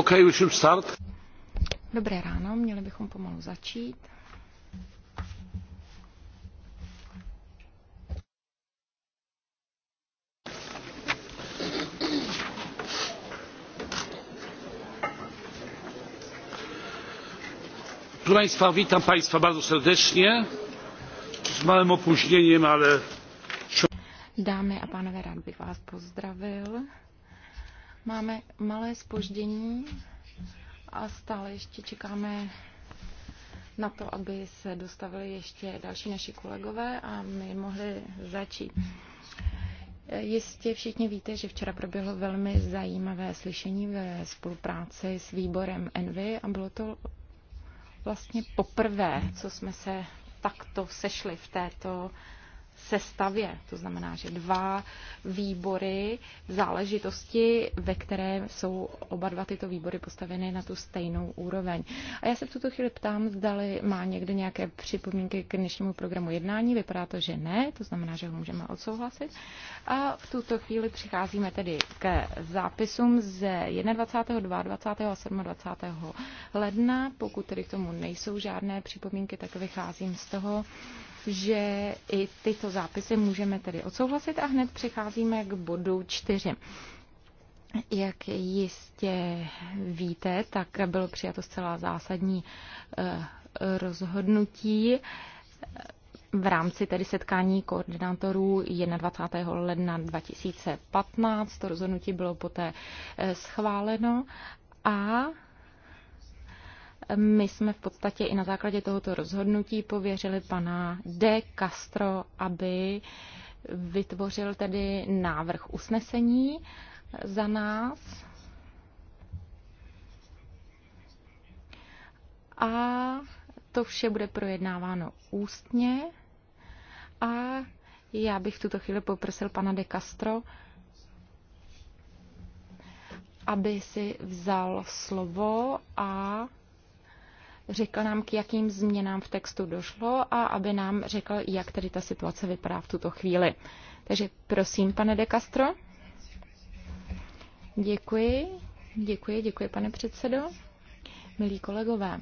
Okay, we should start. Dobré ráno, měli bychom pomalu začít. proszę państwa witam państwa bardzo serdecznie z małym opóźnieniem ale. dámy a pánové rád bych vás pozdravil Máme malé spoždění a stále ještě čekáme na to, aby se dostavili ještě další naši kolegové a my mohli začít. Jistě všichni víte, že včera proběhlo velmi zajímavé slyšení ve spolupráci s výborem Envy a bylo to vlastně poprvé, co jsme se takto sešli v této sestavě. To znamená, že dva výbory záležitosti, ve které jsou oba dva tyto výbory postaveny na tu stejnou úroveň. A já se v tuto chvíli ptám, zdali má někdo nějaké připomínky k dnešnímu programu jednání. Vypadá to, že ne, to znamená, že ho můžeme odsouhlasit. A v tuto chvíli přicházíme tedy k zápisům ze 21., 22. a 27. ledna. Pokud tedy k tomu nejsou žádné připomínky, tak vycházím z toho, že i tyto zápisy můžeme tedy odsouhlasit a hned přecházíme k bodu čtyři. Jak jistě víte, tak bylo přijato zcela zásadní eh, rozhodnutí eh, v rámci tedy setkání koordinátorů 21. ledna 2015. To rozhodnutí bylo poté eh, schváleno a my jsme v podstatě i na základě tohoto rozhodnutí pověřili pana De Castro, aby vytvořil tedy návrh usnesení za nás. A to vše bude projednáváno ústně. A já bych v tuto chvíli poprosil pana De Castro, aby si vzal slovo a řekl nám, k jakým změnám v textu došlo a aby nám řekl, jak tedy ta situace vypadá v tuto chvíli. Takže prosím, pane De Castro. Děkuji, děkuji, děkuji, pane předsedo. Milí kolegové,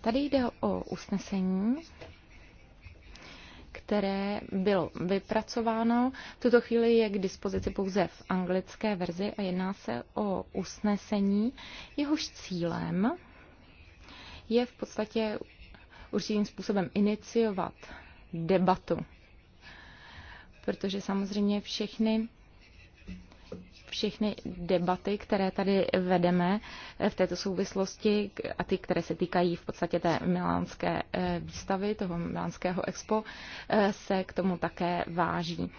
tady jde o usnesení, které bylo vypracováno. V tuto chvíli je k dispozici pouze v anglické verzi a jedná se o usnesení. Jehož cílem je v podstatě určitým způsobem iniciovat debatu. Protože samozřejmě všechny všechny debaty, které tady vedeme v této souvislosti a ty, které se týkají v podstatě té milánské eh, výstavy, toho milánského expo, eh, se k tomu také váží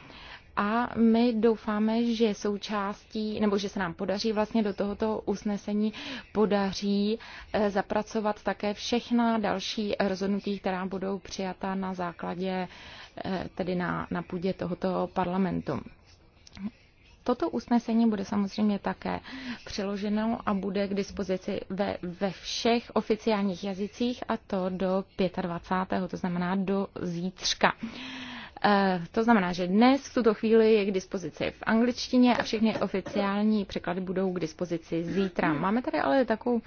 a my doufáme, že součástí, nebo že se nám podaří vlastně do tohoto usnesení podaří eh, zapracovat také všechna další rozhodnutí, která budou přijata na základě, eh, tedy na, na půdě tohoto parlamentu. Toto usnesení bude samozřejmě také přiloženo a bude k dispozici ve, ve všech oficiálních jazycích a to do 25. to znamená do zítřka. Uh, Eh, to znamená, že dnes v tuto chvíli je k dispozici v angličtině a všechny oficiální překlady budou k dispozici zítra. Máme tady ale takovou,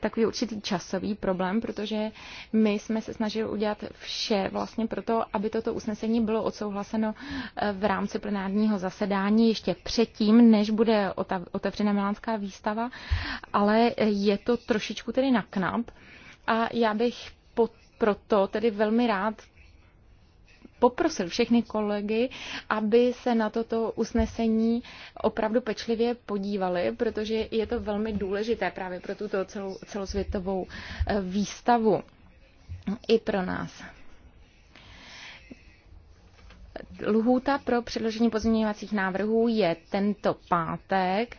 takový určitý časový problém, protože my jsme se snažili udělat vše vlastně proto, aby toto usnesení bylo odsouhlaseno eh, v rámci plenárního zasedání ještě předtím, než bude otevřena Milánská výstava, ale je to trošičku tedy na knap. A já bych proto tedy velmi rád poprosil všechny kolegy, aby se na toto usnesení opravdu pečlivě podívali, protože je to velmi důležité právě pro tuto celou, celosvětovou eh, výstavu i pro nás. Lhůta pro předložení pozměňovacích návrhů je tento pátek.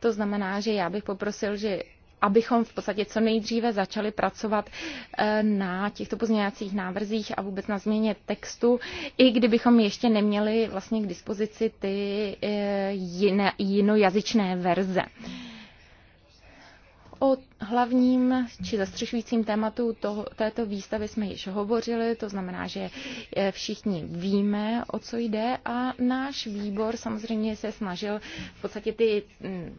To znamená, že já bych poprosil, že abychom v podstatě co nejdříve začali pracovat eh, na těchto pozměňovacích návrzích a vůbec na změně textu, i kdybychom ještě neměli vlastně k dispozici ty eh, jiné, jinojazyčné verze. Od hlavním či zastřešujícím tématu toho, této výstavy jsme již hovořili, to znamená, že eh, všichni víme, o co jde a náš výbor samozřejmě se snažil v podstatě ty mm,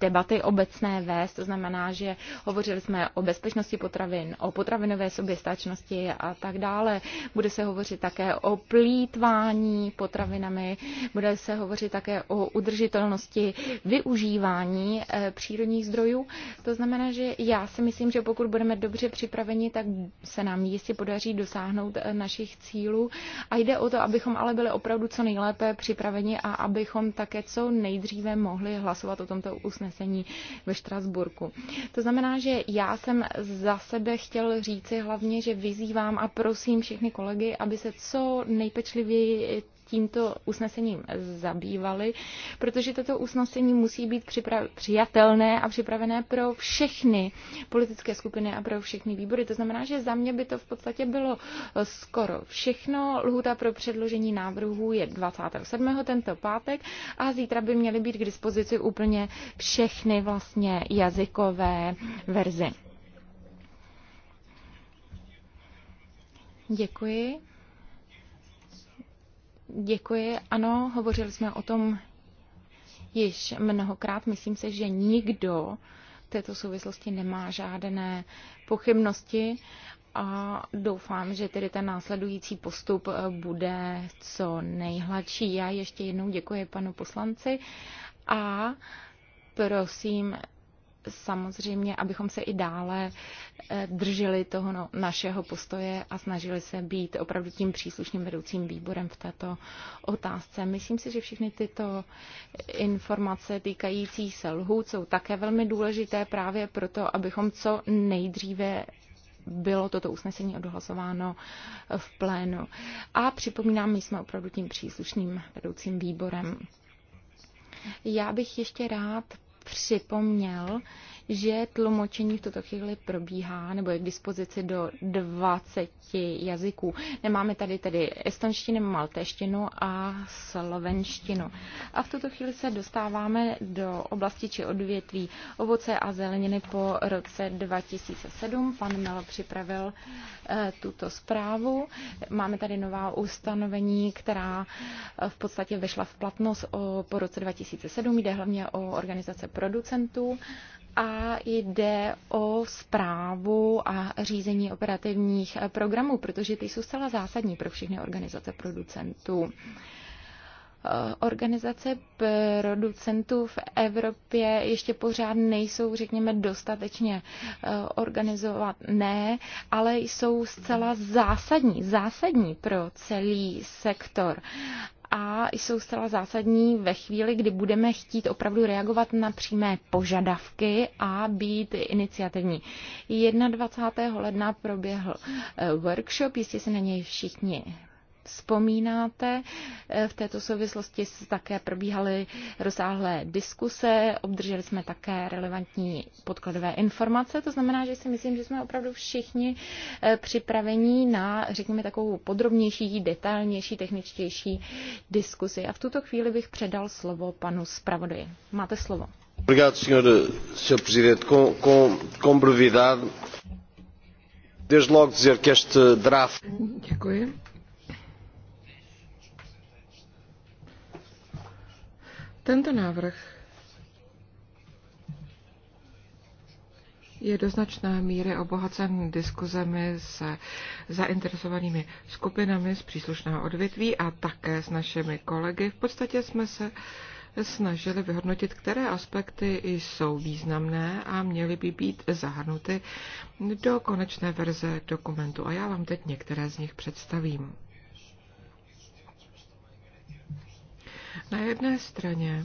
debaty obecné vést, to znamená, že hovořili jsme o bezpečnosti potravin, o potravinové soběstačnosti a tak dále. Bude se hovořit také o plítvání potravinami, bude se hovořit také o udržitelnosti využívání eh, přírodních zdrojů. To znamená, že já si myslím, že pokud budeme dobře připraveni, tak se nám jistě podaří dosáhnout eh, našich cílů. A jde o to, abychom ale byli opravdu co nejlépe připraveni a abychom také co nejdříve mohli hlasovat o tomto usnesení ve Štrasburku. To znamená, že já jsem za sebe chtěl říci hlavně, že vyzývám a prosím všechny kolegy, aby se co nejpečlivěji tímto usnesením zabývali, protože toto usnesení musí být přijatelné a připravené pro všechny politické skupiny a pro všechny výbory. To znamená, že za mě by to v podstatě bylo eh, skoro všechno. Lhuta pro předložení návrhů je 27. tento pátek a zítra by měly být k dispozici úplně všechny vlastně jazykové verze. Děkuji. Děkuji. Ano, hovořili jsme o tom již mnohokrát. Myslím se, že nikdo v této souvislosti nemá žádné pochybnosti a doufám, že tedy ten následující postup eh, bude co nejhladší. Já ještě jednou děkuji panu poslanci a prosím samozřejmě, abychom se i dále eh, drželi toho no, našeho postoje a snažili se být opravdu tím příslušným vedoucím výborem v této otázce. Myslím si, že všechny tyto informace týkající se lhů jsou také velmi důležité právě proto, abychom co nejdříve bylo toto usnesení odhlasováno v plénu. A připomínám, my jsme opravdu tím příslušným vedoucím výborem. Já bych ještě rád připomněl, že tlumočení v tuto chvíli probíhá nebo je k dispozici do 20 jazyků. Nemáme tady tedy estonštinu, malteštinu a slovenštinu. A v tuto chvíli se dostáváme do oblasti či odvětví ovoce a zeleniny po roce 2007. Pan Melo připravil eh, tuto zprávu. Máme tady nová ustanovení, která eh, v podstatě vešla v platnost o, po roce 2007. Jde hlavně o organizace producentů a jde o zprávu a řízení operativních programů, protože ty jsou zcela zásadní pro všechny organizace producentů. Eh, organizace producentů v Evropě ještě pořád nejsou, řekněme, dostatečně eh, organizované, ale jsou zcela zásadní, zásadní pro celý sektor a jsou zcela zásadní ve chvíli, kdy budeme chtít opravdu reagovat na přímé požadavky a být iniciativní. 21. ledna proběhl eh, workshop, jistě se na něj všichni vzpomínáte. Eh, v této souvislosti také probíhaly rozsáhlé diskuse, obdrželi jsme také relevantní podkladové informace, to znamená, že si myslím, že jsme opravdu všichni eh, připravení na, řekněme, takovou podrobnější, detailnější, techničtější diskusi. A v tuto chvíli bych předal slovo panu zpravodaji. Máte slovo. Obrigado, senhor, senhor Presidente. Com, com, com brevidade, desde logo dizer que este draft. Děkuji. Tento návrh je do značné míry obohacen diskuzemi se zainteresovanými skupinami z příslušného odvětví a také s našimi kolegy. V podstatě jsme se snažili vyhodnotit, které aspekty jsou významné a měly by být zahrnuty do konečné verze dokumentu. A já vám teď některé z nich představím. Na jedné straně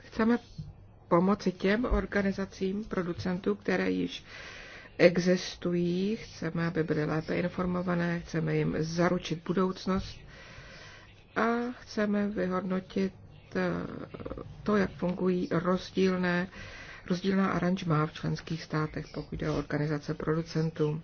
chceme pomoci těm organizacím producentů, které již existují, chceme, aby byly lépe informované, chceme jim zaručit budoucnost a chceme vyhodnotit eh, to, jak fungují rozdílné, rozdílná aranžma v členských státech, pokud jde o organizace producentů.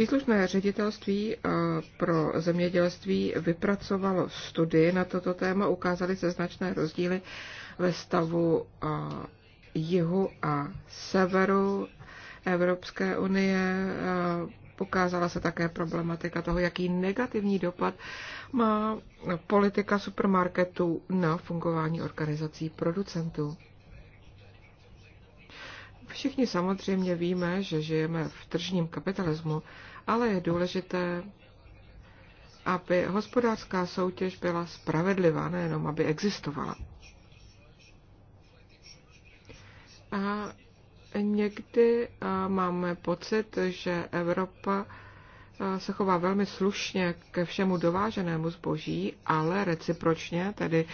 Příslušné ředitelství eh, pro zemědělství vypracovalo studii na toto téma, ukázaly se značné rozdíly ve stavu eh, jihu a severu Evropské unie. Eh, ukázala se také problematika toho, jaký negativní dopad má politika supermarketů na fungování organizací producentů. Všichni samozřejmě víme, že žijeme v tržním kapitalismu, ale je důležité, aby hospodářská soutěž byla spravedlivá, nejenom aby existovala. A někdy máme pocit, že Evropa se chová velmi slušně ke všemu dováženému zboží, ale recipročně, tedy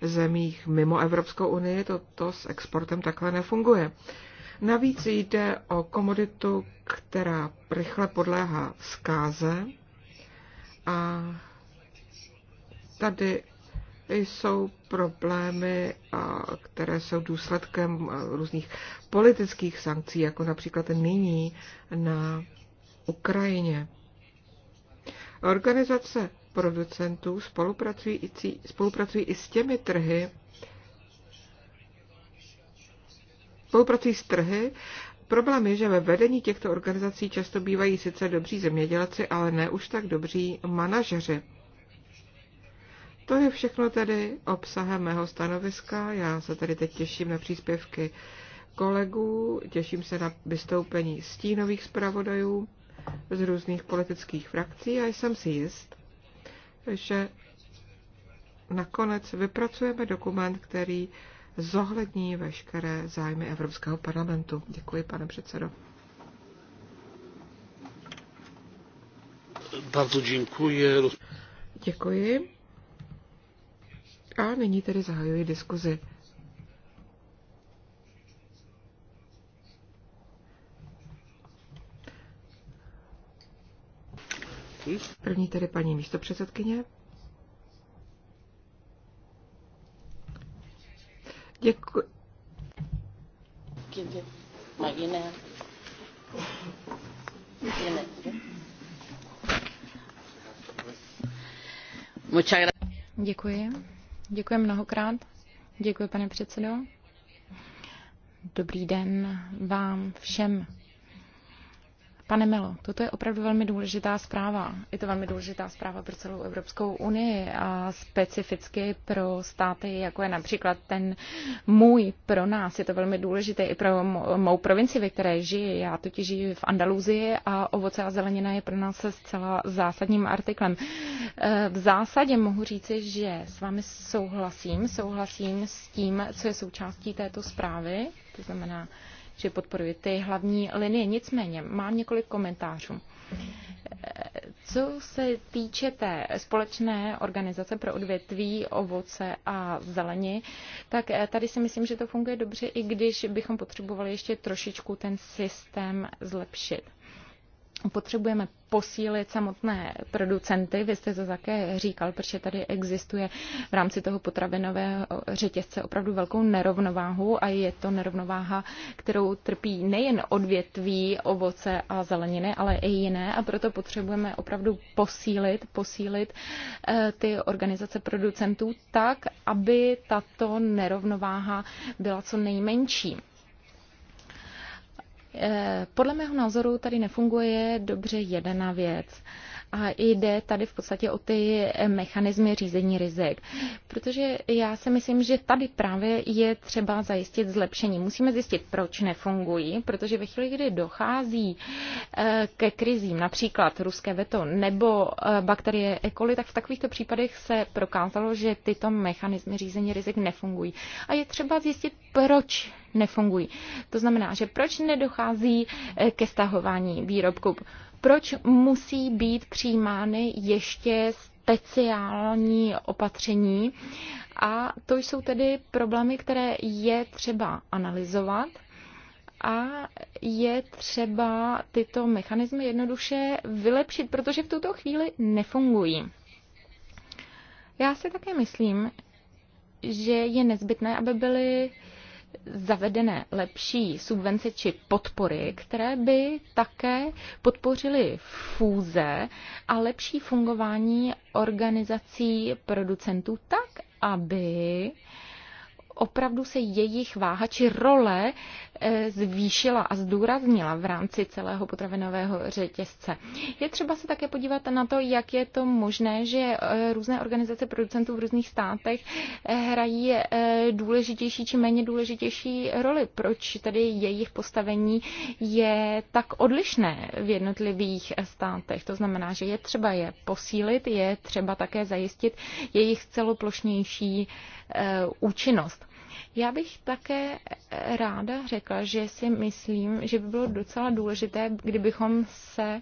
zemích mimo Evropskou unii, to, to s exportem takhle nefunguje. Navíc jde o komoditu, která rychle podléhá zkáze a tady jsou problémy, které jsou důsledkem různých politických sankcí, jako například nyní na Ukrajině. Organizace producentů spolupracují i, spolupracují i s těmi trhy, spolupracují s trhy. Problém je, že ve vedení těchto organizací často bývají sice dobří zemědělci, ale ne už tak dobří manažeři. To je všechno tedy obsahem mého stanoviska. Já se tady teď těším na příspěvky kolegů, těším se na vystoupení stínových zpravodajů z různých politických frakcí a jsem si jist, že nakonec vypracujeme dokument, který zohlední veškeré zájmy Evropského parlamentu. Děkuji, pane předsedo. Bardzo děkuji. Děkuji. A nyní tedy zahajuji diskuzi. První tedy paní místopředsedkyně. Děkuji. Děkuji. Děkuji mnohokrát. Děkuji, pane předsedo. Dobrý den vám všem. Pane Melo, toto je opravdu velmi důležitá zpráva. Je to velmi důležitá zpráva pro celou Evropskou unii a specificky pro státy, jako je například ten můj pro nás. Je to velmi důležité i pro mou provinci, ve které žiji. Já totiž žiji v Andaluzii a ovoce a zelenina je pro nás zcela zásadním artiklem. E, v zásadě mohu říci, že s vámi souhlasím. Souhlasím s tím, co je součástí této zprávy, to znamená že podporuji ty hlavní linie. Nicméně mám několik komentářů. Co se týče té společné organizace pro odvětví ovoce a zeleni, tak eh, tady si myslím, že to funguje dobře, i když bychom potřebovali ještě trošičku ten systém zlepšit potřebujeme posílit samotné producenty, vy jste to také říkal, protože tady existuje v rámci toho potravinového řetězce opravdu velkou nerovnováhu a je to nerovnováha, kterou trpí nejen odvětví ovoce a zeleniny, ale i jiné a proto potřebujeme opravdu posílit, posílit eh, ty organizace producentů tak, aby tato nerovnováha byla co nejmenší. Eh, podle mého názoru tady nefunguje dobře jedna věc. A jde tady v podstatě o ty mechanizmy řízení rizik. Protože já si myslím, že tady právě je třeba zajistit zlepšení. Musíme zjistit, proč nefungují, protože ve chvíli, kdy dochází eh, ke krizím, například ruské veto nebo eh, bakterie E. coli, tak v takovýchto případech se prokázalo, že tyto mechanizmy řízení rizik nefungují. A je třeba zjistit, proč nefungují. To znamená, že proč nedochází eh, ke stahování výrobků, proč musí být přijímány ještě speciální opatření. A to jsou tedy problémy, které je třeba analyzovat a je třeba tyto mechanismy jednoduše vylepšit, protože v tuto chvíli nefungují. Já si také myslím, že je nezbytné, aby byly zavedené lepší subvence či podpory, které by také podpořily fúze a lepší fungování organizací producentů tak, aby opravdu se jejich váha či role e, zvýšila a zdůraznila v rámci celého potravinového řetězce. Je třeba se také podívat na to, jak je to možné, že e, různé organizace producentů v různých státech e, hrají důležitější či méně důležitější roli. Proč tedy jejich postavení je tak odlišné v jednotlivých státech? To znamená, že je třeba je posílit, je třeba také zajistit jejich celoplošnější Eh, účinnost. Já bych také ráda řekla, že si myslím, že by bylo docela důležité, kdybychom se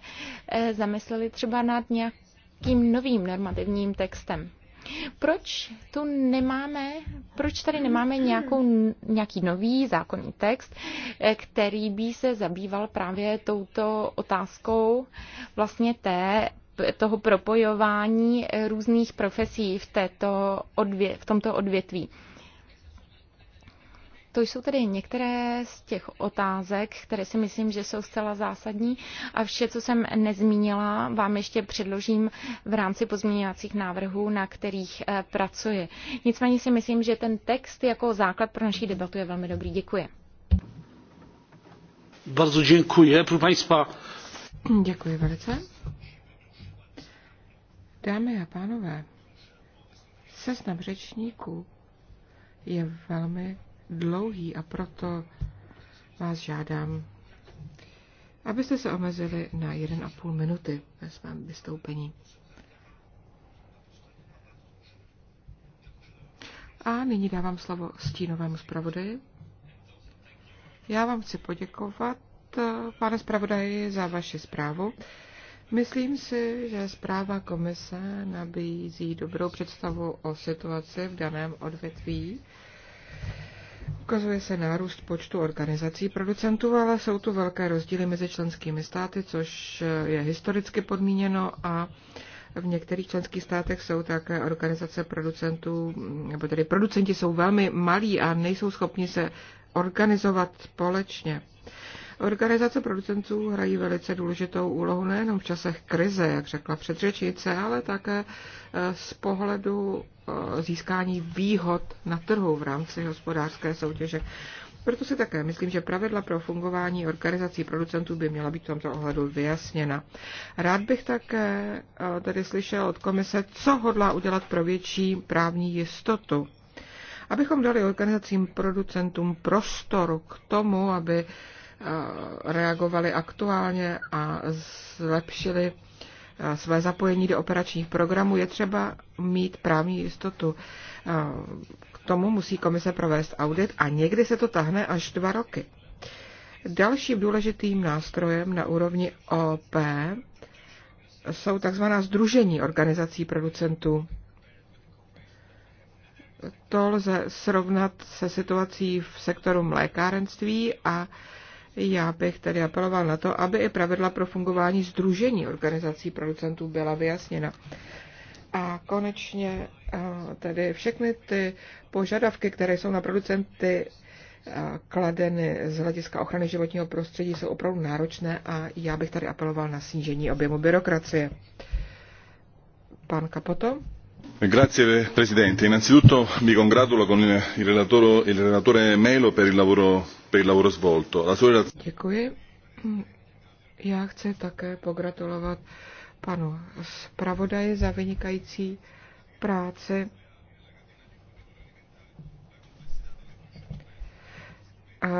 eh, zamysleli třeba nad nějakým novým normativním textem. Proč tu nemáme, proč tady nemáme nějakou, nějaký nový zákonný text, eh, který by se zabýval právě touto otázkou vlastně té toho propojování eh, různých profesí v, této odvě, v tomto odvětví. To jsou tedy některé z těch otázek, které si myslím, že jsou zcela zásadní a vše, co jsem nezmínila, vám ještě předložím v rámci pozměňovacích návrhů, na kterých eh, pracuji. Nicméně si myslím, že ten text jako základ pro naší debatu je velmi dobrý. Děkuji. Bardzo děkuji, pro Děkuji velice. Dámy a pánové, seznam řečníků je velmi dlouhý a proto vás žádám, abyste se omezili na 1,5 minuty ve svém vystoupení. A nyní dávám slovo stínovému zpravodaji. Já vám chci poděkovat, pane zpravodaji, za vaši zprávu. Myslím si, že zpráva komise nabízí dobrou představu o situaci v daném odvětví. Ukazuje se nárůst počtu organizací producentů, ale jsou tu velké rozdíly mezi členskými státy, což je historicky podmíněno a v některých členských státech jsou také organizace producentů, nebo tedy producenti jsou velmi malí a nejsou schopni se organizovat společně. Organizace producentů hrají velice důležitou úlohu nejenom v časech krize, jak řekla předřečnice, ale také eh, z pohledu eh, získání výhod na trhu v rámci hospodářské soutěže. Proto si také myslím, že pravidla pro fungování organizací producentů by měla být v tomto ohledu vyjasněna. Rád bych také eh, tedy slyšel od komise, co hodlá udělat pro větší právní jistotu. Abychom dali organizacím producentům prostor k tomu, aby Eh, reagovali aktuálně a zlepšili eh, své zapojení do operačních programů, je třeba mít právní jistotu. Eh, k tomu musí komise provést audit a někdy se to tahne až dva roky. Dalším důležitým nástrojem na úrovni OP jsou tzv. združení organizací producentů. To lze srovnat se situací v sektoru mlékárenství a já bych tedy apeloval na to, aby i pravidla pro fungování Združení organizací producentů byla vyjasněna. A konečně eh, tedy všechny ty požadavky, které jsou na producenty eh, kladeny z hlediska ochrany životního prostředí, jsou opravdu náročné a já bych tady apeloval na snížení objemu byrokracie. Pan Kapoto? Grazie Presidente, innanzitutto mi congratulo con il relatore, il relatore Melo per il lavoro per il svolto. Děkuji. Já chci také pogratulovat panu zpravodaji za vynikající práci.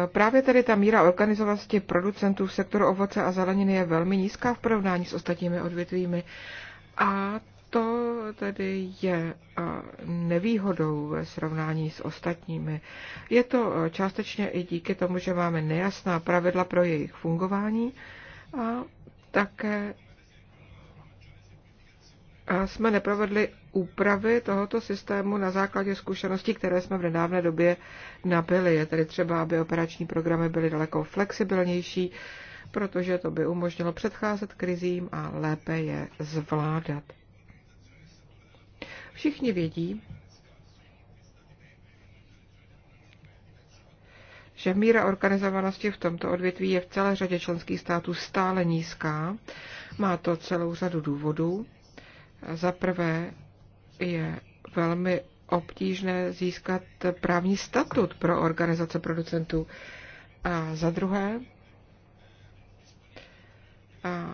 Právě tedy ta míra organizovanosti producentů v sektoru ovoce a zeleniny je velmi nízká v porovnání s ostatními odvětvími. A to tedy je nevýhodou ve srovnání s ostatními. Je to částečně i díky tomu, že máme nejasná pravidla pro jejich fungování a také a jsme neprovedli úpravy tohoto systému na základě zkušeností, které jsme v nedávné době nabili. Je tedy třeba, aby operační programy byly daleko flexibilnější, protože to by umožnilo předcházet krizím a lépe je zvládat. Všichni vědí, že míra organizovanosti v tomto odvětví je v celé řadě členských států stále nízká. Má to celou řadu důvodů. Za prvé je velmi obtížné získat právní statut pro organizace producentů. A za druhé, a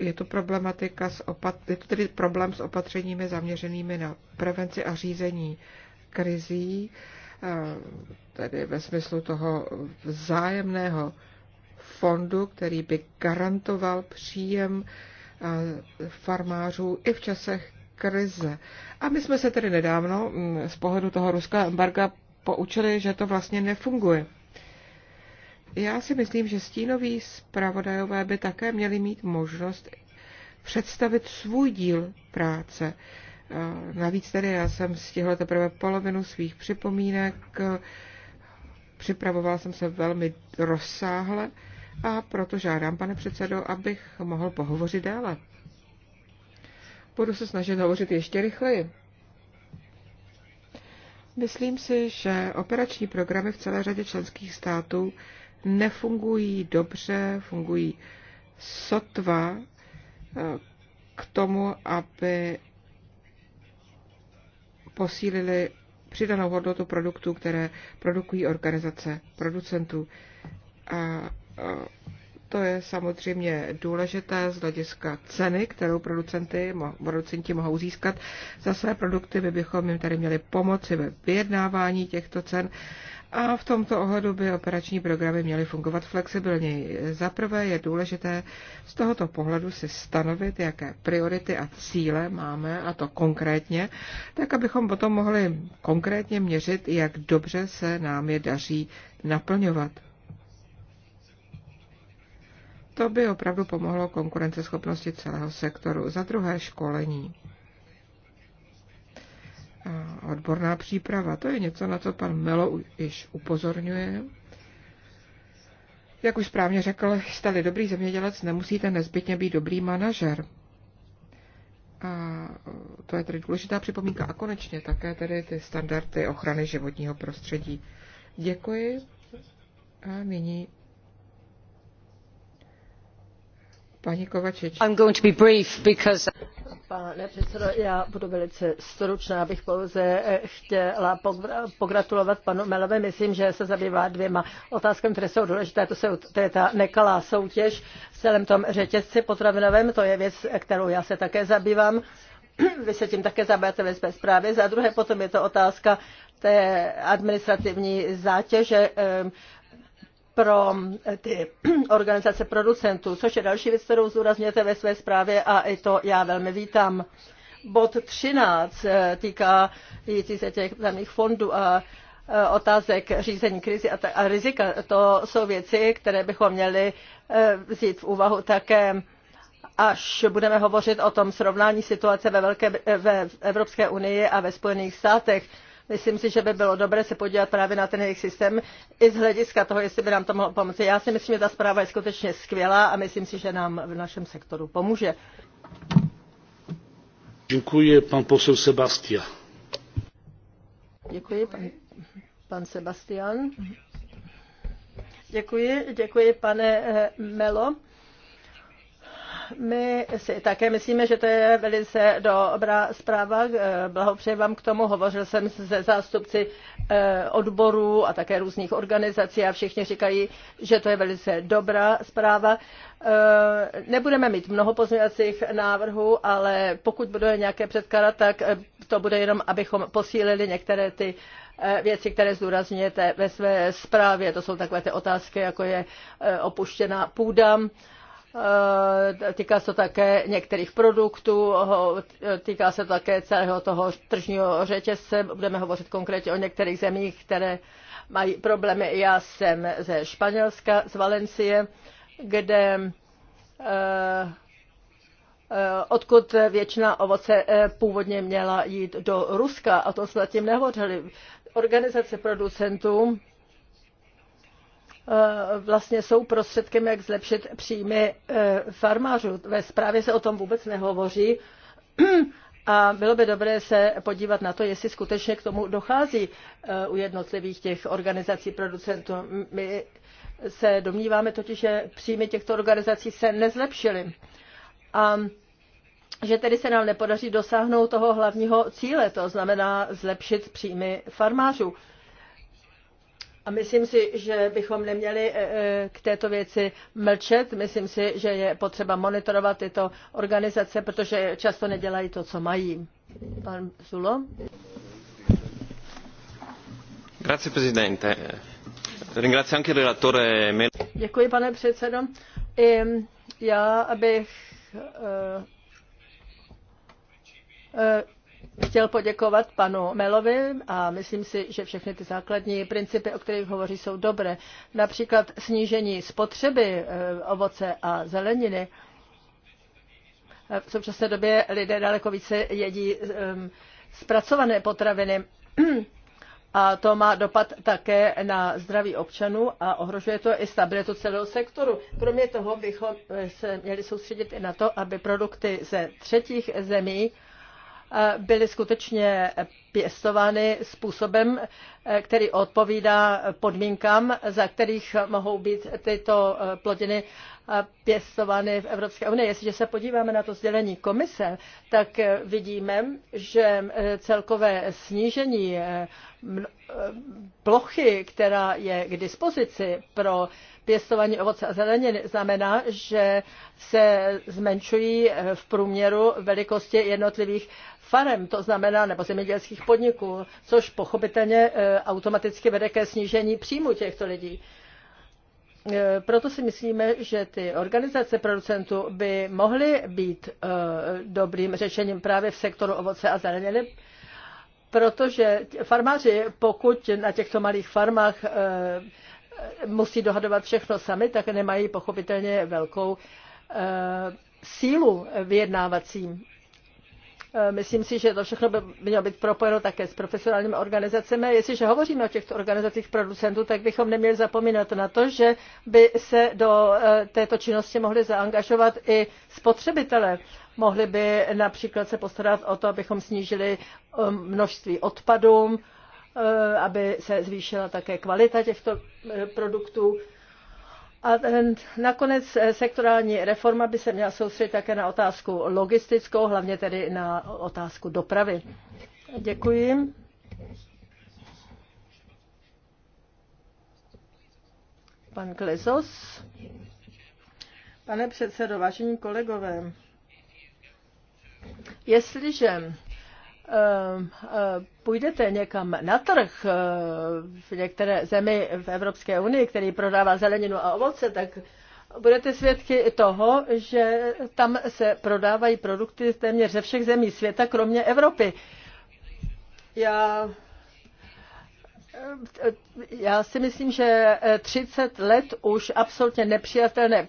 je to problematika s opat, je to tedy problém s opatřeními zaměřenými na prevenci a řízení krizí, eh, tedy ve smyslu toho vzájemného fondu, který by garantoval příjem eh, farmářů i v časech krize. A my jsme se tedy nedávno mm, z pohledu toho ruského embarga poučili, že to vlastně nefunguje. Já si myslím, že stínoví zpravodajové by také měli mít možnost představit svůj díl práce. Navíc tedy já jsem stihla teprve polovinu svých připomínek, připravovala jsem se velmi rozsáhle a proto žádám, pane předsedo, abych mohl pohovořit dále. Budu se snažit hovořit ještě rychleji. Myslím si, že operační programy v celé řadě členských států nefungují dobře, fungují sotva eh, k tomu, aby posílili přidanou hodnotu produktů, které produkují organizace producentů. A eh, to je samozřejmě důležité z hlediska ceny, kterou producenty, producenti mohou získat za své produkty. My bychom jim tady měli pomoci ve vyjednávání těchto cen a v tomto ohledu by operační programy měly fungovat flexibilněji. Za prvé je důležité z tohoto pohledu si stanovit, jaké priority a cíle máme, a to konkrétně, tak abychom potom mohli konkrétně měřit, jak dobře se nám je daří naplňovat. To by opravdu pomohlo konkurenceschopnosti celého sektoru. Za druhé školení odborná příprava. To je něco, na co pan Melo již upozorňuje. Jak už správně řekl, jste-li dobrý zemědělec, nemusíte nezbytně být dobrý manažer. A to je tedy důležitá připomínka. A konečně také tedy ty standardy ochrany životního prostředí. Děkuji. A nyní I'm going to be brief because... Pane předsedo, já budu velice stručná, abych pouze eh, chtěla pogratulovat panu Melovi. Myslím, že se zabývá dvěma otázkami, které jsou důležité. To, jsou, to je ta nekalá soutěž v celém tom řetězci potravinovém. To je věc, kterou já se také zabývám. Vy se tím také zabýváte ve své zprávě. Za druhé potom je to otázka té administrativní zátěže eh, pro eh, ty organizace producentů, což je další věc, kterou zdůrazněte ve své zprávě a i to já velmi vítám. Bod 13 eh, týká se těch daných fondů a eh, otázek řízení krizi a, a rizika. To jsou věci, které bychom měli vzít v úvahu také až budeme hovořit o tom srovnání situace ve, Velké, ve Evropské unii a ve Spojených státech. Myslím si, že by bylo dobré se podívat právě na ten jejich systém i z hlediska toho, jestli by nám to mohlo pomoci. Já si myslím, že ta zpráva je skutečně skvělá a myslím si, že nám v našem sektoru pomůže. Děkuji, pan posel Sebastian. Děkuji, pan, pan Sebastian. Děkuji, děkuji, pane eh, Melo. My si také myslíme, že to je velice dobrá zpráva. Eh, Blahopřeji vám k tomu. Hovořil jsem se zástupci eh, odborů a také různých organizací a všichni říkají, že to je velice dobrá zpráva. Eh, nebudeme mít mnoho pozměňovacích návrhů, ale pokud bude nějaké předkladat, tak to bude jenom, abychom posílili některé ty věci, které zdůrazňujete ve své zprávě. To jsou takové ty otázky, jako je opuštěná půda, Eh, týká se také některých produktů, týká se také celého toho tržního řetězce. Budeme hovořit konkrétně o některých zemích, které mají problémy. Já jsem ze Španělska, z Valencie, kde eh, eh, odkud většina ovoce původně měla jít do Ruska, a to jsme tím nehovořili. Organizace producentů Eh, vlastně jsou prostředkem, jak zlepšit příjmy eh, farmářů. Ve zprávě se o tom vůbec nehovoří a bylo by dobré se podívat na to, jestli skutečně k tomu dochází eh, u jednotlivých těch organizací producentů. My se domníváme totiž, že příjmy těchto organizací se nezlepšily. A že tedy se nám nepodaří dosáhnout toho hlavního cíle, to znamená zlepšit příjmy farmářů. A myslím si, že bychom neměli eh, eh, k této věci mlčet. Myslím si, že je potřeba monitorovat tyto organizace, protože často nedělají to, co mají. Pan Zulo? Grazie, presidente. Ringrazio anche il relatore Děkuji, pane předsedo. I já bych eh, chtěl poděkovat panu Melovi a myslím si, že všechny ty základní principy, o kterých hovoří, jsou dobré. Například snížení spotřeby e, ovoce a zeleniny. E, v současné době lidé daleko více jedí e, zpracované potraviny. A to má dopad také na zdraví občanů a ohrožuje to i stabilitu celého sektoru. Kromě toho bychom se měli soustředit i na to, aby produkty ze třetích zemí byly skutečně pěstovány způsobem, e, který odpovídá podmínkám, za kterých mohou být tyto e, plodiny e, pěstovány v Evropské unii. Jestliže se podíváme na to sdělení komise, tak vidíme, že celkové snížení plochy, která je k dispozici pro pěstování ovoce a zeleniny, znamená, že se zmenšují v průměru velikosti jednotlivých farem, to znamená, nebo zemědělských podniků, což pochopitelně eh, automaticky vede ke snížení příjmu těchto lidí. Eh, proto si myslíme, že ty organizace producentů by mohly být eh, dobrým řešením právě v sektoru ovoce a zeleniny, protože farmáři, pokud na těchto malých farmách musí dohadovat všechno sami, tak nemají pochopitelně velkou sílu vyjednávacím. Eh, myslím si, že to všechno by mělo být propojeno také s profesionálními organizacemi. Jestliže hovoříme o těchto organizacích producentů, tak bychom neměli zapomínat na to, že by se do eh, této činnosti mohli zaangažovat i spotřebitelé. Mohli by například se postarat o to, abychom snížili eh, množství odpadů, aby se zvýšila také kvalita těchto produktů. A eh, nakonec eh, sektorální reforma by se měla soustředit také na otázku logistickou, hlavně tedy na otázku dopravy. Děkuji. Pan Klezos. Pane předsedo, vážení kolegové, jestliže eh, půjdete někam na trh eh, v některé zemi v Evropské unii, který prodává zeleninu a ovoce, tak budete svědky toho, že tam se prodávají produkty téměř ze všech zemí světa, kromě Evropy. Já eh, já si myslím, že 30 eh, let už absolutně nepřijatelné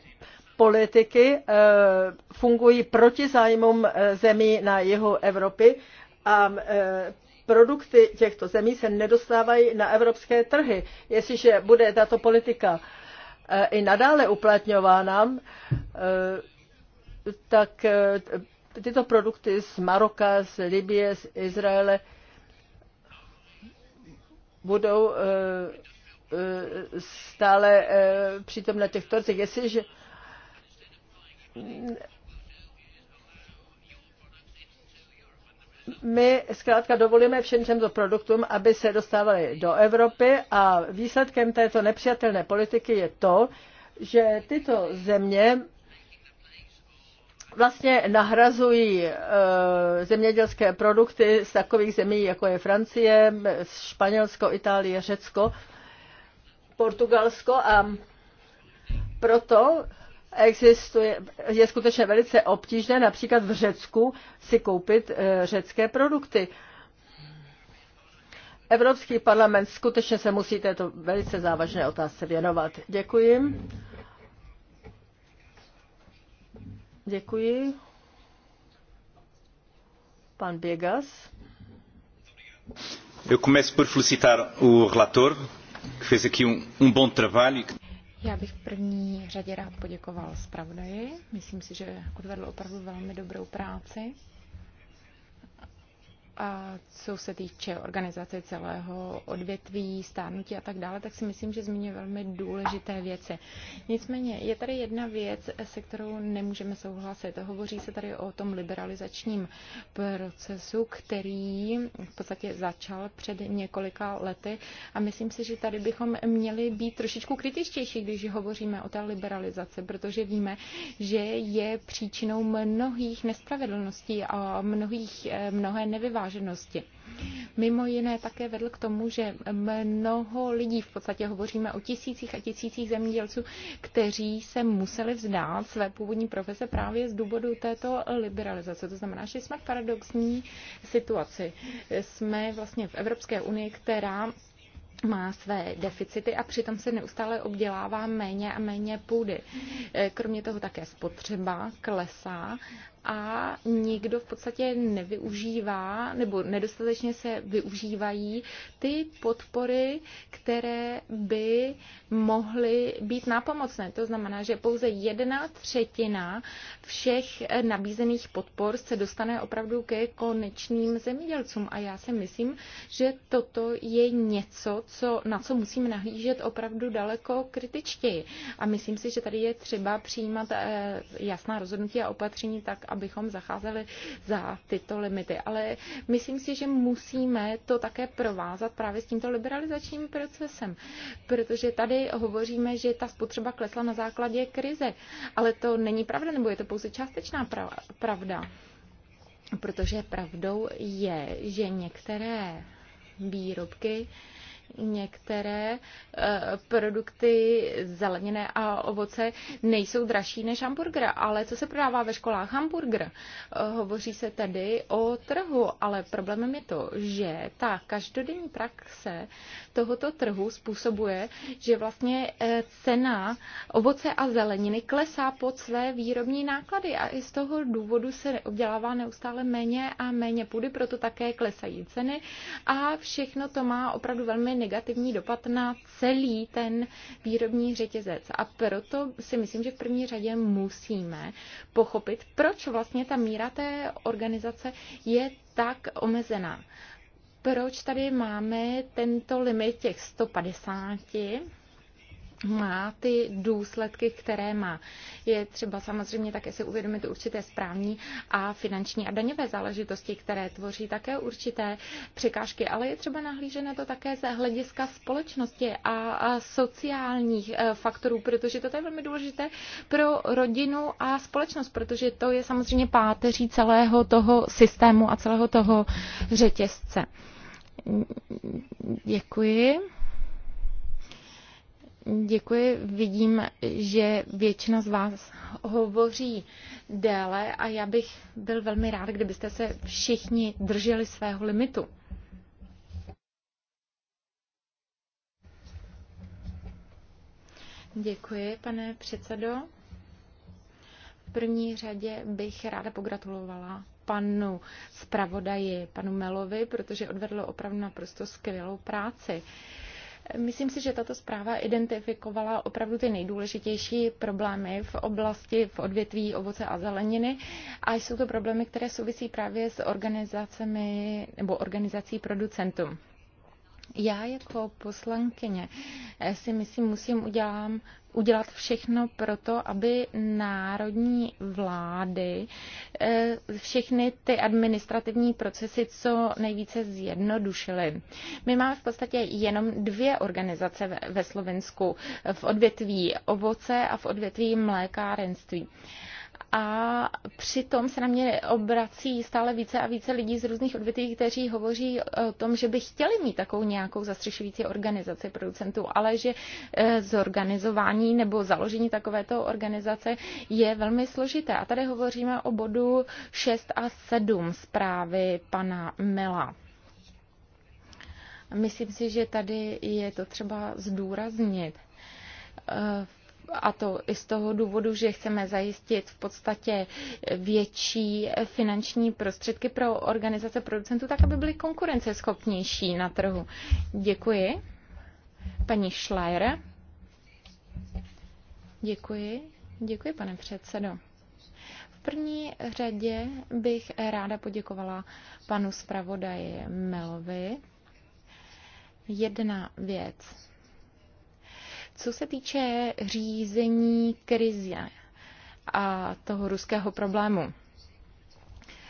politiky fungují proti zájmům zemí na jihu Evropy a produkty těchto zemí se nedostávají na evropské trhy. Jestliže bude tato politika eh, i nadále uplatňována, eh, tak eh, tyto produkty z Maroka, z Libie, z Izraele budou stále přítomné na těch trzích. Jestliže my zkrátka dovolíme všem těmto produktům, aby se dostávaly do Evropy a výsledkem této nepřijatelné politiky je to, že tyto země vlastně nahrazují eh, zemědělské produkty z takových zemí, jako je Francie, Španělsko, Itálie, Řecko, Portugalsko a proto existuje, je skutečně velice obtížné například v Řecku si koupit eh, řecké produkty. Evropský parlament skutečně se musí této velice závažné otázce věnovat. Děkuji. Děkuji. Pan Biegas. Eu começo por felicitar o relator, que fez aqui um, um bom trabalho. E já bych v první řadě rád poděkoval zpravodaji. Myslím si, že odvedl opravdu velmi dobrou práci a co se týče organizace celého odvětví, stárnutí a tak dále, tak si myslím, že zmiňuje velmi důležité věci. Nicméně je tady jedna věc, se kterou nemůžeme souhlasit. Hovoří se tady o tom liberalizačním procesu, který v podstatě začal před několika lety a myslím si, že tady bychom měli být trošičku kritičtější, když hovoříme o té liberalizaci, protože víme, že je příčinou mnohých nespravedlností a mnohých, mnohé nevyvážení vyváženosti. Mimo jiné také vedl k tomu, že mnoho lidí, v podstatě hovoříme o tisících a tisících zemědělců, kteří se museli vzdát své původní profese právě z důvodu této liberalizace. To znamená, že jsme v paradoxní situaci. Jsme vlastně v Evropské unii, která má své deficity a přitom se neustále obdělává méně a méně půdy. Kromě toho také spotřeba klesá a nikdo v podstatě nevyužívá nebo nedostatečně se využívají ty podpory, které by mohly být nápomocné. To znamená, že pouze jedna třetina všech nabízených podpor se dostane opravdu ke konečným zemědělcům. A já si myslím, že toto je něco, co, na co musíme nahlížet opravdu daleko kritičtěji. A myslím si, že tady je třeba přijímat eh, jasná rozhodnutí a opatření tak, abychom zacházeli za tyto limity. Ale myslím si, že musíme to také provázat právě s tímto liberalizačním procesem, protože tady hovoříme, že ta spotřeba klesla na základě krize, ale to není pravda, nebo je to pouze částečná pravda. Protože pravdou je, že některé výrobky některé eh, produkty zeleniné a ovoce nejsou dražší než hamburger, ale co se prodává ve školách? Hamburger. Eh, hovoří se tedy o trhu, ale problémem je to, že ta každodenní praxe tohoto trhu způsobuje, že vlastně eh, cena ovoce a zeleniny klesá pod své výrobní náklady a i z toho důvodu se obdělává neustále méně a méně půdy, proto také klesají ceny a všechno to má opravdu velmi negativní dopad na celý ten výrobní řetězec. A proto si myslím, že v první řadě musíme pochopit, proč vlastně ta míra té organizace je tak omezená. Proč tady máme tento limit těch 150 má ty důsledky, které má. Je třeba samozřejmě také si uvědomit určité správní a finanční a daňové záležitosti, které tvoří také určité překážky, ale je třeba nahlížené to také ze hlediska společnosti a sociálních eh, faktorů, protože to je velmi důležité pro rodinu a společnost, protože to je samozřejmě páteří celého toho systému a celého toho řetězce. Děkuji. Děkuji. Vidím, že většina z vás hovoří déle a já bych byl velmi rád, kdybyste se všichni drželi svého limitu. Děkuji, pane předsedo. V první řadě bych ráda pogratulovala panu zpravodaji, panu Melovi, protože odvedl opravdu naprosto skvělou práci. Uh, Myslím si, že tato zpráva identifikovala opravdu ty nejdůležitější problémy v oblasti, v odvětví ovoce a zeleniny a jsou to problémy, které souvisí právě s organizacemi nebo organizací producentů. Já jako poslankyně si myslím, musím udělat udělat všechno pro to, aby národní vlády eh, všechny ty administrativní procesy co nejvíce zjednodušily. My máme v podstatě jenom dvě organizace ve Slovensku v odvětví ovoce a v odvětví mlékárenství a přitom se na mě obrací stále více a více lidí z různých odvětví, kteří hovoří o tom, že by chtěli mít takovou nějakou zastřešující organizaci producentů, ale že eh, zorganizování nebo založení takovéto organizace je velmi složité. A tady hovoříme o bodu 6 a 7 zprávy pana Mela. Myslím si, že tady je to třeba zdůraznit. V eh, a to i z toho důvodu, že chceme zajistit v podstatě větší finanční prostředky pro organizace producentů, tak aby byly konkurenceschopnější na trhu. Děkuji. Paní Schleier. Děkuji. Děkuji, pane předsedo. V první řadě bych ráda poděkovala panu zpravodaji Melovi. Jedna věc co se týče řízení krize a toho ruského problému,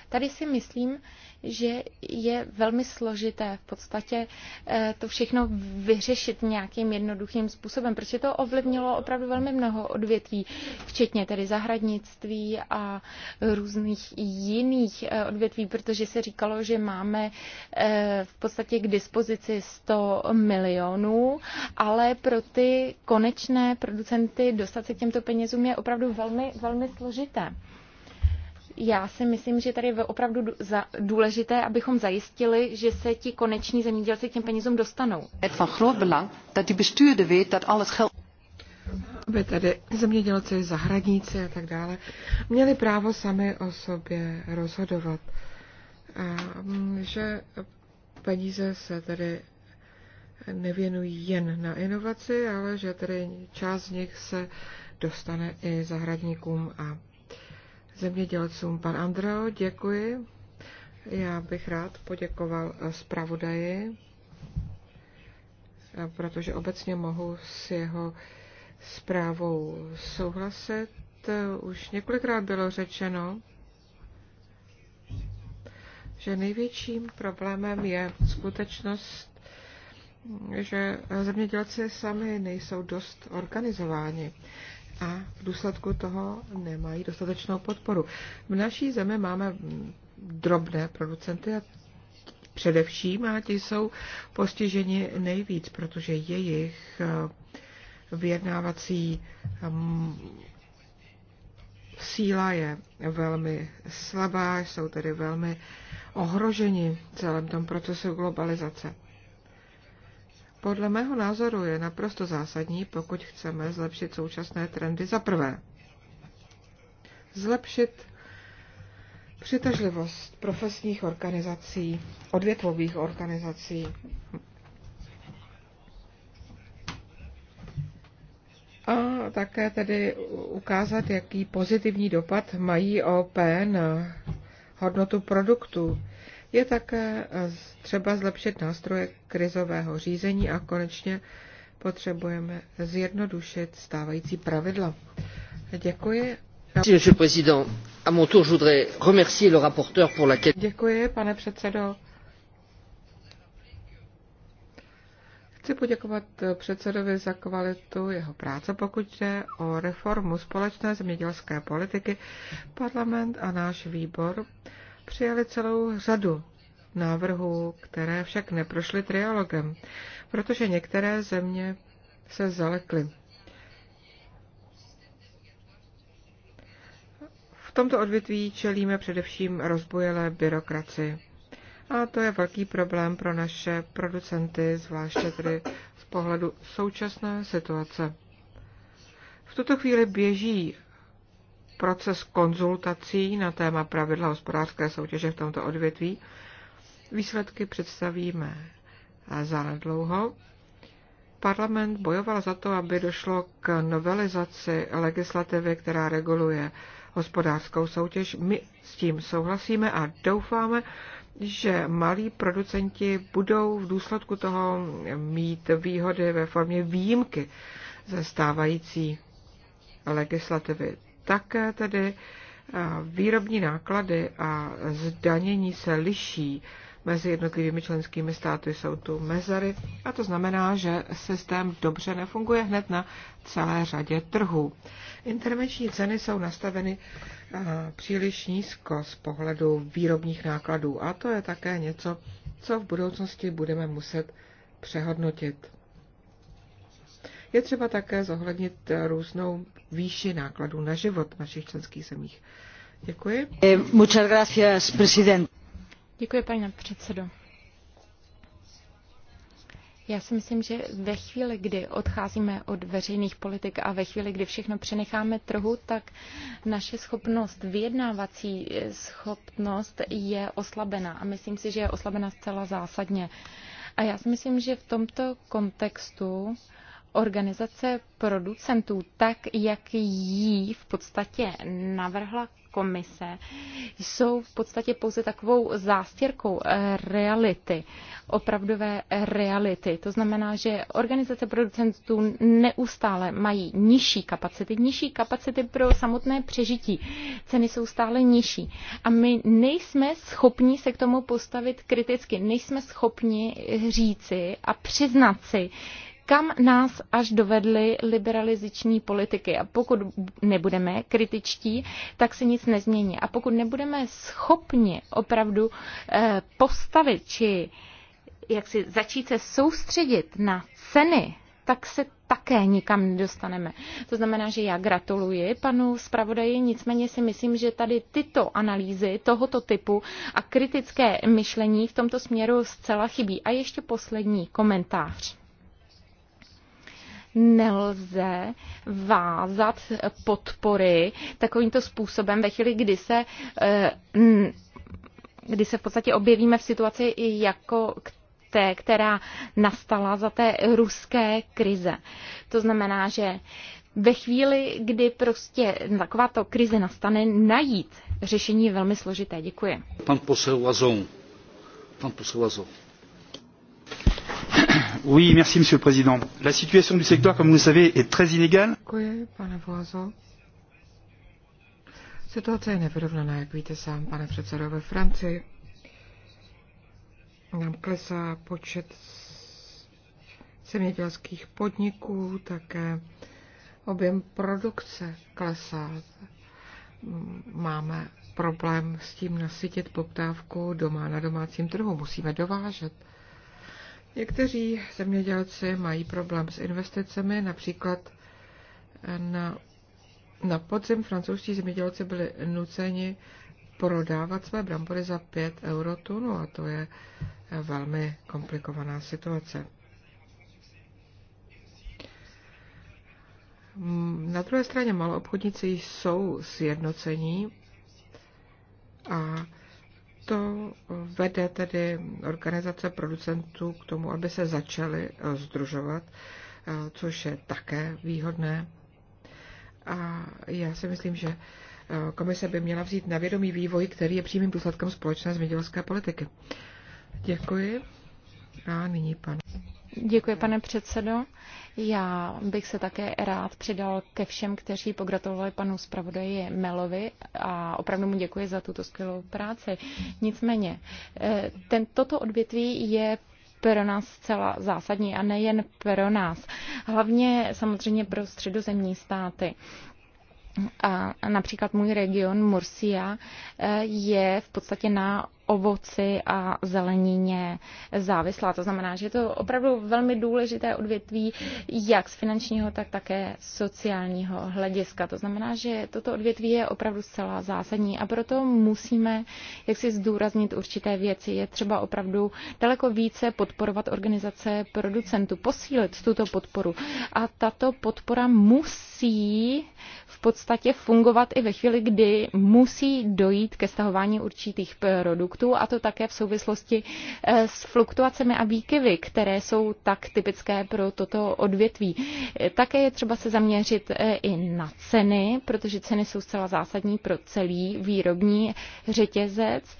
tady si myslím, že je velmi složité v podstatě eh, to všechno vyřešit nějakým jednoduchým způsobem, protože to ovlivnilo opravdu velmi mnoho odvětví, včetně tedy zahradnictví a různých jiných eh, odvětví, protože se říkalo, že máme eh, v podstatě k dispozici 100 milionů, ale pro ty konečné producenty dostat se k těmto penězům je opravdu velmi, velmi složité. Já si myslím, že tady je opravdu důležité, abychom zajistili, že se ti koneční zemědělci těm penězům dostanou. Aby tedy zemědělci, zahradníci a tak dále měli právo sami o sobě rozhodovat. A mm, že peníze se tedy nevěnují jen na inovaci, ale že tedy část z nich se dostane i zahradníkům a zemědělcům. Pan Andreo, děkuji. Já bych rád poděkoval zpravodaji, protože obecně mohu s jeho zprávou souhlasit. Už několikrát bylo řečeno, že největším problémem je skutečnost, že zemědělci sami nejsou dost organizováni a v důsledku toho nemají dostatečnou podporu. V naší zemi máme drobné producenty a především a ti jsou postiženi nejvíc, protože jejich eh, vyjednávací mm, síla je velmi slabá, jsou tedy velmi ohroženi celém tom procesu globalizace. Podle mého názoru je naprosto zásadní, pokud chceme zlepšit současné trendy za prvé. Zlepšit přitažlivost profesních organizací, odvětvových organizací, a také tedy ukázat, jaký pozitivní dopad mají OP na hodnotu produktu je také e, třeba zlepšit nástroje krizového řízení a konečně potřebujeme zjednodušit stávající pravidla. Děkuji. Děkuji, pane předsedo. Chci poděkovat předsedovi za kvalitu jeho práce, pokud jde o reformu společné zemědělské politiky. Parlament a náš výbor přijali celou řadu návrhů, které však neprošly trialogem, protože některé země se zalekly. V tomto odvětví čelíme především rozbojelé byrokracii. A to je velký problém pro naše producenty, zvláště tedy z pohledu současné situace. V tuto chvíli běží proces konzultací na téma pravidla hospodářské soutěže v tomto odvětví. Výsledky představíme za nedlouho. Parlament bojoval za to, aby došlo k novelizaci legislativy, která reguluje hospodářskou soutěž. My s tím souhlasíme a doufáme, že malí producenti budou v důsledku toho mít výhody ve formě výjimky ze stávající legislativy také tedy výrobní náklady a zdanění se liší mezi jednotlivými členskými státy jsou tu mezery a to znamená, že systém dobře nefunguje hned na celé řadě trhů. Intervenční ceny jsou nastaveny příliš nízko z pohledu výrobních nákladů a to je také něco, co v budoucnosti budeme muset přehodnotit. Je třeba také zohlednit různou výši nákladů na život v našich členských zemích. Děkuji. Eh, muchas gracias, president. Děkuji, paní předsedo. Já si myslím, že ve chvíli, kdy odcházíme od veřejných politik a ve chvíli, kdy všechno přenecháme trhu, tak naše schopnost, vyjednávací eh, schopnost je oslabená. A myslím si, že je oslabená zcela zásadně. A já si myslím, že v tomto kontextu organizace producentů, tak jak jí v podstatě navrhla komise, jsou v podstatě pouze takovou zástěrkou reality, opravdové reality. To znamená, že organizace producentů neustále mají nižší kapacity, nižší kapacity pro samotné přežití. Ceny jsou stále nižší. A my nejsme schopni se k tomu postavit kriticky. Nejsme schopni říci a přiznat si, kam nás až dovedly liberalizační politiky. A pokud nebudeme kritičtí, tak se nic nezmění. A pokud nebudeme schopni opravdu eh, postavit či jak si začít se soustředit na ceny, tak se také nikam nedostaneme. To znamená, že já gratuluji panu zpravodaji, nicméně si myslím, že tady tyto analýzy tohoto typu a kritické myšlení v tomto směru zcela chybí. A ještě poslední komentář nelze vázat podpory takovýmto způsobem ve chvíli, kdy se, eh, kdy se v podstatě objevíme v situaci, jako té, která nastala za té ruské krize. To znamená, že ve chvíli, kdy prostě takováto krize nastane, najít řešení je velmi složité. Děkuji. Pan posel Lazon. Pan posel Lazon. Oui, merci, Monsieur le Président. La situation du secteur, comme vous le savez, est très inégale. Děkuji, pane Situace je nevyrovnaná, jak víte sám, pane předsedo, ve Francii. Nám klesá počet zemědělských podniků, také objem produkce klesá. Máme problém s tím nasytit poptávku doma na domácím trhu. Musíme dovážet. Někteří zemědělci mají problém s investicemi, například eh, na, na podzim francouzští zemědělci byli nuceni prodávat své brambory za 5 euro tunu a to je eh, velmi komplikovaná situace. Mm, na druhé straně maloobchodníci jsou sjednocení a to vede tedy organizace producentů k tomu, aby se začaly eh, združovat, eh, což je také výhodné. A já si myslím, že eh, komise by měla vzít na vědomí vývoj, který je přímým důsledkem společné zemědělské politiky. Děkuji. A nyní pan Děkuji, pane předsedo. Já bych se také rád přidal ke všem, kteří pogratulovali panu zpravodaji Melovi a opravdu mu děkuji za tuto skvělou práci. Nicméně, eh, ten, toto odvětví je pro nás zcela zásadní a nejen pro nás. Hlavně samozřejmě pro středozemní státy a například můj region Murcia eh, je v podstatě na ovoci a zelenině závislá. To znamená, že je to opravdu velmi důležité odvětví, jak z finančního, tak také sociálního hlediska. To znamená, že toto odvětví je opravdu zcela zásadní a proto musíme jak si zdůraznit určité věci. Je třeba opravdu daleko více podporovat organizace producentů, posílit tuto podporu. A tato podpora musí podstatě fungovat i ve chvíli, kdy musí dojít ke stahování určitých produktů a to také v souvislosti eh, s fluktuacemi a výkyvy, které jsou tak typické pro toto odvětví. Eh, také je třeba se zaměřit eh, i na ceny, protože ceny jsou zcela zásadní pro celý výrobní řetězec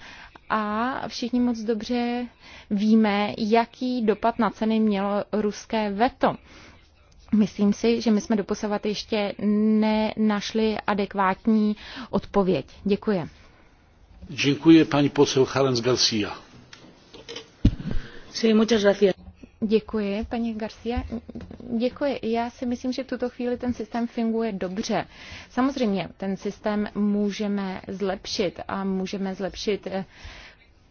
a všichni moc dobře víme, jaký dopad na ceny mělo ruské veto. Myslím si, že my jsme doposavat ještě nenašli adekvátní odpověď. Děkuji. Děkuji paní posel Charens Garcia. Sí, muchas gracias. Děkuji, paní Garcia. Děkuji. Já si myslím, že v tuto chvíli ten systém funguje dobře. Samozřejmě, ten systém můžeme zlepšit a můžeme zlepšit eh,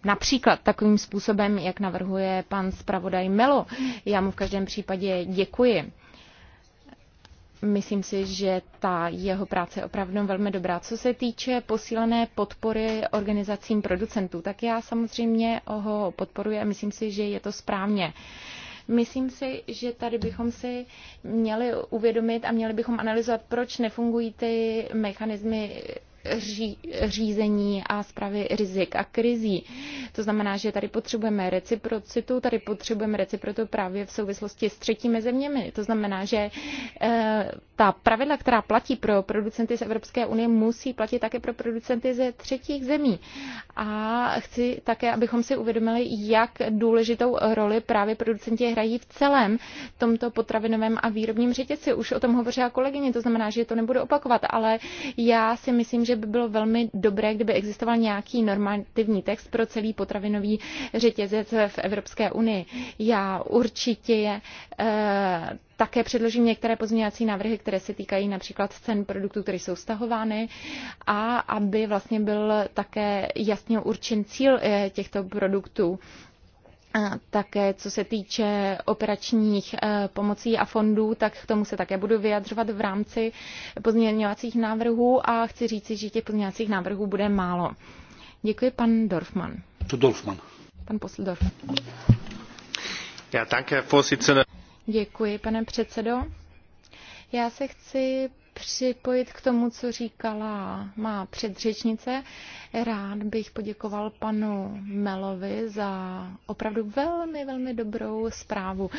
například takovým způsobem, jak navrhuje pan zpravodaj Melo. Já mu v každém případě děkuji. Myslím si, že ta jeho práce je opravdu velmi dobrá. Co se týče posílené podpory organizacím producentů, tak já samozřejmě ho podporuji a myslím si, že je to správně. Myslím si, že tady bychom si měli uvědomit a měli bychom analyzovat, proč nefungují ty mechanismy řízení a zprávy rizik a krizí. To znamená, že tady potřebujeme reciprocitu, tady potřebujeme reciprocitu právě v souvislosti s třetími zeměmi. To znamená, že eh, ta pravidla, která platí pro producenty z Evropské unie, musí platit také pro producenty ze třetích zemí. A chci také, abychom si uvědomili, jak důležitou roli právě producenti hrají v celém tomto potravinovém a výrobním řetězci. Už o tom hovořila kolegyně, to znamená, že to nebudu opakovat, ale já si myslím, že že by bylo velmi dobré, kdyby existoval nějaký normativní text pro celý potravinový řetězec v Evropské unii. Já určitě je. Eh, také předložím některé pozměňovací návrhy, které se týkají například cen produktů, které jsou stahovány a aby vlastně byl také jasně určen cíl eh, těchto produktů a také co se týče operačních eh, pomocí a fondů, tak k tomu se také budu vyjadřovat v rámci pozměňovacích návrhů a chci říci, že těch pozměňovacích návrhů bude málo. Děkuji, pan Dorfman. To Dorfman. Pan Posledorf. Já také, Děkuji, pane předsedo. Já se chci připojit k tomu, co říkala má předřečnice. Rád bych poděkoval panu Melovi za opravdu velmi, velmi dobrou zprávu.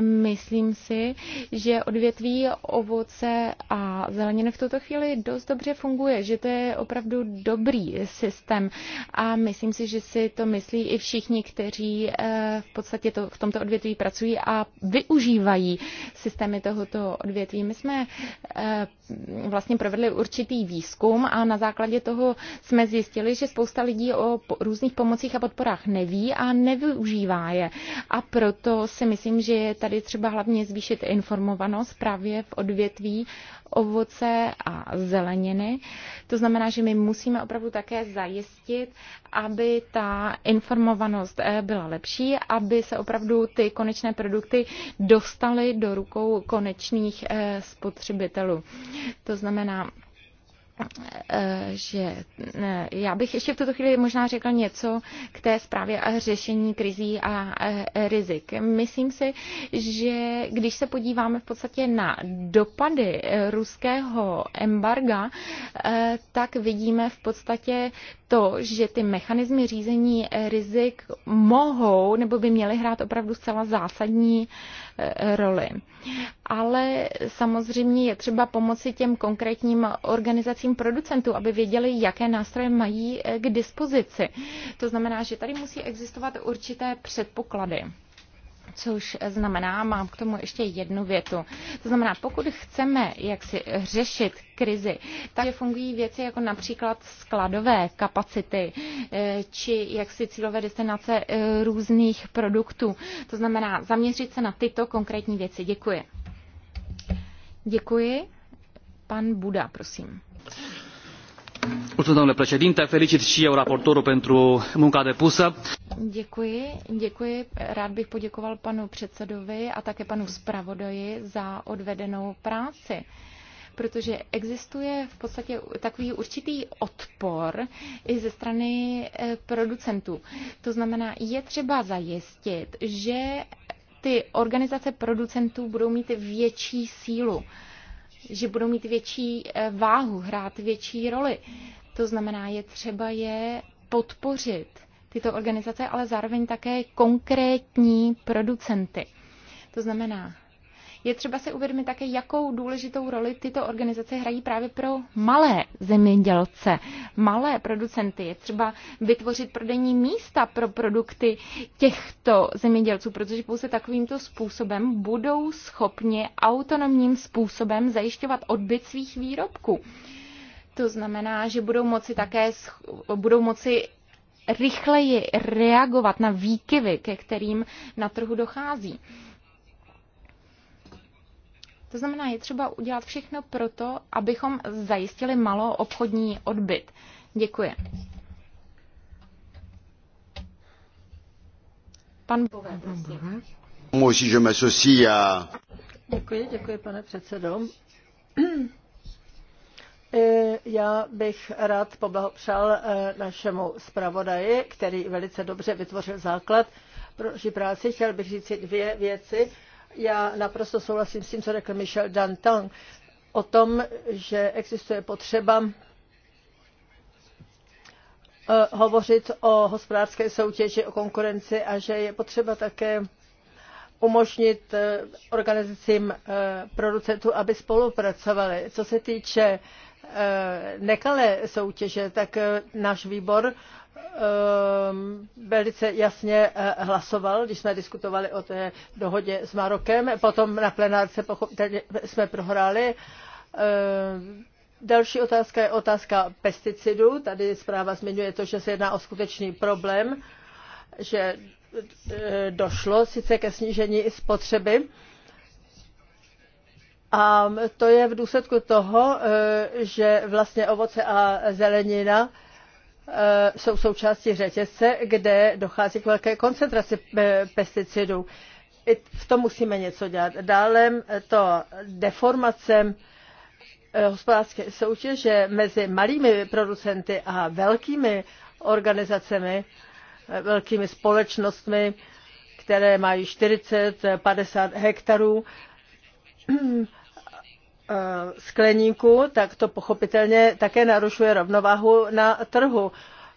Myslím si, že odvětví ovoce a zeleniny v tuto chvíli dost dobře funguje, že to je opravdu dobrý systém a myslím si, že si to myslí i všichni, kteří eh, v podstatě to, v tomto odvětví pracují a využívají systémy tohoto odvětví. My jsme eh, vlastně provedli určitý výzkum a na základě toho jsme zjistili, že spousta lidí o různých pomocích a podporách neví a nevyužívá je. A proto si myslím, že je tady třeba hlavně zvýšit informovanost právě v odvětví ovoce a zeleniny. To znamená, že my musíme opravdu také zajistit, aby ta informovanost eh, byla lepší, aby se opravdu ty konečné produkty dostaly do rukou konečných eh, spotřebitelů. To znamená, Eh, že eh, já bych ještě v tuto chvíli možná řekla něco k té zprávě a řešení krizí a eh, rizik. Myslím si, že když se podíváme v podstatě na dopady ruského embarga, tak vidíme v podstatě to, že ty mechanismy řízení rizik mohou nebo by měly hrát opravdu zcela zásadní uh, roli. Ale samozřejmě je třeba pomoci těm konkrétním organizacím producentů, aby věděli, jaké nástroje mají k dispozici. To znamená, že tady musí existovat určité předpoklady což znamená, mám k tomu ještě jednu větu. To znamená, pokud chceme jak si řešit krizi, tak fungují věci jako například skladové kapacity, eh, či jak si cílové destinace eh, různých produktů. To znamená, zaměřit se na tyto konkrétní věci. Děkuji. Děkuji. Pan Buda, prosím domnule președinte felicit și eu raportorul pentru munca depusă. Děkuji, děkuji. Rád bych poděkoval panu předsedovi a také panu zpravodaji za odvedenou práci protože existuje v podstatě takový určitý odpor i ze strany eh, producentů. To znamená, je třeba zajistit, že ty organizace producentů budou mít větší sílu že budou mít větší eh, váhu, hrát větší roli. To znamená, je třeba je podpořit tyto organizace, ale zároveň také konkrétní producenty. To znamená, je třeba se uvědomit také, jakou důležitou roli tyto organizace hrají právě pro malé zemědělce, malé producenty. Je třeba vytvořit prodejní místa pro produkty těchto zemědělců, protože pouze takovýmto způsobem budou schopni autonomním způsobem zajišťovat odbyt svých výrobků. To znamená, že budou moci také budou moci rychleji reagovat na výkyvy, ke kterým na trhu dochází. To znamená, je třeba udělat všechno pro to, abychom zajistili malou obchodní odbyt. Děkuji. Pan Bové, prosím. Děkuji, děkuji, pane předsedo. E, já bych rád poblahopřál e, našemu zpravodaji, který velice dobře vytvořil základ pro práci. Chtěl bych říct dvě věci. Já naprosto souhlasím s tím, co řekl Michel Danton o tom, že existuje potřeba eh, hovořit o hospodářské soutěži, o konkurenci a že je potřeba také umožnit eh, organizacím eh, producentů, aby spolupracovali. Co se týče Eh, nekalé soutěže, tak eh, náš výbor ehm, velice jasně eh, hlasoval, když jsme diskutovali o té dohodě s Marokem. Potom na plenárce jsme prohráli. Další otázka je otázka pesticidů. Tady zpráva zmiňuje to, že se jedná o skutečný problém, že došlo sice ke snížení spotřeby a to je v důsledku toho, e, že vlastně ovoce a zelenina e, jsou součástí řetězce, kde dochází k velké koncentraci e, pesticidů. I v tom musíme něco dělat. Dále to deformace hospodářské soutěže mezi malými producenty a velkými organizacemi, velkými společnostmi, které mají 40, 50 hektarů, Eh, skleníku, tak to pochopitelně také narušuje rovnováhu na trhu.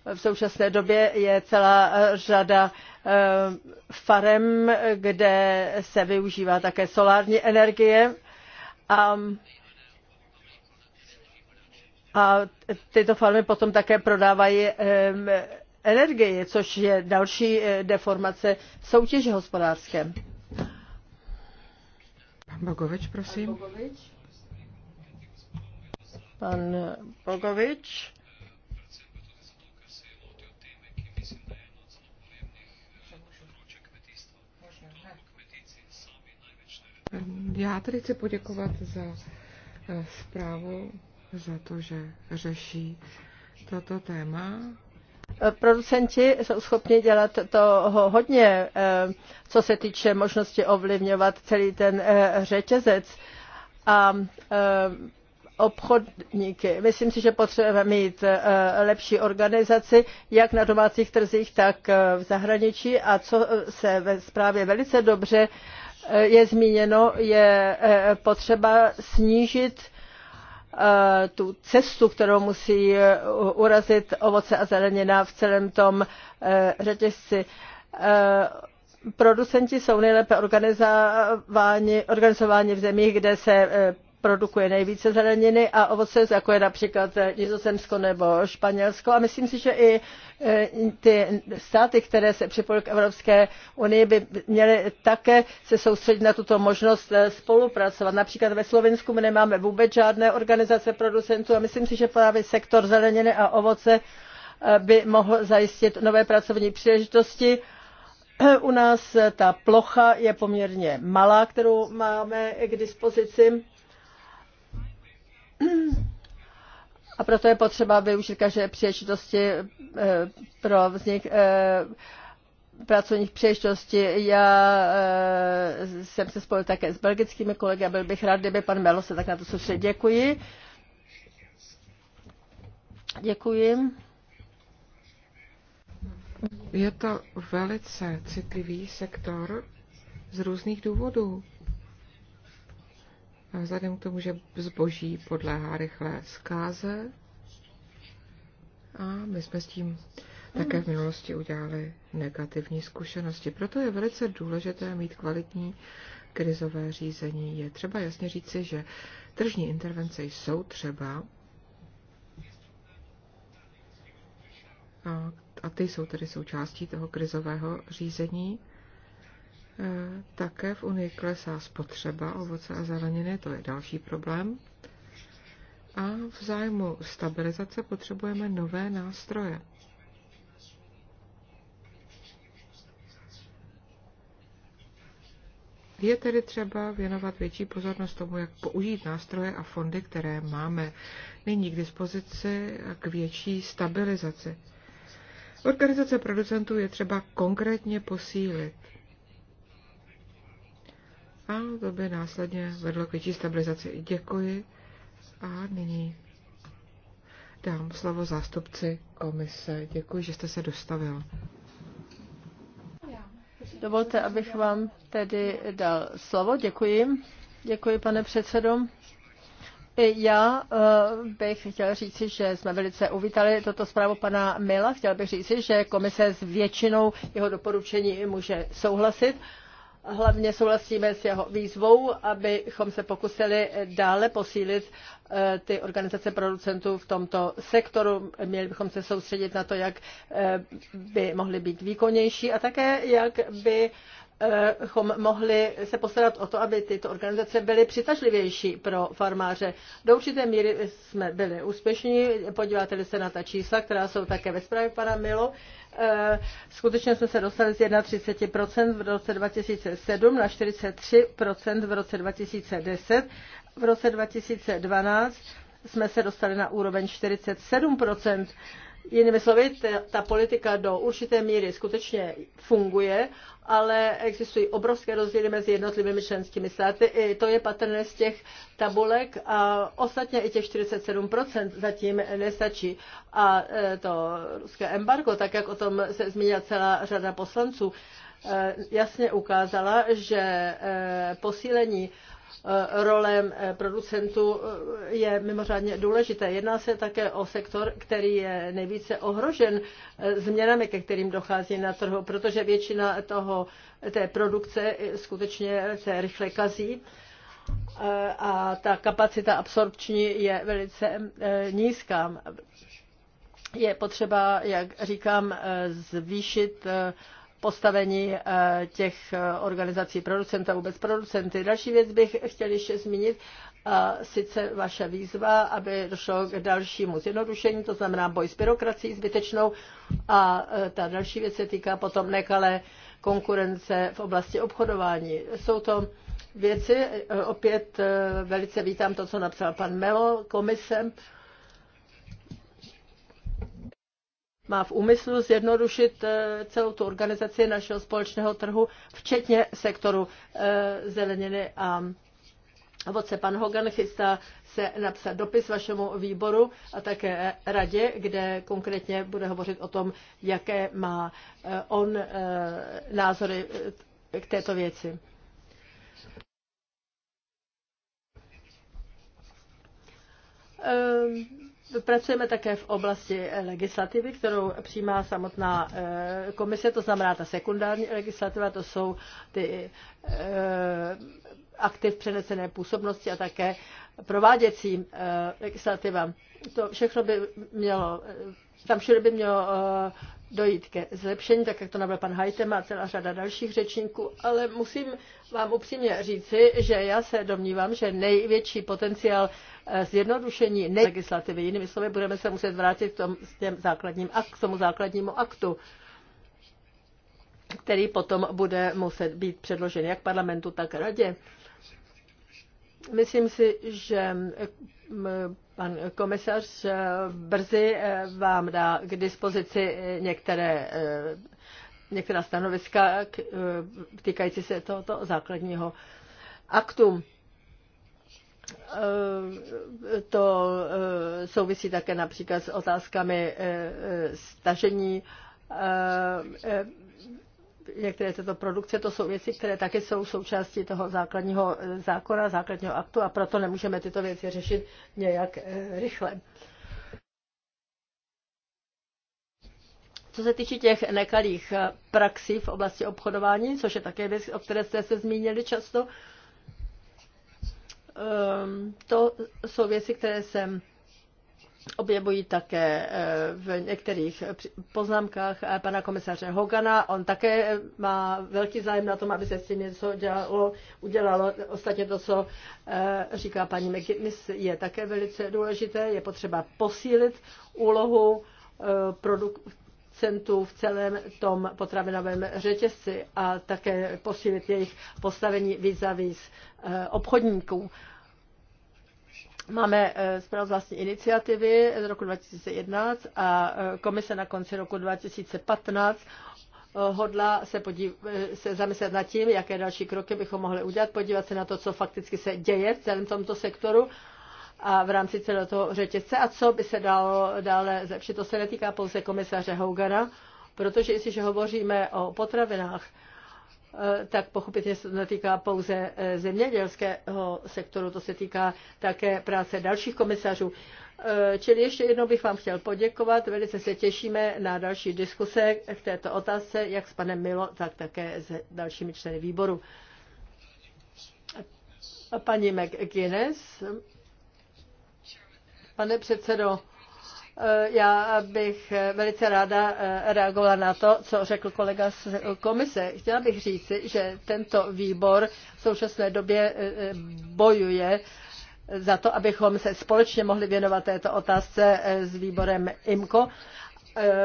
V současné době je celá eh, řada eh, farem, kde se využívá také solární energie a, a tyto farmy potom také prodávají energii, což je další deformace soutěže hospodářské. Pan Bogovič, prosím. Pan Bogovič. Pan Bogovič. Já tady chci poděkovat za eh, zprávu, za to, že řeší toto téma. Eh, producenti jsou schopni dělat toho hodně, eh, co se týče možnosti ovlivňovat celý ten řetězec. A obchodníky. Myslím si, že potřebujeme mít eh, lepší organizaci, jak na domácích trzích, tak eh, v zahraničí. A co eh, se ve zprávě velice dobře je zmíněno, je potřeba snížit tu cestu, kterou musí urazit ovoce a zelenina v celém tom řetězci producenti jsou nejlépe organizováni, organizováni v zemích, kde se produkuje nejvíce zeleniny a ovoce, jako je například Nizozemsko nebo Španělsko. A myslím si, že i e, ty státy, které se připojily k Evropské unii, by měly také se soustředit na tuto možnost e, spolupracovat. Například ve Slovensku my nemáme vůbec žádné organizace producentů a myslím si, že právě sektor zeleniny a ovoce e, by mohl zajistit nové pracovní příležitosti. U nás ta plocha je poměrně malá, kterou máme k dispozici. A proto je potřeba využít každé příležitosti eh, pro vznik eh, pracovních příležitostí. Já eh, jsem se spojil také s belgickými kolegy a byl bych rád, kdyby pan Melo se tak na to soustředil. Děkuji. Děkuji. Je to velice citlivý sektor z různých důvodů. Vzhledem k tomu, že zboží podléhá rychlé zkáze, a my jsme s tím také v minulosti udělali negativní zkušenosti. Proto je velice důležité mít kvalitní krizové řízení. Je třeba jasně říci, že tržní intervence jsou třeba a, a ty jsou tedy součástí toho krizového řízení. E, také v Unii klesá spotřeba ovoce a zeleniny, to je další problém. A v zájmu stabilizace potřebujeme nové nástroje. Je tedy třeba věnovat větší pozornost tomu, jak použít nástroje a fondy, které máme nyní k dispozici k větší stabilizaci. Organizace producentů je třeba konkrétně posílit. A to by následně vedlo k větší stabilizaci. Děkuji a nyní dám slovo zástupci komise. Děkuji, že jste se dostavil. Dovolte, abych vám tedy dal slovo. Děkuji. Děkuji, pane předsedo. Já eh, bych chtěl říci, že jsme velice uvítali toto zprávu pana Mila. Chtěl bych říci, že komise s většinou jeho doporučení může souhlasit. Hlavně souhlasíme s jeho výzvou, abychom se pokusili dále posílit eh, ty organizace producentů v tomto sektoru. Měli bychom se soustředit na to, jak eh, by mohly být výkonnější a také jak by bychom mohli se postarat o to, aby tyto organizace byly přitažlivější pro farmáře. Do určité míry jsme byli úspěšní, podíváte se na ta čísla, která jsou také ve zprávě pana Milo. Eh, skutečně jsme se dostali z 31% v roce 2007 na 43% v roce 2010. V roce 2012 jsme se dostali na úroveň 47 Jinými slovy, ta politika do určité míry skutečně funguje, ale existují obrovské rozdíly mezi jednotlivými členskými státy. I to je patrné z těch tabulek a ostatně i těch 47% zatím nestačí. A e, to ruské embargo, tak jak o tom se zmínila celá řada poslanců, e, jasně ukázala, že e, posílení Eh, role eh, producentů eh, je mimořádně důležité. Jedná se také o sektor, který je nejvíce ohrožen změnami, ke kterým dochází na trhu, protože většina toho, té produkce skutečně se rychle kazí a ta kapacita absorpční je velice nízká. Je potřeba, jak říkám, zvýšit postavení eh, těch eh, organizací producentů a vůbec producenty. Další věc bych chtěl ještě zmínit, sice vaše výzva, aby došlo k dalšímu zjednodušení, to znamená boj s byrokracií zbytečnou a eh, ta další věc se týká potom nekalé konkurence v oblasti obchodování. Jsou to věci, opět velice vítám to, co napsal pan Melo komisem, má v úmyslu zjednodušit eh, celou tu organizaci našeho společného trhu, včetně sektoru eh, zeleniny a ovoce. Pan Hogan chystá se napsat dopis vašemu výboru a také radě, kde konkrétně bude hovořit o tom, jaké má eh, on názory k této věci. Um, Pracujeme také v oblasti legislativy, kterou přijímá samotná eh, komise, to znamená ta sekundární legislativa, to jsou ty eh, aktiv přenesené působnosti a také prováděcí eh, legislativa. To všechno by mělo, tam všude by mělo dojít ke zlepšení, tak jak to nabyl pan Hajtem a celá řada dalších řečníků, ale musím vám upřímně říci, že já se domnívám, že největší potenciál eh, zjednodušení legislativy, jinými slovy, budeme se muset vrátit k, tom, těm základním, k tomu základnímu aktu který potom bude muset být předložen jak parlamentu, tak radě. Myslím si, že eh, pan komisař eh, brzy eh, vám dá k dispozici některé, některá stanoviska týkající se tohoto základního aktu. To souvisí také například s otázkami stažení některé tyto produkce, to jsou věci, které také jsou součástí toho základního eh, zákona, základního aktu a proto nemůžeme tyto věci řešit nějak eh, rychle. Co se týče těch nekalých eh, praxí v oblasti obchodování, což je také věc, o které jste se zmínili často, ehm, to jsou věci, které jsem objevují také eh, v některých poznámkách eh, pana komisaře Hogana. On také eh, má velký zájem na tom, aby se s tím něco dělalo, udělalo. Ostatně to, co říká paní McGinnis, je také velice důležité. Je potřeba posílit úlohu producentů v celém tom potravinovém řetězci a také posílit jejich postavení vis-a-vis obchodníků. -vis Máme eh, zprávu vlastní iniciativy z roku 2011 a eh, komise na konci roku 2015 eh, hodla se, podív, se zamyslet nad tím, jaké další kroky bychom mohli udělat, podívat se na to, co fakticky se děje v celém tomto sektoru a v rámci celého toho řetězce a co by se dalo dále zlepšit. To se netýká pouze komisaře Hougana, protože jestliže hovoříme o potravinách, Eh, tak pochopitelně se to netýká pouze eh, zemědělského sektoru, to se týká také práce dalších komisařů. Eh, čili ještě jednou bych vám chtěl poděkovat. Velice se těšíme na další diskuse k této otázce, jak s panem Milo, tak také s dalšími členy výboru. Paní McGuinness. Pane předsedo, Eh, já bych eh, velice ráda eh, reagovala na to, co řekl kolega z komise. Chtěla bych říci, že tento výbor v současné době bojuje za to, abychom se společně mohli věnovat této otázce s výborem IMCO.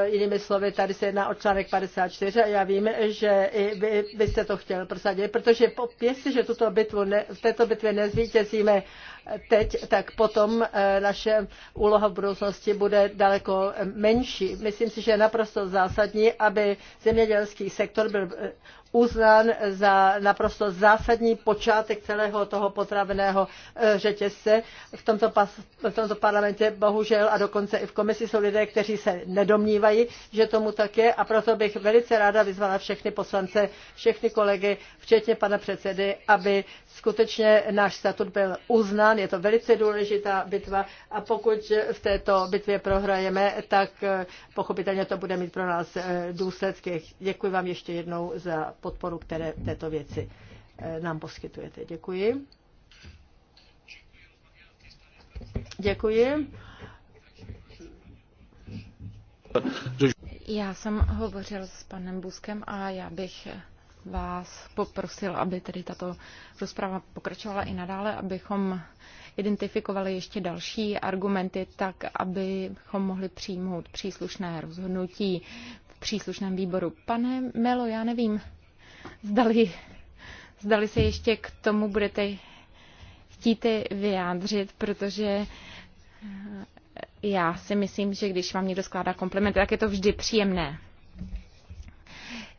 Jinými slovy, tady se jedná o článek 54 a já vím, že i vy byste to chtěl prosadit, protože jestliže tuto bitvu ne, v této bitvě nezvítězíme teď, tak potom eh, naše úloha v budoucnosti bude daleko eh, menší. Myslím si, že je naprosto zásadní, aby zemědělský sektor byl eh, uznán za naprosto zásadní počátek celého toho potraveného řetězce. V tomto, pas, v tomto parlamentě bohužel a dokonce i v komisi jsou lidé, kteří se nedomnívají, že tomu tak je a proto bych velice ráda vyzvala všechny poslance, všechny kolegy, včetně pana předsedy, aby skutečně náš statut byl uznán, je to velice důležitá bitva a pokud v této bitvě prohrajeme, tak eh, pochopitelně to bude mít pro nás eh, důsledky. Děkuji vám ještě jednou za podporu, které této věci eh, nám poskytujete. Děkuji. Děkuji. Já jsem hovořil s panem Buskem a já bych vás poprosil, aby tedy tato rozprava pokračovala i nadále, abychom identifikovali ještě další argumenty, tak abychom mohli přijmout příslušné rozhodnutí v příslušném výboru. Pane Melo, já nevím, zdali, zdali se ještě k tomu budete chtít vyjádřit, protože já si myslím, že když vám někdo skládá komplimenty, tak je to vždy příjemné.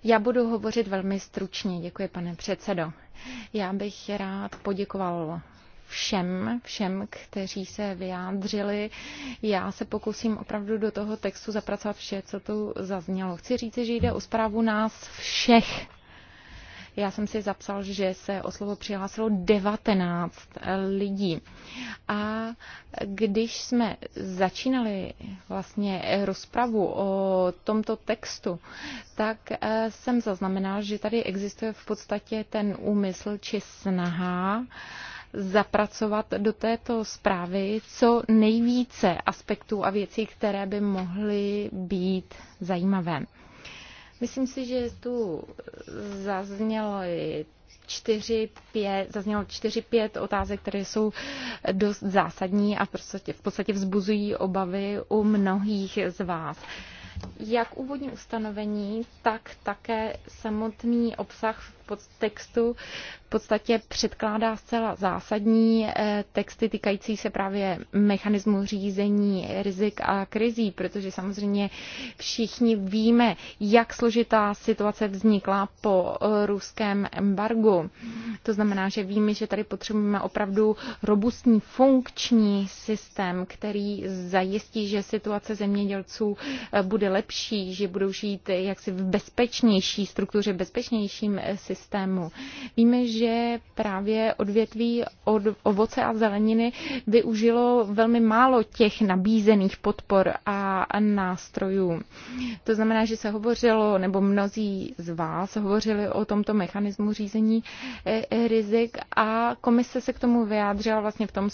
Já budu hovořit velmi stručně, děkuji pane předsedo. Já bych rád poděkoval všem, všem, kteří se vyjádřili. Já se pokusím opravdu do toho textu zapracovat vše, co tu zaznělo. Chci říct, že jde o zprávu nás všech já jsem si zapsal, že se o slovo přihlásilo 19 lidí. A když jsme začínali vlastně rozpravu o tomto textu, tak eh, jsem zaznamenal, že tady existuje v podstatě ten úmysl či snaha zapracovat do této zprávy co nejvíce aspektů a věcí, které by mohly být zajímavé. Myslím si, že tu eh, zaznělo čtyři, pět, zaznělo čtyři, pět otázek, které jsou dost zásadní a v podstatě, v podstatě vzbuzují obavy u mnohých z vás. Jak úvodní ustanovení, tak také samotný obsah v podtextu v podstatě předkládá zcela zásadní eh, texty týkající se právě mechanismu řízení rizik a krizí, protože samozřejmě všichni víme, jak složitá situace vznikla po eh, ruském embargu. To znamená, že víme, že tady potřebujeme opravdu robustní funkční systém, který zajistí, že situace zemědělců eh, bude lepší, že budou žít jaksi v bezpečnější struktuře, bezpečnějším systému systému. Víme, že právě odvětví od ovoce a zeleniny využilo velmi málo těch nabízených podpor a nástrojů. To znamená, že se hovořilo, nebo mnozí z vás hovořili o tomto mechanismu řízení e, e, rizik a komise se k tomu vyjádřila vlastně v tom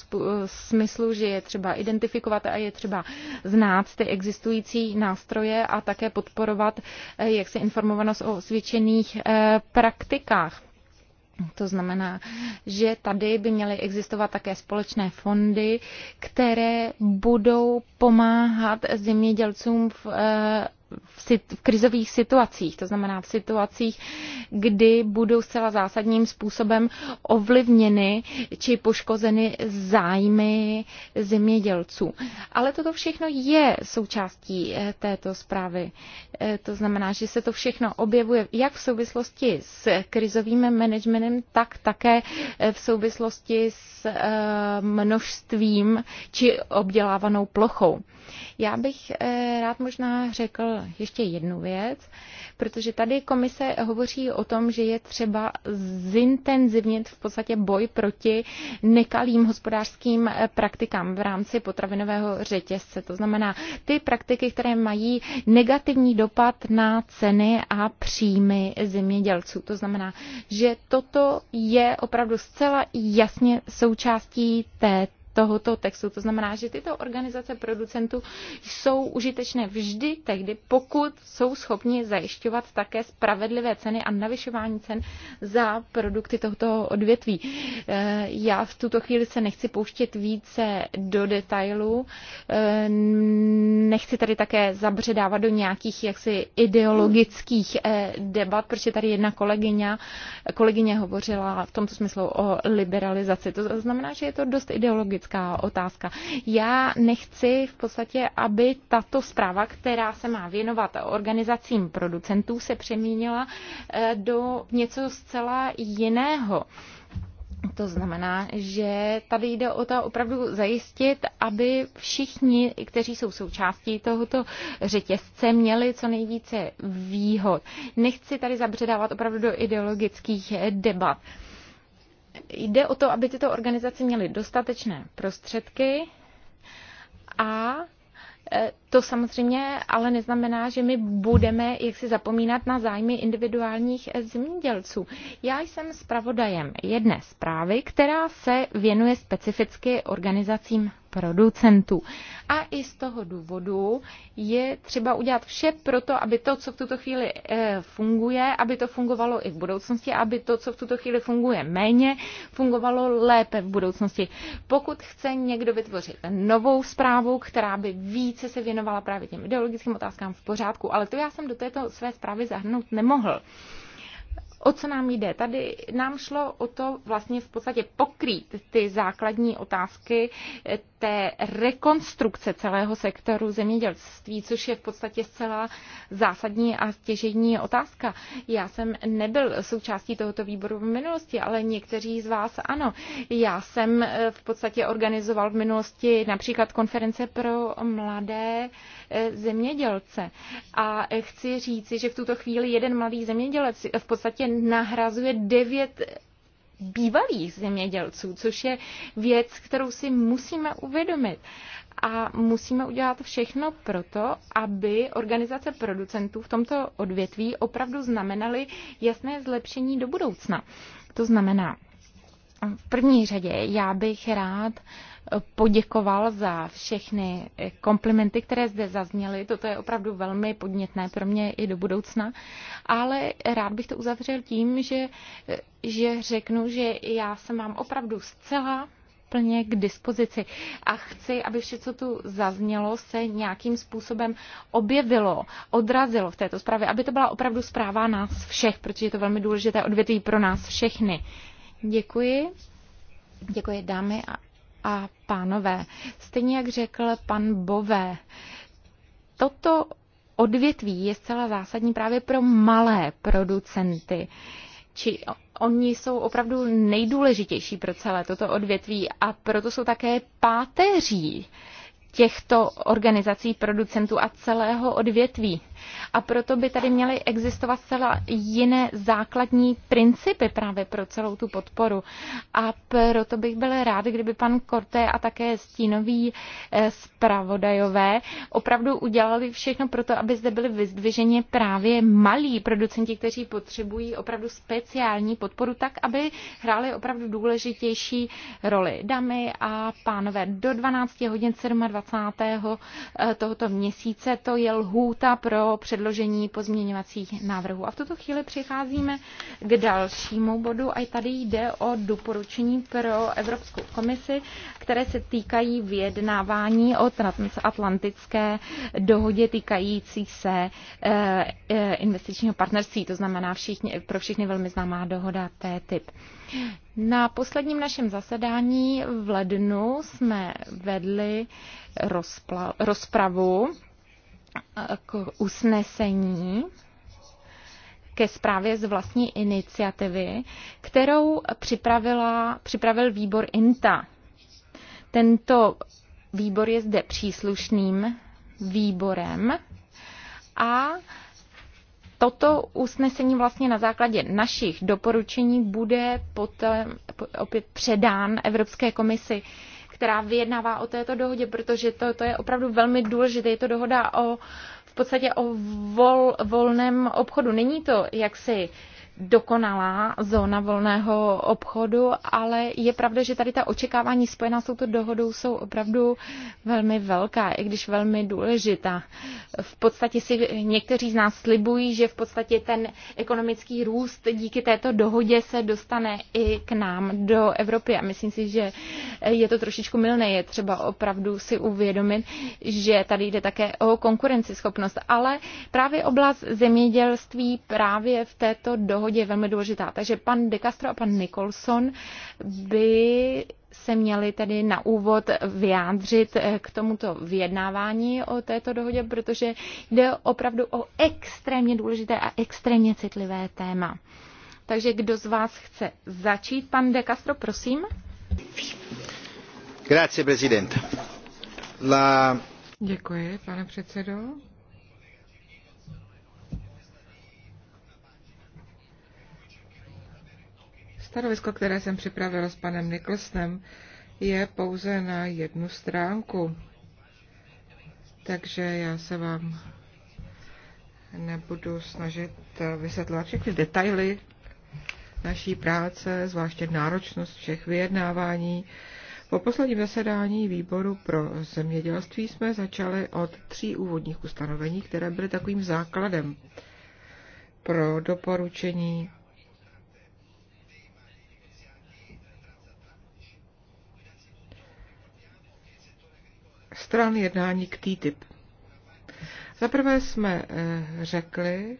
smyslu, že je třeba identifikovat a je třeba znát ty existující nástroje a také podporovat e, jak se informovanost o osvědčených praktikách praktikách. To znamená, že tady by měly existovat také společné fondy, které budou pomáhat zemědělcům v eh, v krizových situacích, to znamená v situacích, kdy budou zcela zásadním způsobem ovlivněny či poškozeny zájmy zemědělců. Ale toto všechno je součástí eh, této zprávy. Eh, to znamená, že se to všechno objevuje jak v souvislosti s krizovým managementem, tak také eh, v souvislosti s množstvím či obdělávanou plochou. Já bych rád možná řekl ještě jednu věc, protože tady komise hovoří o tom, že je třeba zintenzivnit v podstatě boj proti nekalým hospodářským eh, praktikám v rámci potravinového řetězce. To znamená ty praktiky, které mají negativní dopad na ceny a příjmy zemědělců. To znamená, že toto je opravdu zcela jasně součástí této tohoto textu. To znamená, že tyto organizace producentů jsou užitečné vždy tehdy, pokud jsou schopni zajišťovat také spravedlivé ceny a navyšování cen za produkty tohoto odvětví. Eh, já v tuto chvíli se nechci pouštět více do detailů, eh, nechci tady také zabředávat do nějakých jaksi ideologických eh, debat, protože tady jedna kolegyně, kolegyně hovořila v tomto smyslu o liberalizaci. To znamená, že je to dost ideologické politická otázka. Já nechci v podstatě, aby tato zpráva, která se má věnovat organizacím producentů, se přeměnila eh, do něco zcela jiného. To znamená, že tady jde o to opravdu zajistit, aby všichni, kteří jsou součástí tohoto řetězce, měli co nejvíce výhod. Nechci tady zabředávat opravdu do ideologických debat jde o to, aby tyto organizace měly dostatečné prostředky a e, to samozřejmě ale neznamená, že my budeme jak si zapomínat na zájmy individuálních eh, zemědělců. Já jsem zpravodajem jedné zprávy, která se věnuje specificky organizacím producentů. A i z toho důvodu je třeba udělat vše pro to, aby to, co v tuto chvíli eh, funguje, aby to fungovalo i v budoucnosti, aby to, co v tuto chvíli funguje méně, fungovalo lépe v budoucnosti. Pokud chce někdo vytvořit novou zprávu, která by více se věnovala věnovala právě těm ideologickým otázkám v pořádku, ale to já jsem do této své zprávy zahrnout nemohl. O co nám jde? Tady nám šlo o to vlastně v podstatě pokrýt ty základní otázky té rekonstrukce celého sektoru zemědělství, což je v podstatě zcela zásadní a stěžejní otázka. Já jsem nebyl součástí tohoto výboru v minulosti, ale někteří z vás ano. Já jsem eh, v podstatě organizoval v minulosti například konference pro mladé eh, zemědělce. A eh, chci říci, že v tuto chvíli jeden mladý zemědělec v podstatě nahrazuje devět bývalých zemědělců, což je věc, kterou si musíme uvědomit. A musíme udělat všechno proto, aby organizace producentů v tomto odvětví opravdu znamenaly jasné zlepšení do budoucna. To znamená, v první řadě já bych rád uh, poděkoval za všechny komplimenty, které zde zazněly. Toto je opravdu velmi podnětné pro mě i do budoucna. Ale rád bych to uzavřel tím, že, že řeknu, že já se mám opravdu zcela plně k dispozici a chci, aby vše, co tu zaznělo, se nějakým způsobem objevilo, odrazilo v této zprávě, aby to byla opravdu zpráva nás všech, protože je to velmi důležité odvětví pro nás všechny. Děkuji. Děkuji dámy a a pánové, stejně jak řekl pan Bové, toto odvětví je zcela zásadní právě pro malé producenty. Či oni jsou opravdu nejdůležitější pro celé toto odvětví a proto jsou také páteří těchto organizací producentů a celého odvětví. A proto by tady měly existovat zcela jiné základní principy právě pro celou tu podporu. A proto bych byl rád, kdyby pan Korte a také stínoví eh, zpravodajové opravdu udělali všechno pro to, aby zde byly vyzdviženě právě malí producenti, kteří potřebují opravdu speciální podporu, tak aby hráli opravdu důležitější roli. Dámy a pánové, do 12 hodin 27. Eh, tohoto měsíce to je lhůta pro o předložení pozměňovacích návrhů. A v tuto chvíli přicházíme k dalšímu bodu a tady jde o doporučení pro Evropskou komisi, které se týkají vyjednávání o transatlantické dohodě týkající se eh, eh, investičního partnerství, to znamená všichni, pro všechny velmi známá dohoda TTIP. Na posledním našem zasedání v lednu jsme vedli rozpla, rozpravu k usnesení ke zprávě z vlastní iniciativy, kterou připravila, připravil výbor INTA. Tento výbor je zde příslušným výborem a toto usnesení vlastně na základě našich doporučení bude potom opět předán Evropské komisi která vyjednává o této dohodě, protože to, to je opravdu velmi důležité. Je to dohoda o v podstatě o vol, volném obchodu. Není to jaksi dokonalá zóna volného obchodu, ale je pravda, že tady ta očekávání spojená s touto dohodou jsou opravdu velmi velká, i když velmi důležitá. V podstatě si někteří z nás slibují, že v podstatě ten ekonomický růst díky této dohodě se dostane i k nám do Evropy a myslím si, že je to trošičku milné, je třeba opravdu si uvědomit, že tady jde také o konkurenceschopnost, ale právě oblast zemědělství právě v této dohodě vodě je velmi důležitá. Takže pan De Castro a pan Nicholson by se měli tedy na úvod vyjádřit eh, k tomuto vyjednávání o této dohodě, protože jde opravdu o extrémně důležité a extrémně citlivé téma. Takže kdo z vás chce začít? Pan De Castro, prosím. Grazie, prezident. La... Děkuji, pane předsedo. Stanovisko, které jsem připravila s panem Niklsnem, je pouze na jednu stránku. Takže já se vám nebudu snažit eh, vysvětlovat všechny detaily naší práce, zvláště náročnost všech vyjednávání. Po posledním zasedání výboru pro zemědělství jsme začali od tří úvodních ustanovení, které byly takovým základem pro doporučení stran jednání k TTIP. Zaprvé jsme eh, řekli,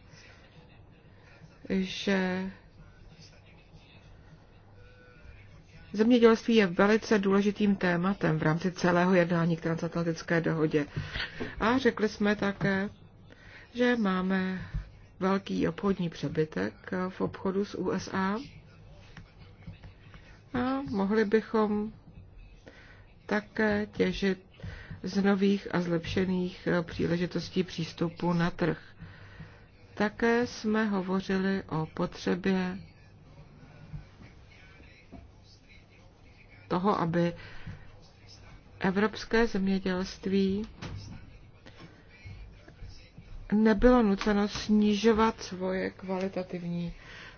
že Zemědělství je velice důležitým tématem v rámci celého jednání k transatlantické dohodě. A řekli jsme také, že máme velký obchodní přebytek eh, v obchodu s USA a mohli bychom také těžit z nových a zlepšených eh, příležitostí přístupu na trh. Také jsme hovořili o potřebě toho, aby evropské zemědělství nebylo nuceno snižovat svoje kvalitativní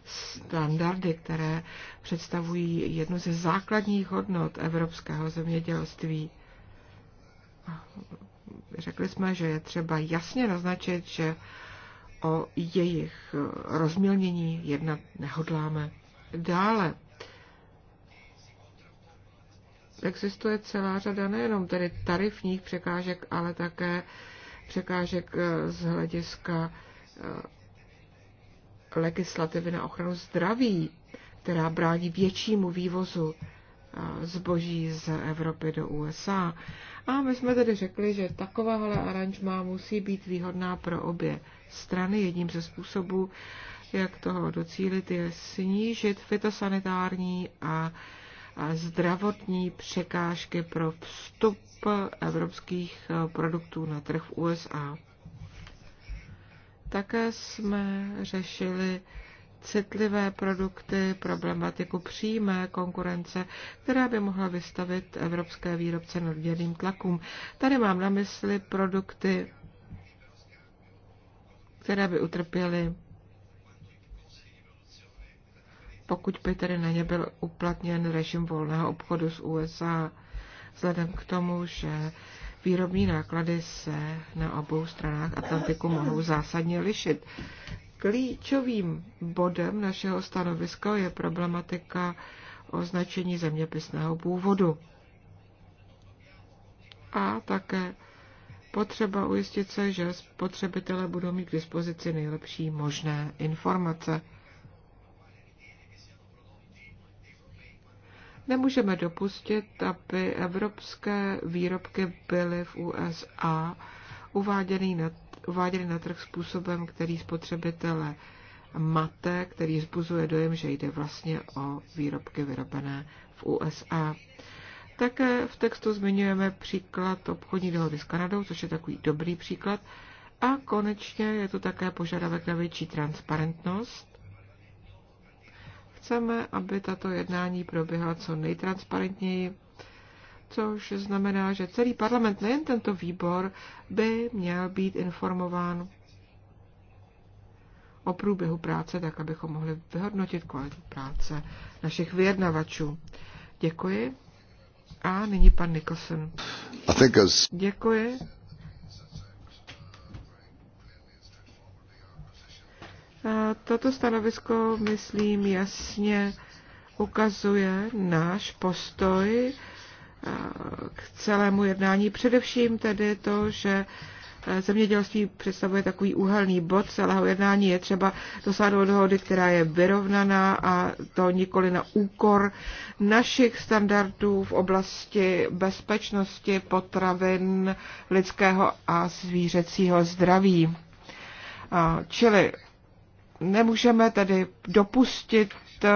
standardy, které představují jednu ze základních hodnot evropského zemědělství řekli jsme, že je třeba jasně naznačit, že o jejich rozmělnění jednat nehodláme. Dále existuje celá řada nejenom tedy tarifních překážek, ale také překážek eh, z hlediska eh, legislativy na ochranu zdraví, která brání většímu vývozu zboží z Evropy do USA. A my jsme tedy řekli, že takováhle aranžma musí být výhodná pro obě strany. Jedním ze způsobů, jak toho docílit, je snížit fitosanitární a zdravotní překážky pro vstup evropských eh, produktů na trh v USA. Také jsme řešili citlivé produkty, problematiku přímé konkurence, která by mohla vystavit evropské výrobce nadměrným tlakům. Tady mám na mysli produkty, které by utrpěly, pokud by tedy na ně byl uplatněn režim volného obchodu s USA, vzhledem k tomu, že výrobní náklady se na obou stranách Atlantiku mohou zásadně lišit. Klíčovým bodem našeho stanoviska je problematika označení zeměpisného původu a také potřeba ujistit se, že spotřebitelé budou mít k dispozici nejlepší možné informace. Nemůžeme dopustit, aby evropské výrobky byly v USA uváděny na uváděny na trh způsobem, který spotřebitele mate, který zbuzuje dojem, že jde vlastně o výrobky vyrobené v USA. Také v textu zmiňujeme příklad obchodní dohody s Kanadou, což je takový dobrý příklad. A konečně je tu také požadavek na větší transparentnost. Chceme, aby tato jednání proběhla co nejtransparentněji, což znamená, že celý parlament, nejen tento výbor, by měl být informován o průběhu práce, tak abychom mohli vyhodnotit kvalitu práce našich vyjednavačů. Děkuji. A nyní pan Nicholson. Děkuji. Toto stanovisko, myslím, jasně ukazuje náš postoj k celému jednání. Především tedy to, že eh, zemědělství představuje takový úhelný bod celého jednání. Je třeba dosáhnout dohody, která je vyrovnaná a to nikoli na úkor našich standardů v oblasti bezpečnosti potravin lidského a zvířecího zdraví. Čili nemůžeme tedy dopustit eh,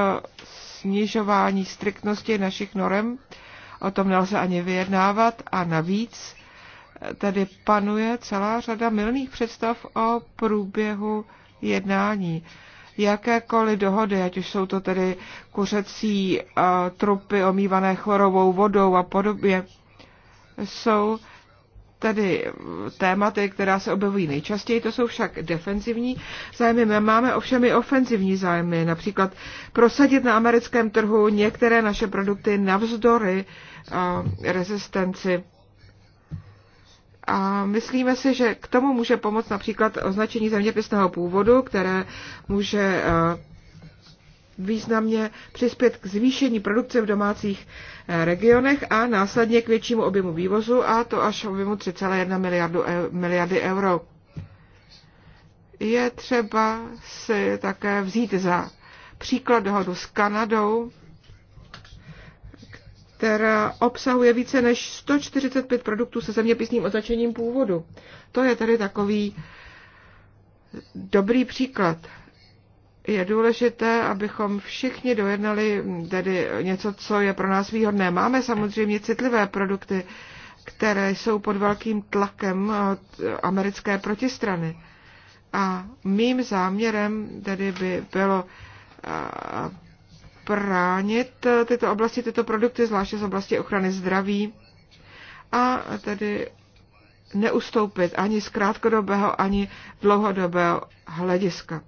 snižování striktnosti našich norem, o tom nelze ani vyjednávat a navíc tady panuje celá řada milných představ o průběhu jednání. Jakékoliv dohody, ať už jsou to tedy kuřecí eh, trupy omývané chorovou vodou a podobně, jsou tedy tématy, která se objevují nejčastěji, to jsou však defenzivní zájmy. My máme ovšem i ofenzivní zájmy, například prosadit na americkém trhu některé naše produkty navzdory rezistenci. A myslíme si, že k tomu může pomoct například označení zeměpisného původu, které může významně přispět k zvýšení produkce v domácích eh, regionech a následně k většímu objemu vývozu, a to až objemu 3,1 miliardu, miliardy euro. Je třeba si také vzít za příklad dohodu s Kanadou, která obsahuje více než 145 produktů se zeměpisným označením původu. To je tedy takový dobrý příklad je důležité, abychom všichni dojednali tedy něco, co je pro nás výhodné. Máme samozřejmě citlivé produkty, které jsou pod velkým tlakem americké protistrany. A mým záměrem tedy by bylo bránit tyto oblasti, tyto produkty, zvláště z oblasti ochrany zdraví a tedy neustoupit ani z krátkodobého, ani dlouhodobého hlediska.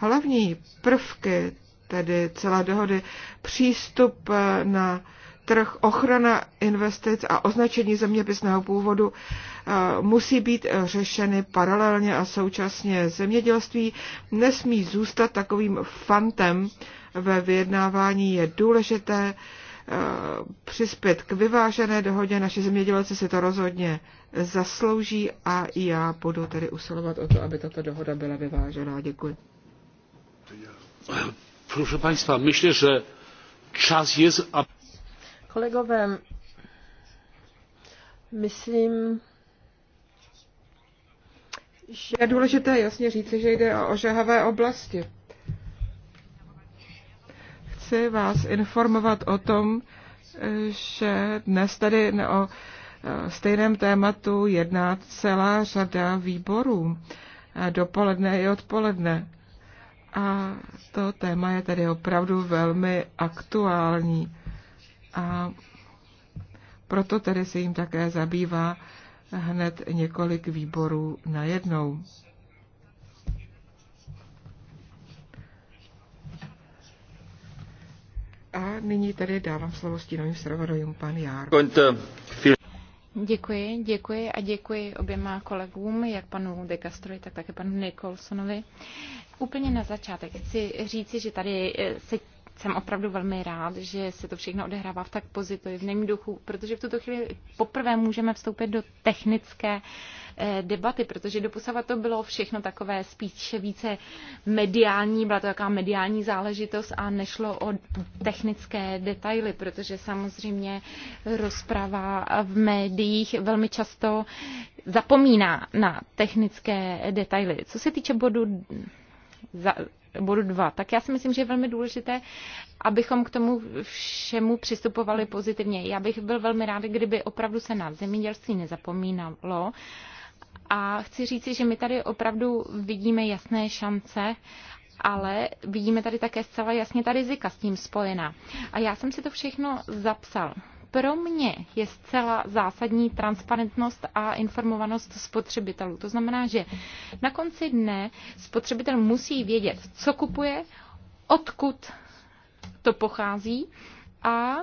Hlavní prvky tedy celé dohody, přístup eh, na trh, ochrana investic a označení zeměpisného původu eh, musí být řešeny paralelně a současně. Zemědělství nesmí zůstat takovým fantem ve vyjednávání. Je důležité eh, přispět k vyvážené dohodě. Naši zemědělci si to rozhodně zaslouží a já budu tedy usilovat o to, aby tato dohoda byla vyvážená. Děkuji. Proszę Państwa, myślę, że czas jest... aby myslím, že... Je důležité jasně říci, že jde o ožahavé oblasti. Chci vás informovat o tom, že dnes tady o eh, stejném tématu jedná celá řada výborů dopoledne i odpoledne. A to téma je tedy opravdu velmi aktuální. A proto tedy se jim také zabývá hned několik výborů najednou. A nyní tedy dávám slovo stínovým zpravodajům pan Jár. Děkuji, děkuji a děkuji oběma kolegům, jak panu De Castro, tak také panu Nicholsonovi. Úplně na začátek chci říci, že tady eh, se jsem opravdu velmi rád, že se to všechno odehrává v tak pozitivním duchu, protože v tuto chvíli poprvé můžeme vstoupit do technické eh, debaty, protože doposavat to bylo všechno takové spíše více mediální, byla to taková mediální záležitost a nešlo o technické detaily, protože samozřejmě rozprava v médiích velmi často zapomíná na technické detaily. Co se týče bodu za, bodu dva. Tak já si myslím, že je velmi důležité, abychom k tomu všemu přistupovali pozitivně. Já bych byl velmi rád, kdyby opravdu se na zemědělství nezapomínalo. A chci říci, že my tady opravdu vidíme jasné šance ale vidíme tady také zcela jasně ta rizika s tím spojená. A já jsem si to všechno zapsal pro mě je zcela zásadní transparentnost a informovanost spotřebitelů. To znamená, že na konci dne spotřebitel musí vědět, co kupuje, odkud to pochází a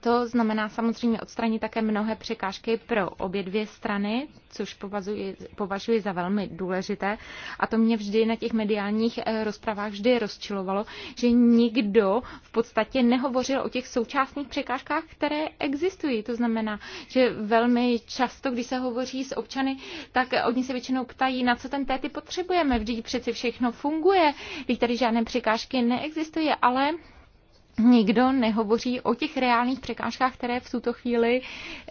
to znamená samozřejmě odstranit také mnohé překážky pro obě dvě strany, což považuji, považuji za velmi důležité. A to mě vždy na těch mediálních eh, rozpravách vždy rozčilovalo, že nikdo v podstatě nehovořil o těch současných překážkách, které existují. To znamená, že velmi často, když se hovoří s občany, tak eh, oni se většinou ptají, na co ten téty potřebujeme. Vždyť přeci všechno funguje, když tady žádné překážky neexistují, ale nikdo nehovoří o těch reálných překážkách, které v tuto chvíli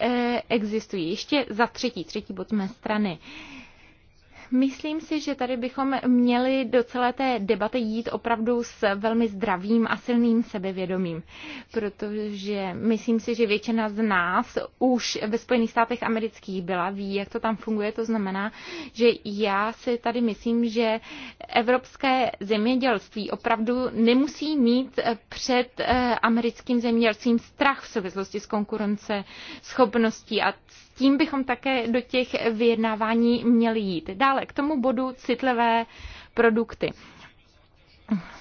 eh, existují. Ještě za třetí, třetí bod mé strany. Myslím si, že tady bychom měli do celé té debaty jít opravdu s velmi zdravým a silným sebevědomím, protože myslím si, že většina z nás už ve Spojených státech amerických byla, ví, jak to tam funguje. To znamená, že já si tady myslím, že evropské zemědělství opravdu nemusí mít před eh, americkým zemědělstvím strach v souvislosti s konkurence schopností a tím bychom také do těch vyjednávání měli jít. Dále k tomu bodu citlivé produkty.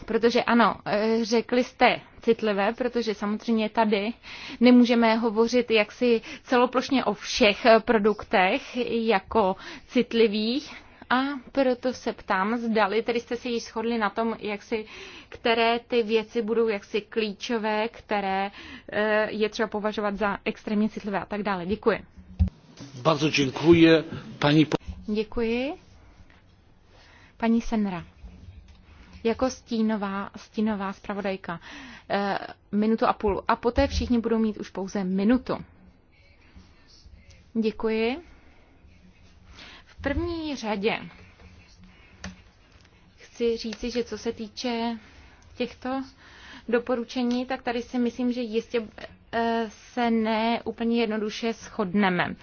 Protože ano, eh, řekli jste citlivé, protože samozřejmě tady nemůžeme hovořit jaksi celoplošně o všech produktech jako citlivých, a proto se ptám, zdali tedy jste si již shodli na tom, jak si, které ty věci budou jaksi klíčové, které eh, je třeba považovat za extrémně citlivé a tak dále. Děkuji. Bardzo dziękuję. Pani... Děkuji. Paní Senra. Jako stínová, stínová zpravodajka. Eh, minutu a půl. A poté všichni budou mít už pouze minutu. Děkuji. V první řadě chci říci, že co se týče těchto doporučení, tak tady si myslím, že jistě Eh, se ne úplně jednoduše shodneme,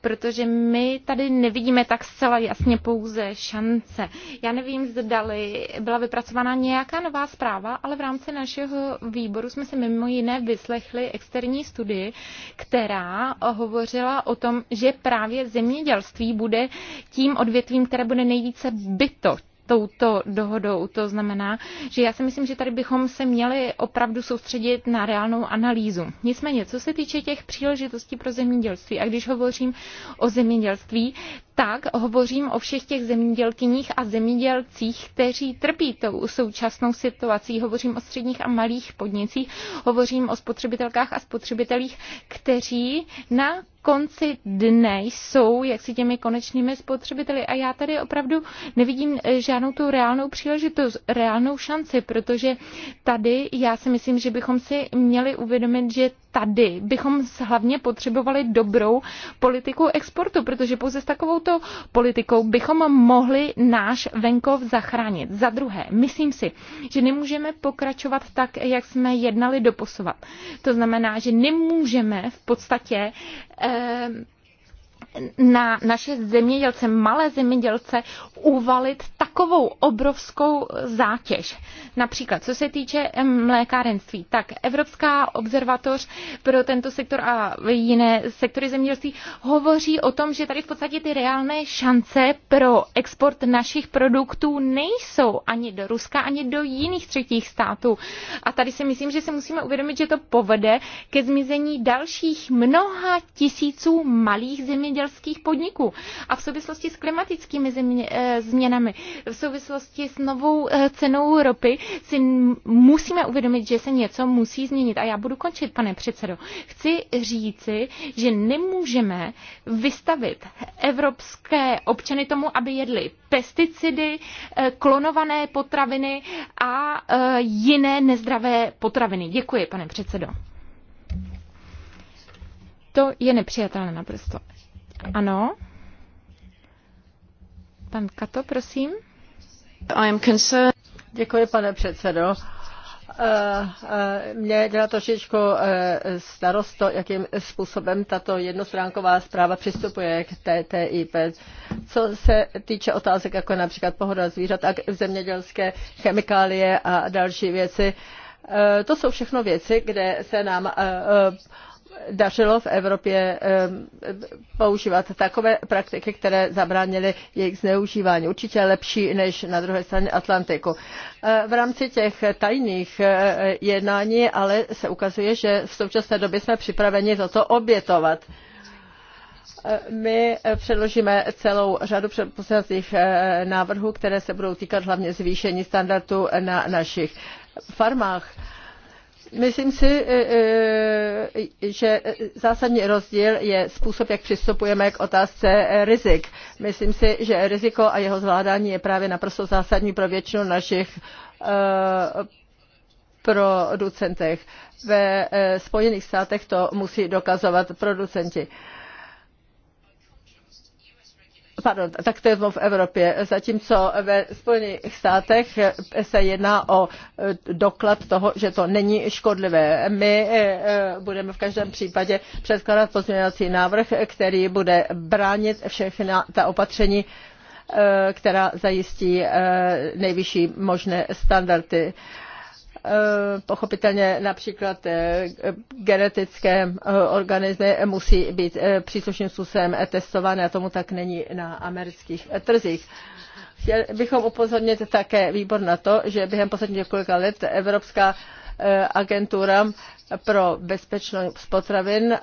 protože my tady nevidíme tak zcela jasně pouze šance. Já nevím, zdali byla vypracována nějaká nová zpráva, ale v rámci našeho výboru jsme se mimo jiné vyslechli externí studii, která hovořila o tom, že právě zemědělství bude tím odvětvím, které bude nejvíce byto touto dohodou. To znamená, že já si myslím, že tady bychom se měli opravdu soustředit na reálnou analýzu. Nicméně, co se týče těch příležitostí pro zemědělství, a když hovořím o zemědělství, tak hovořím o všech těch zemědělkyních a zemědělcích, kteří trpí tou současnou situací. Hovořím o středních a malých podnicích, hovořím o spotřebitelkách a spotřebitelích, kteří na konci dne jsou jaksi těmi konečnými spotřebiteli. A já tady opravdu nevidím eh, žádnou tu reálnou příležitost, reálnou šanci, protože tady já si myslím, že bychom si měli uvědomit, že tady bychom hlavně potřebovali dobrou politiku exportu, protože pouze s takovouto politikou bychom mohli náš venkov zachránit. Za druhé, myslím si, že nemůžeme pokračovat tak, jak jsme jednali doposovat. To znamená, že nemůžeme v podstatě eh, na naše zemědělce, malé zemědělce, uvalit takovou obrovskou zátěž. Například, co se týče mlékárenství, tak Evropská observatoř pro tento sektor a jiné sektory zemědělství hovoří o tom, že tady v podstatě ty reálné šance pro export našich produktů nejsou ani do Ruska, ani do jiných třetích států. A tady si myslím, že si musíme uvědomit, že to povede ke zmizení dalších mnoha tisíců malých zemědělců zemědělských podniků. A v souvislosti s klimatickými země, eh, změnami, v souvislosti s novou eh, cenou ropy si musíme uvědomit, že se něco musí změnit. A já budu končit, pane předsedo. Chci říci, že nemůžeme vystavit evropské občany tomu, aby jedli pesticidy, eh, klonované potraviny a jiné nezdravé potraviny. Děkuji, pane předsedo. To je nepřijatelné naprosto. Ano. Pan Kato, prosím. I am concerned. Děkuji, pane předsedo eh, eh, mě dělá trošičku eh, starost to, jakým způsobem tato jednostránková zpráva přistupuje k TTIP. Co se týče otázek, jako například pohoda zvířat a zemědělské chemikálie a další věci, to jsou všechno věci, kde se nám dařilo v Evropě používat takové praktiky, které zabránily jejich zneužívání. Určitě lepší než na druhé straně Atlantiku. E, v rámci těch tajných e, jednání ale se ukazuje, že v současné době jsme připraveni to obětovat. E, my předložíme celou řadu předposledních návrhů, které se budou týkat hlavně zvýšení standardu na našich farmách Myslím si, e, e, že zásadní rozdíl je způsob, jak přistupujeme k otázce rizik. Myslím si, že riziko a jeho zvládání je právě naprosto zásadní pro většinu našich e, producentech. Ve Spojených státech to musí dokazovat producenti pardon, je v Evropě, zatímco ve Spojených státech se jedná o e, doklad toho, že to není škodlivé. My e, e, budeme v každém případě předkládat pozměňovací návrh, který bude bránit všechna ta opatření, která zajistí nejvyšší možné standardy. Eh, pochopitelně například eh, genetické eh, organismy musí být příslušným způsobem testované a tomu tak není na amerických trzích. Chtěli bychom upozornit také výbor na to, že během posledních několika let Evropská agentura pro bezpečnost potravin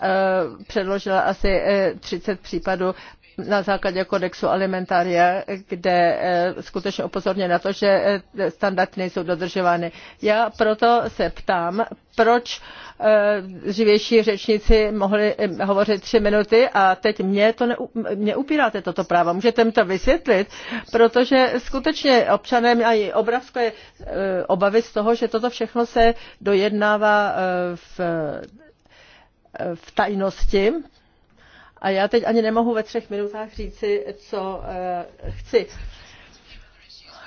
předložila asi 30 případů na základě kodexu alimentaria, kde eh, skutečně upozorně na to, že eh, standardy nejsou dodržovány. Já proto se ptám, proč eh, živější řečníci mohli hovořit tři minuty a teď mě, to ne, mě upíráte toto právo. Můžete mi to vysvětlit? Protože skutečně občané mají obrovské obavy z toho, že toto všechno se dojednává v, v tajnosti a já teď ani nemohu ve třech minutách říci, co eh, chci.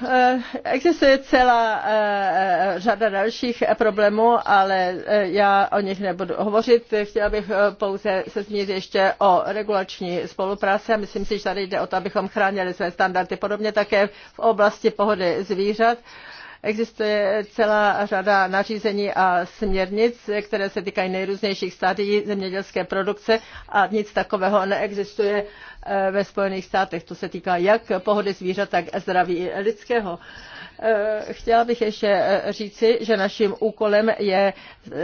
Eh, existuje celá eh, řada dalších problémů, ale já o nich nebudu hovořit. Chtěla bych pouze se zmínit ještě o regulační spolupráci a myslím si, že tady jde o to, abychom chránili své standardy. Podobně také v oblasti pohody zvířat. Uh, Existuje celá řada nařízení a směrnic, které se týkají nejrůznějších stádií zemědělské produkce a nic takového neexistuje eh, ve Spojených státech. To se týká jak pohody zvířat, tak zdraví lidského. Eh, chtěla bych ještě eh, říci, že naším úkolem je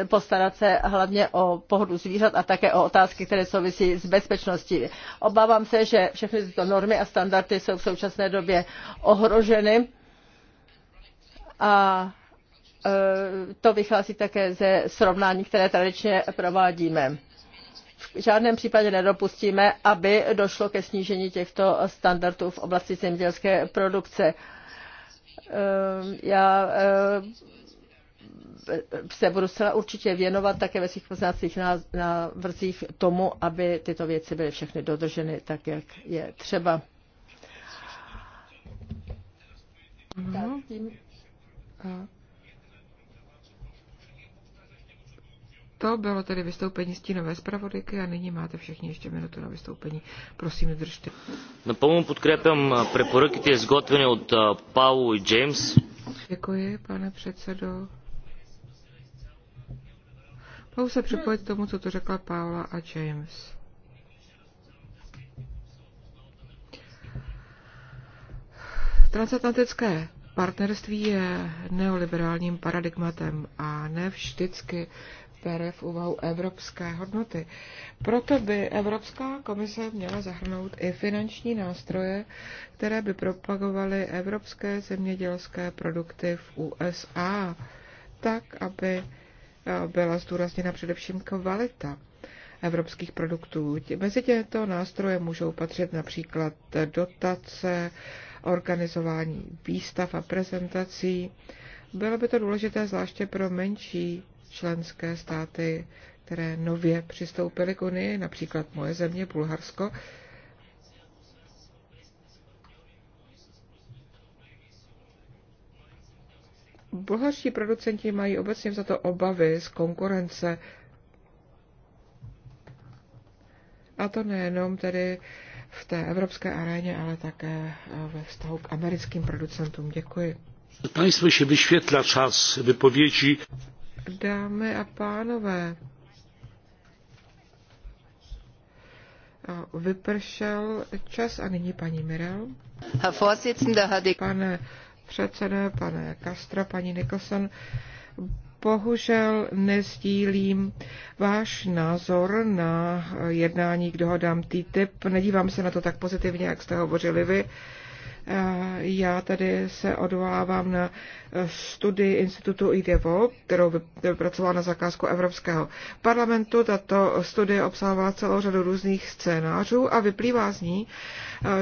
postarat se hlavně o pohodu zvířat a také o otázky, které souvisí s bezpečností. Obávám se, že všechny tyto normy a standardy jsou v současné době ohroženy a e, to vychází také ze srovnání, které tradičně provádíme. V žádném případě nedopustíme, aby došlo ke snížení těchto standardů v oblasti zemědělské produkce. Ehm, já e, se budu zcela určitě věnovat také ve svých poznacích návrzích tomu, aby tyto věci byly všechny dodrženy tak, jak je třeba. Mhm. Tak, tím to bylo tedy vystoupení stínové zpravodajky a nyní máte všichni ještě minutu na vystoupení. Prosím, držte. Naplno podkrepím eh, preporuky zgotveny od eh, Paulu James. Děkuji, pane předsedo. Mohu se připojit k tomu, co tu řekla Paula a James. Transatlantické Partnerství je neoliberálním paradigmatem a ne vždycky bere v úvahu evropské hodnoty. Proto by Evropská komise měla zahrnout i finanční nástroje, které by propagovaly evropské zemědělské produkty v USA, tak, aby eh, byla zdůrazněna především kvalita evropských produktů. Mezi těmito nástroje můžou patřit například dotace, organizování výstav a prezentací. Bylo by to důležité zvláště pro menší členské státy, které nově přistoupily k Unii, například moje země, Bulharsko, bulharští producenti mají obecně za to obavy z konkurence. A to nejenom tedy v té evropské aréně, ale také eh, ve vztahu k americkým producentům. Děkuji. Państwu się wyświetla czas wypowiedzi. Dámy a pánové, eh, vypršel čas a nyní paní Mirel. Pane předsedo, pane Castro, paní Nicholson, bohužel nezdílím váš názor na jednání k dohodám TTIP. Nedívám se na to tak pozitivně, jak jste hovořili vy. Já tady se odvolávám na studii Institutu IDEVO, kterou vypracovala na zakázku Evropského parlamentu. Tato studie obsahovala celou řadu různých scénářů a vyplývá z ní,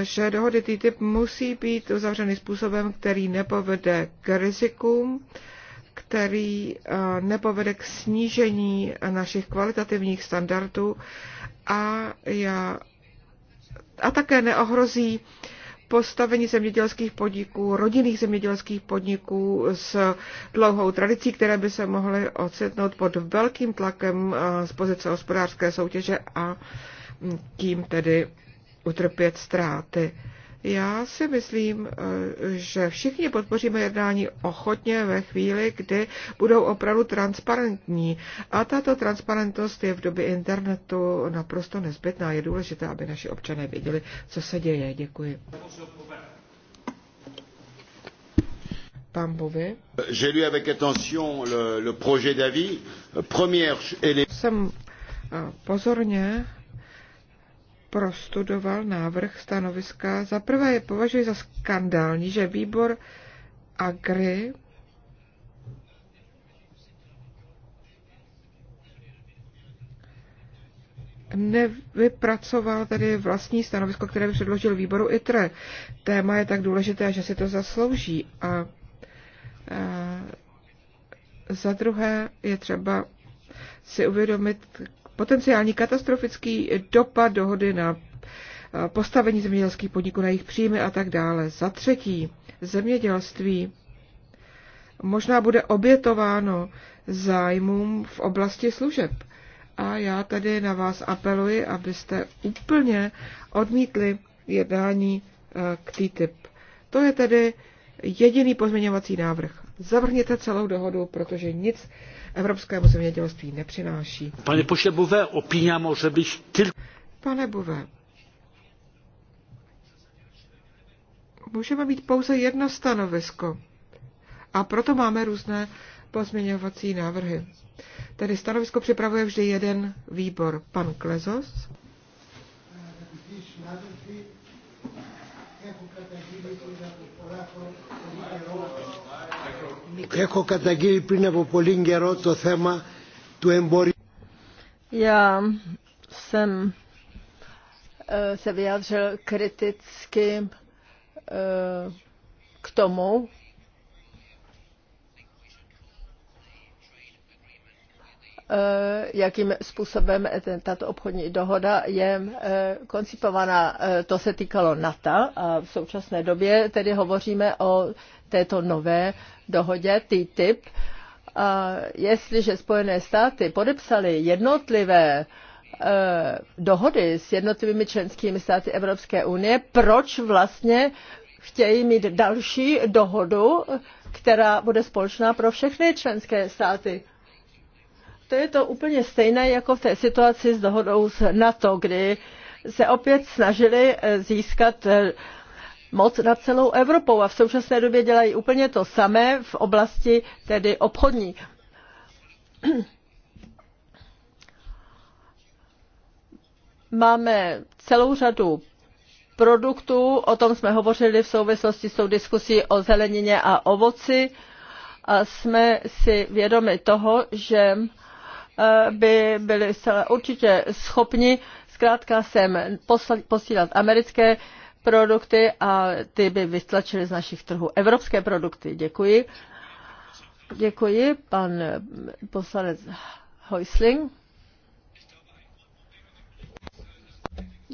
že dohody TTIP musí být uzavřeny způsobem, který nepovede k rizikům, který eh, nepovede k snížení našich kvalitativních standardů a, já, a také neohrozí postavení zemědělských podniků, rodinných zemědělských podniků s dlouhou tradicí, které by se mohly ocitnout pod velkým tlakem eh, z pozice hospodářské soutěže a tím tedy utrpět ztráty. Já si myslím, eh, že všichni podpoříme jednání ochotně ve chvíli, kdy budou opravdu transparentní. A tato transparentnost je v době internetu naprosto nezbytná. Je důležité, aby naši občané věděli, co se děje. Děkuji. Pan Bové. Jsem eh, pozorně prostudoval návrh stanoviska. Za prvé je považuji za skandální, že výbor Agri nevypracoval tedy vlastní stanovisko, které by předložil výboru ITRE. Téma je tak důležité, že si to zaslouží. A, a za druhé je třeba si uvědomit, potenciální katastrofický dopad dohody na eh, postavení zemědělských podniků na jejich příjmy a tak dále. Za třetí, zemědělství možná bude obětováno zájmům v oblasti služeb. A já tady na vás apeluji, abyste úplně odmítli jednání eh, k TTIP. To je tedy jediný pozměňovací návrh. Zavrhněte celou dohodu, protože nic evropskému zemědělství nepřináší. Pane Pošebové, opíňa může být ty... Pane Bové, můžeme mít pouze jedno stanovisko a proto máme různé pozměňovací návrhy. Tedy stanovisko připravuje vždy jeden výbor. Pan Klezos. Έχω καταγγείλει Έχω καταγγείλει πριν από πολύ καιρό το θέμα του εμπορίου. Já jsem se vyjádřil kriticky k tomu, Eh, jakým způsobem tato obchodní dohoda je eh, koncipovaná. Eh, to se týkalo NATO a v současné době tedy hovoříme o této nové dohodě TTIP. A jestliže Spojené státy podepsaly jednotlivé dohody s jednotlivými členskými státy Evropské unie, proč vlastně chtějí mít další dohodu, která bude společná pro všechny členské státy to je to úplně stejné jako v té situaci s dohodou s NATO, kdy se opět snažili eh, získat eh, moc nad celou Evropou a v současné době dělají úplně to samé v oblasti tedy obchodní. Máme celou řadu produktů, o tom jsme hovořili v souvislosti s tou diskusí o zelenině a ovoci a jsme si vědomi toho, že Eh, by byli zcela určitě schopni zkrátka sem posílat americké produkty a ty by vytlačily z našich trhů evropské produkty. Děkuji. Děkuji, pan poslanec Heusling.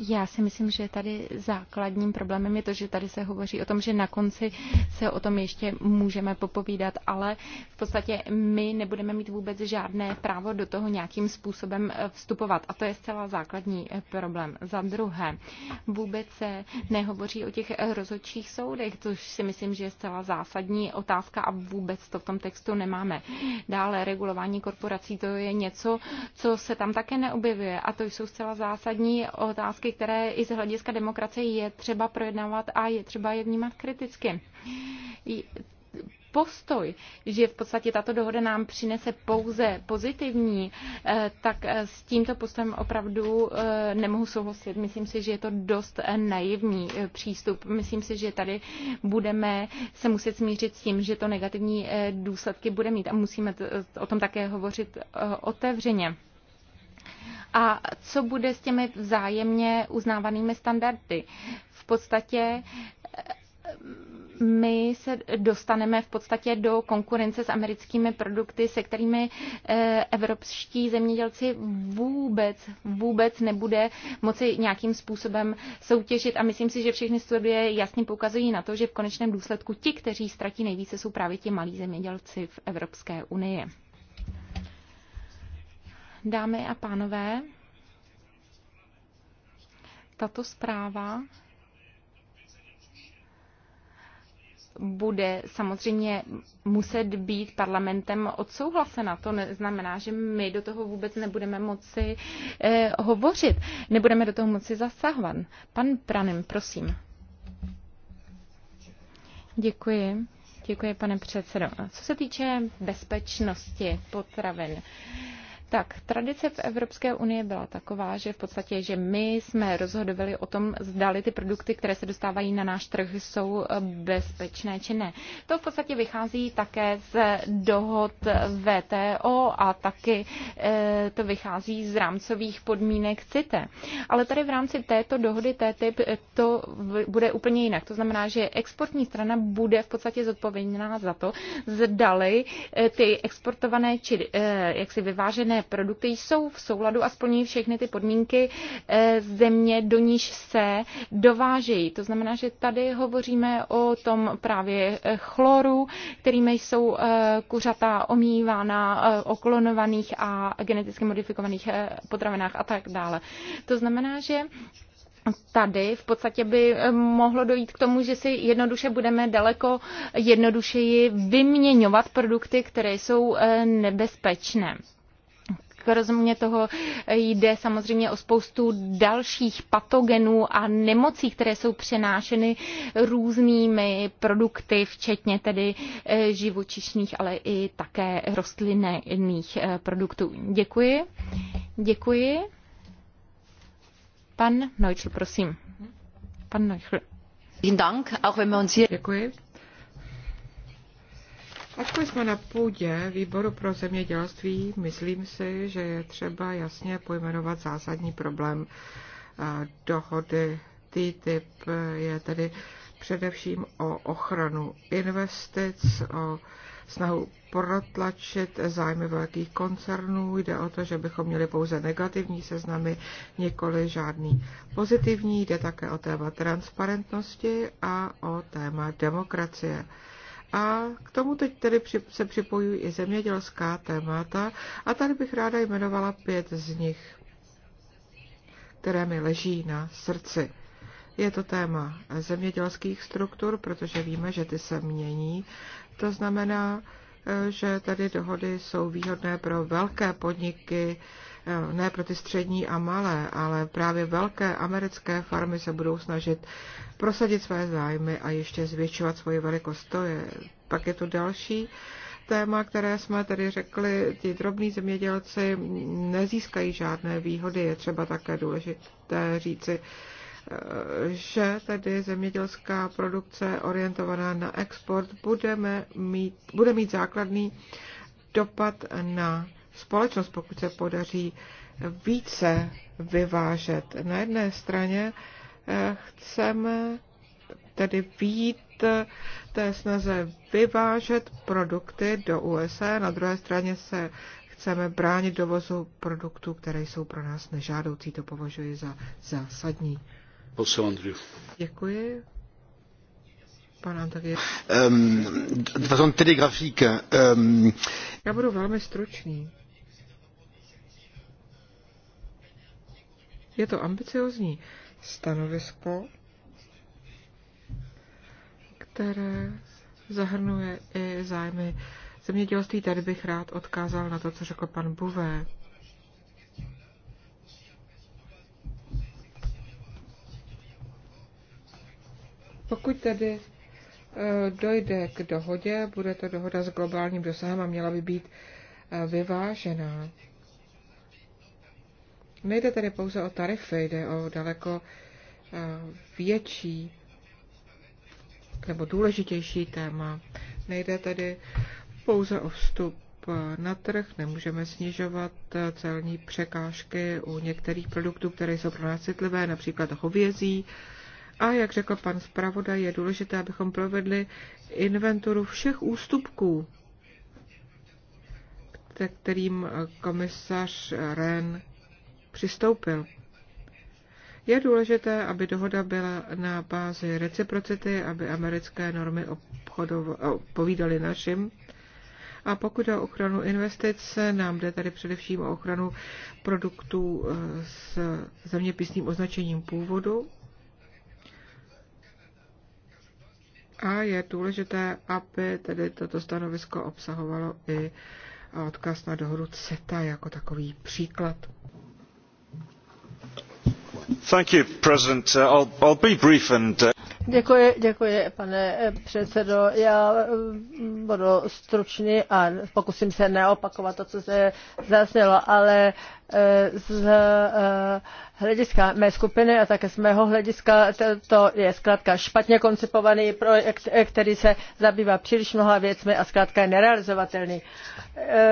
Já si myslím, že tady základním problémem je to, že tady se hovoří o tom, že na konci se o tom ještě můžeme popovídat, ale v podstatě my nebudeme mít vůbec žádné právo do toho nějakým způsobem eh, vstupovat. A to je zcela základní eh, problém. Za druhé, vůbec se nehovoří o těch eh, rozhodčích soudech, což si myslím, že je zcela zásadní otázka a vůbec to v tom textu nemáme. Dále regulování korporací, to je něco, co se tam také neobjevuje a to jsou zcela zásadní otázky otázky, které i z hlediska demokracie je třeba projednávat a je třeba je vnímat kriticky postoj, že v podstatě tato dohoda nám přinese pouze pozitivní, eh, tak eh, s tímto postojem opravdu eh, nemohu souhlasit. Myslím si, že je to dost naivní přístup. Myslím si, že tady budeme se muset smířit s tím, že to negativní důsledky bude mít a musíme o tom také hovořit otevřeně. A co bude s těmi vzájemně uznávanými standardy? V podstatě eh, my se dostaneme v podstatě do konkurence s americkými produkty, se kterými eh, evropští zemědělci vůbec, vůbec nebude moci nějakým způsobem soutěžit. A myslím si, že všechny studie jasně poukazují na to, že v konečném důsledku ti, kteří ztratí nejvíce, jsou právě ti malí zemědělci v Evropské unii. Dámy a pánové, tato zpráva bude samozřejmě muset být parlamentem odsouhlasena. To neznamená, že my do toho vůbec nebudeme moci eh, hovořit, nebudeme do toho moci zasahovat. Pan Pranem, prosím. Děkuji. Děkuji, pane předsedo. Co se týče bezpečnosti potravin, eh, tak tradice v Evropské unii byla taková, že v podstatě, že my jsme rozhodovali o tom, zdali ty produkty, které se dostávají na náš trh, jsou eh, bezpečné či ne. To v podstatě vychází také z dohod VTO a taky eh, to vychází z rámcových podmínek CITE. Ale tady v rámci této dohody TTIP eh, to bude úplně jinak. To znamená, že exportní strana bude v podstatě zodpovědná za to, zdali ty exportované či jaksi vyvážené produkty jsou v souladu a splňují všechny ty podmínky eh, země, do níž se dovážejí. To znamená, že tady hovoříme o tom právě eh, chloru, kterými jsou eh, kuřata omývána o klonovaných a geneticky modifikovaných potravinách a tak dále. To znamená, že tady v podstatě by mohlo dojít k tomu, že si jednoduše budeme daleko jednodušeji vyměňovat produkty, které jsou nebezpečné kromě toho jde samozřejmě o spoustu dalších patogenů a nemocí, které jsou přenášeny různými produkty, včetně tedy eh, živočišných, ale i také rostlinných eh, produktů. Děkuji. Děkuji. Pan Neuchel, prosím. Pan Neuchel. Děkuji. Ačkoliv jsme na půdě výboru pro zemědělství, myslím si, že je třeba jasně pojmenovat zásadní problém eh, dohody TTIP. Eh, je tedy především o ochranu investic, o snahu protlačit zájmy velkých koncernů. Jde o to, že bychom měli pouze negativní seznamy, nikoli žádný pozitivní. Jde také o téma transparentnosti a o téma demokracie. A k tomu teď tedy se připojují i zemědělská témata a tady bych ráda jmenovala pět z nich, které mi leží na srdci. Je to téma zemědělských struktur, protože víme, že ty se mění. To znamená, že tady dohody jsou výhodné pro velké podniky, eh, ne pro ty střední a malé, ale právě velké americké farmy se budou snažit prosadit své zájmy a ještě zvětšovat svoji velikost. To je, pak je to další téma, které jsme tady řekli, ti drobní zemědělci nezískají žádné výhody. Je třeba také důležité říci, že tedy zemědělská produkce orientovaná na export budeme mít, bude mít základný dopad na společnost, pokud se podaří více vyvážet. Na jedné straně eh, chceme tedy výjít eh, té snaze vyvážet produkty do USA, na druhé straně se chceme bránit dovozu produktů, které jsou pro nás nežádoucí. To považuji za zásadní. Děkuji. Ehm, de ehm, Já budu velmi stručný. Je to ambiciozní stanovisko, které zahrnuje i zájmy zemědělství. Tady bych rád odkázal na to, co řekl pan Buvé. Pokud tedy e, dojde k dohodě, bude to dohoda s globálním dosahem a měla by být e, vyvážená. Nejde tedy pouze o tarify, jde o daleko e, větší nebo důležitější téma. Nejde tedy pouze o vstup na trh, nemůžeme snižovat celní překážky u některých produktů, které jsou pro nás citlivé, například hovězí, a jak řekl pan zpravodaj, je důležité, abychom provedli inventuru všech ústupků, kterým komisař Ren přistoupil. Je důležité, aby dohoda byla na bázi reciprocity, aby americké normy povídaly našim. A pokud o ochranu investic, nám jde tady především o ochranu produktů eh, s zeměpisným označením původu. A je důležité, aby tedy toto stanovisko obsahovalo i odkaz na dohodu CETA jako takový příklad. Thank you, President. Uh, I'll, I'll be brief and, uh... Děkuji, děkuji, pane eh, předsedo. Já eh, budu stručný a pokusím se neopakovat to, co se zaznělo, ale eh, z hlediska mé skupiny a také z mého hlediska to je zkrátka špatně koncipovaný projekt, který se zabývá příliš mnoha věcmi a zkrátka je nerealizovatelný.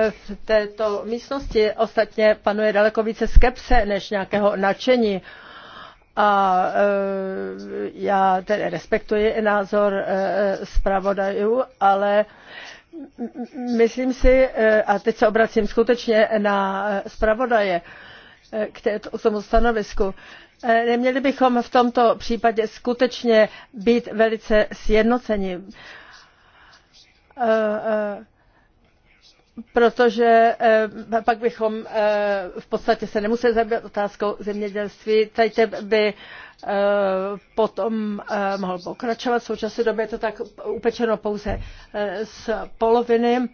V této místnosti ostatně panuje daleko více skepse než nějakého nadšení a eh, já tedy respektuji názor eh, zpravodajů, ale myslím si, eh, a teď se obracím skutečně na zpravodaje k tomu stanovisku, neměli bychom v tomto případě skutečně být velice sjednoceni protože eh, pak bychom eh, v podstatě se nemuseli zabývat otázkou zemědělství. Teď by eh, potom mohl pokračovat. V současné době je to tak upečeno pouze z poloviny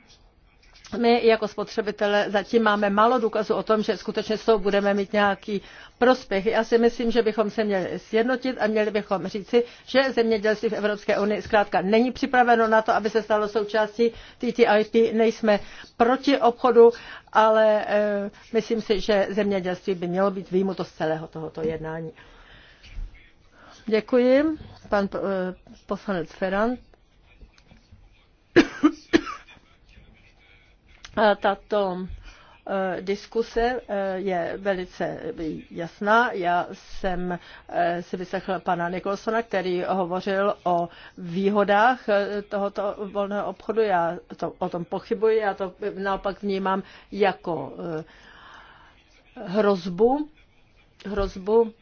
my jako spotřebitelé zatím máme málo důkazů o tom, že skutečně z toho budeme mít nějaký prospěch. Já si myslím, že bychom se měli sjednotit a měli bychom říci, že zemědělství v Evropské unii zkrátka není připraveno na to, aby se stalo součástí TTIP. Nejsme proti obchodu, ale e, myslím si, že zemědělství by mělo být výjimuto z celého tohoto jednání. Děkuji. Pan eh, poslanec Ferrand. Eh, tato eh, diskuse eh, je velice jasná. Já jsem si vyslechl pana Nikolsona, který hovořil o výhodách tohoto volného obchodu. Já to, o tom pochybuji, já to naopak vnímám jako hrozbu, hrozbu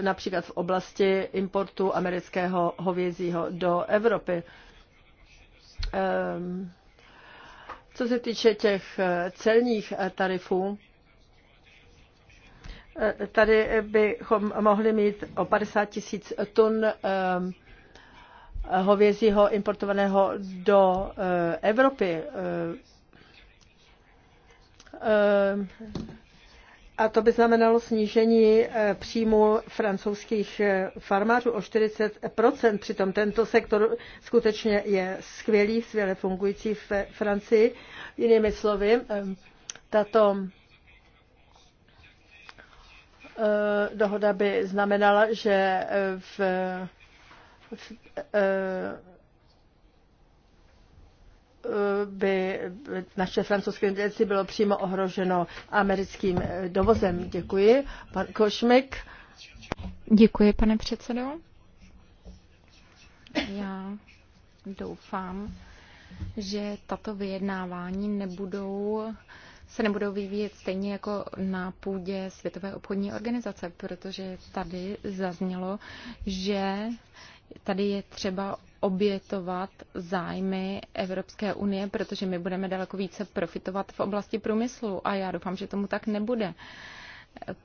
například v oblasti importu amerického hovězího do Evropy. Um, co se týče těch eh, celních eh, tarifů, eh, tady bychom mohli mít o 50 tisíc tun ehm, hovězího importovaného do Evropy. Ehm, a to by znamenalo snížení eh, příjmu francouzských eh, farmářů o 40 Přitom tento sektor skutečně je skvělý, skvěle fungující v Francii. Jinými slovy, eh, tato dohoda by znamenala, že v, v by naše francouzské zemědělství bylo přímo ohroženo americkým eh, dovozem. Děkuji. Pan Košmik. Děkuji, pane předsedo. Já doufám, že tato vyjednávání nebudou se nebudou vyvíjet stejně jako na půdě Světové obchodní organizace, protože tady zaznělo, že tady je třeba obětovat zájmy Evropské unie, protože my budeme daleko více profitovat v oblasti průmyslu a já doufám, že tomu tak nebude.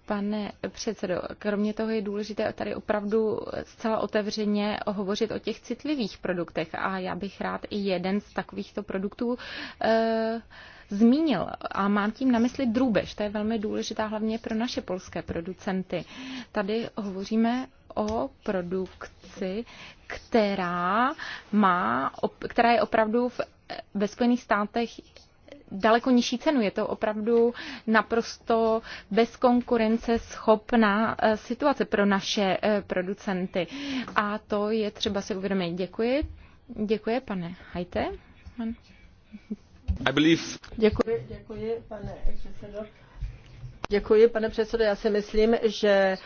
Pane předsedo, kromě toho je důležité tady opravdu zcela otevřeně hovořit o těch citlivých produktech a já bych rád i jeden z takovýchto produktů e, zmínil. A mám tím na mysli drůbež, to je velmi důležitá hlavně pro naše polské producenty. Tady hovoříme o produkci, která, má, která je opravdu v, ve Spojených státech daleko nižší cenu. Je to opravdu naprosto bezkonkurence schopná eh, situace pro naše eh, producenty. A to je třeba si uvědomit. Děkuji. Děkuji, pane Hajte. I believe... Děkuji, děkuji, pane předsedo. Děkuji, pane předsedo. Já si myslím, že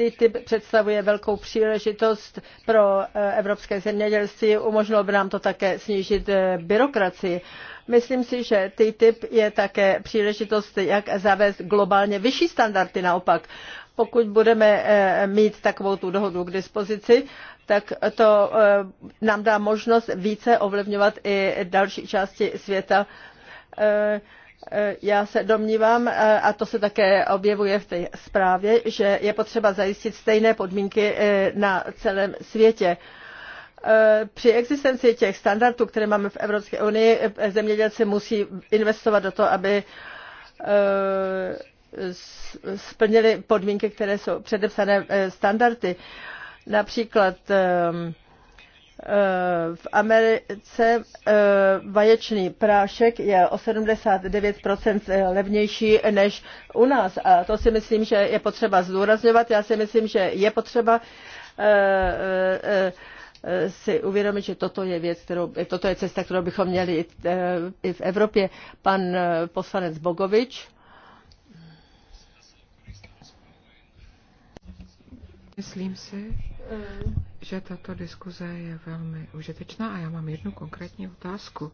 TTIP představuje velkou příležitost pro eh, evropské zemědělství, umožnilo by nám to také snížit eh, byrokracii. Myslím si, že TTIP je také příležitost, jak zavést globálně vyšší standardy naopak. Pokud budeme eh, mít takovou tu dohodu k dispozici, tak to nám dá možnost více ovlivňovat i další části světa Eh, já se domnívám, eh, a to se také objevuje v té zprávě, že je potřeba zajistit stejné podmínky eh, na celém světě. Při existenci těch standardů, které máme v Evropské unii, zemědělci musí investovat do toho, aby splnili podmínky, které jsou předepsané standardy. Například Eh, v Americe eh, vaječný prášek je o 79% levnější než u nás. A to si myslím, že je potřeba zdůrazňovat. Já si myslím, že je potřeba eh, si uvědomit, že toto je věc, kterou, toto je cesta, kterou bychom měli i v Evropě. Pan poslanec Bogovič. Myslím si, že tato diskuze je velmi užitečná a já mám jednu konkrétní otázku.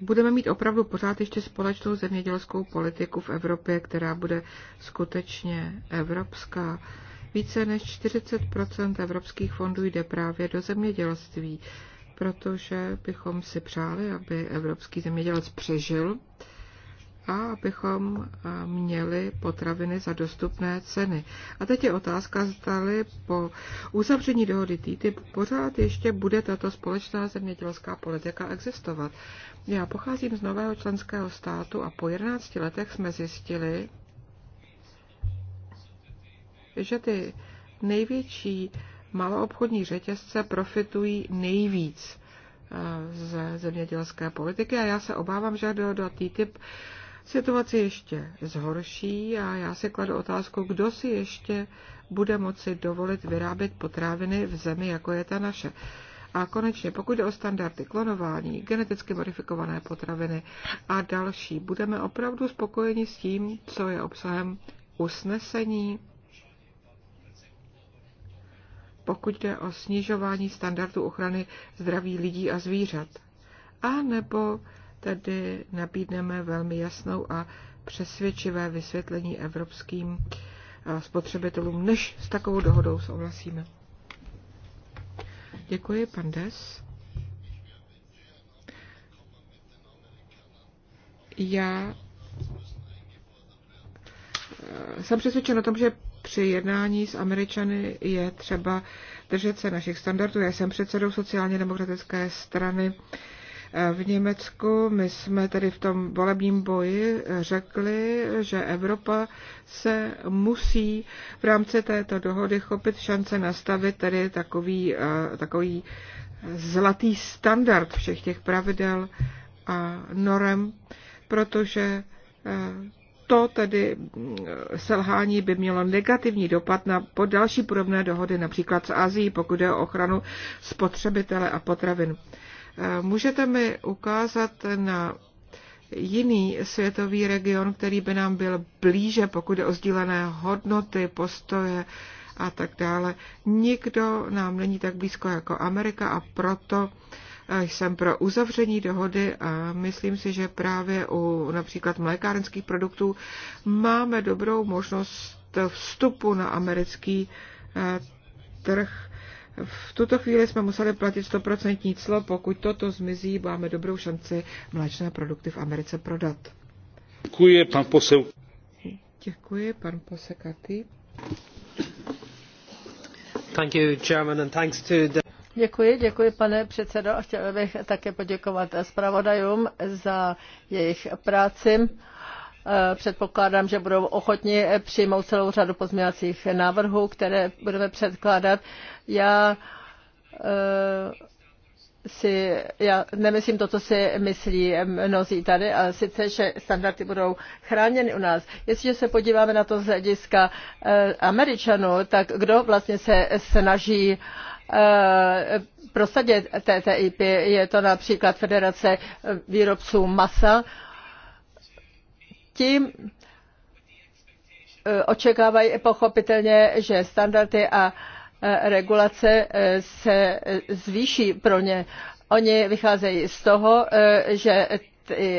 Budeme mít opravdu pořád ještě společnou zemědělskou politiku v Evropě, která bude skutečně evropská. Více než 40 evropských fondů jde právě do zemědělství protože bychom si přáli, aby evropský zemědělec přežil a abychom eh, měli potraviny za dostupné ceny. A teď je otázka, zdali po uzavření dohody TTIP pořád ještě bude tato společná zemědělská politika existovat. Já pocházím z nového členského státu a po 11 letech jsme zjistili, že ty největší maloobchodní řetězce profitují nejvíc eh, ze zemědělské politiky a já se obávám, že do, do TTIP situaci ještě zhorší a já si kladu otázku, kdo si ještě bude moci dovolit vyrábět potraviny v zemi, jako je ta naše. A konečně, pokud jde o standardy klonování, geneticky modifikované potraviny a další, budeme opravdu spokojeni s tím, co je obsahem usnesení pokud jde o snižování standardu ochrany zdraví lidí a zvířat. A nebo tedy nabídneme velmi jasnou a přesvědčivé vysvětlení evropským eh, spotřebitelům, než s takovou dohodou souhlasíme. Děkuji, pan Des. Já eh, jsem přesvědčen o tom, že při jednání s Američany je třeba držet se našich standardů. Já jsem předsedou sociálně demokratické strany eh, v Německu. My jsme tedy v tom volebním boji eh, řekli, že Evropa se musí v rámci této dohody chopit šance nastavit tedy takový, eh, takový zlatý standard všech těch pravidel a norem, protože to tedy eh, selhání by mělo negativní dopad na po další podobné dohody, například s Azií, pokud je o ochranu spotřebitele a potravin. Eh, můžete mi ukázat na jiný světový region, který by nám byl blíže, pokud je o sdílené hodnoty, postoje a tak dále. Nikdo nám není tak blízko jako Amerika a proto uh, jsem pro uzavření dohody a myslím si, že právě u například mlékárenských produktů máme dobrou možnost vstupu na americký eh, trh. V tuto chvíli jsme museli platit 100% clo, pokud toto zmizí, máme dobrou šanci mléčné produkty v Americe prodat. Děkuji, pan posel. Děkuji, pan Posekatý. Thank you, Chairman, and thanks to the... Děkuji, děkuji pane předsedo a chtěl bych také poděkovat zpravodajům za jejich práci. Eh, předpokládám, že budou ochotni přijmout celou řadu pozměňovacích návrhů, které budeme předkládat. Já eh, si, já nemyslím to, co si myslí mnozí tady, a sice, že standardy budou chráněny u nás. Jestliže se podíváme na to z hlediska eh, Američanů, tak kdo vlastně se snaží eh, Eh, prosadit TTIP. Je to například Federace eh, výrobců masa. Tím eh, očekávají pochopitelně, že standardy a regulace se zvýší pro ně. Oni vycházejí z toho, že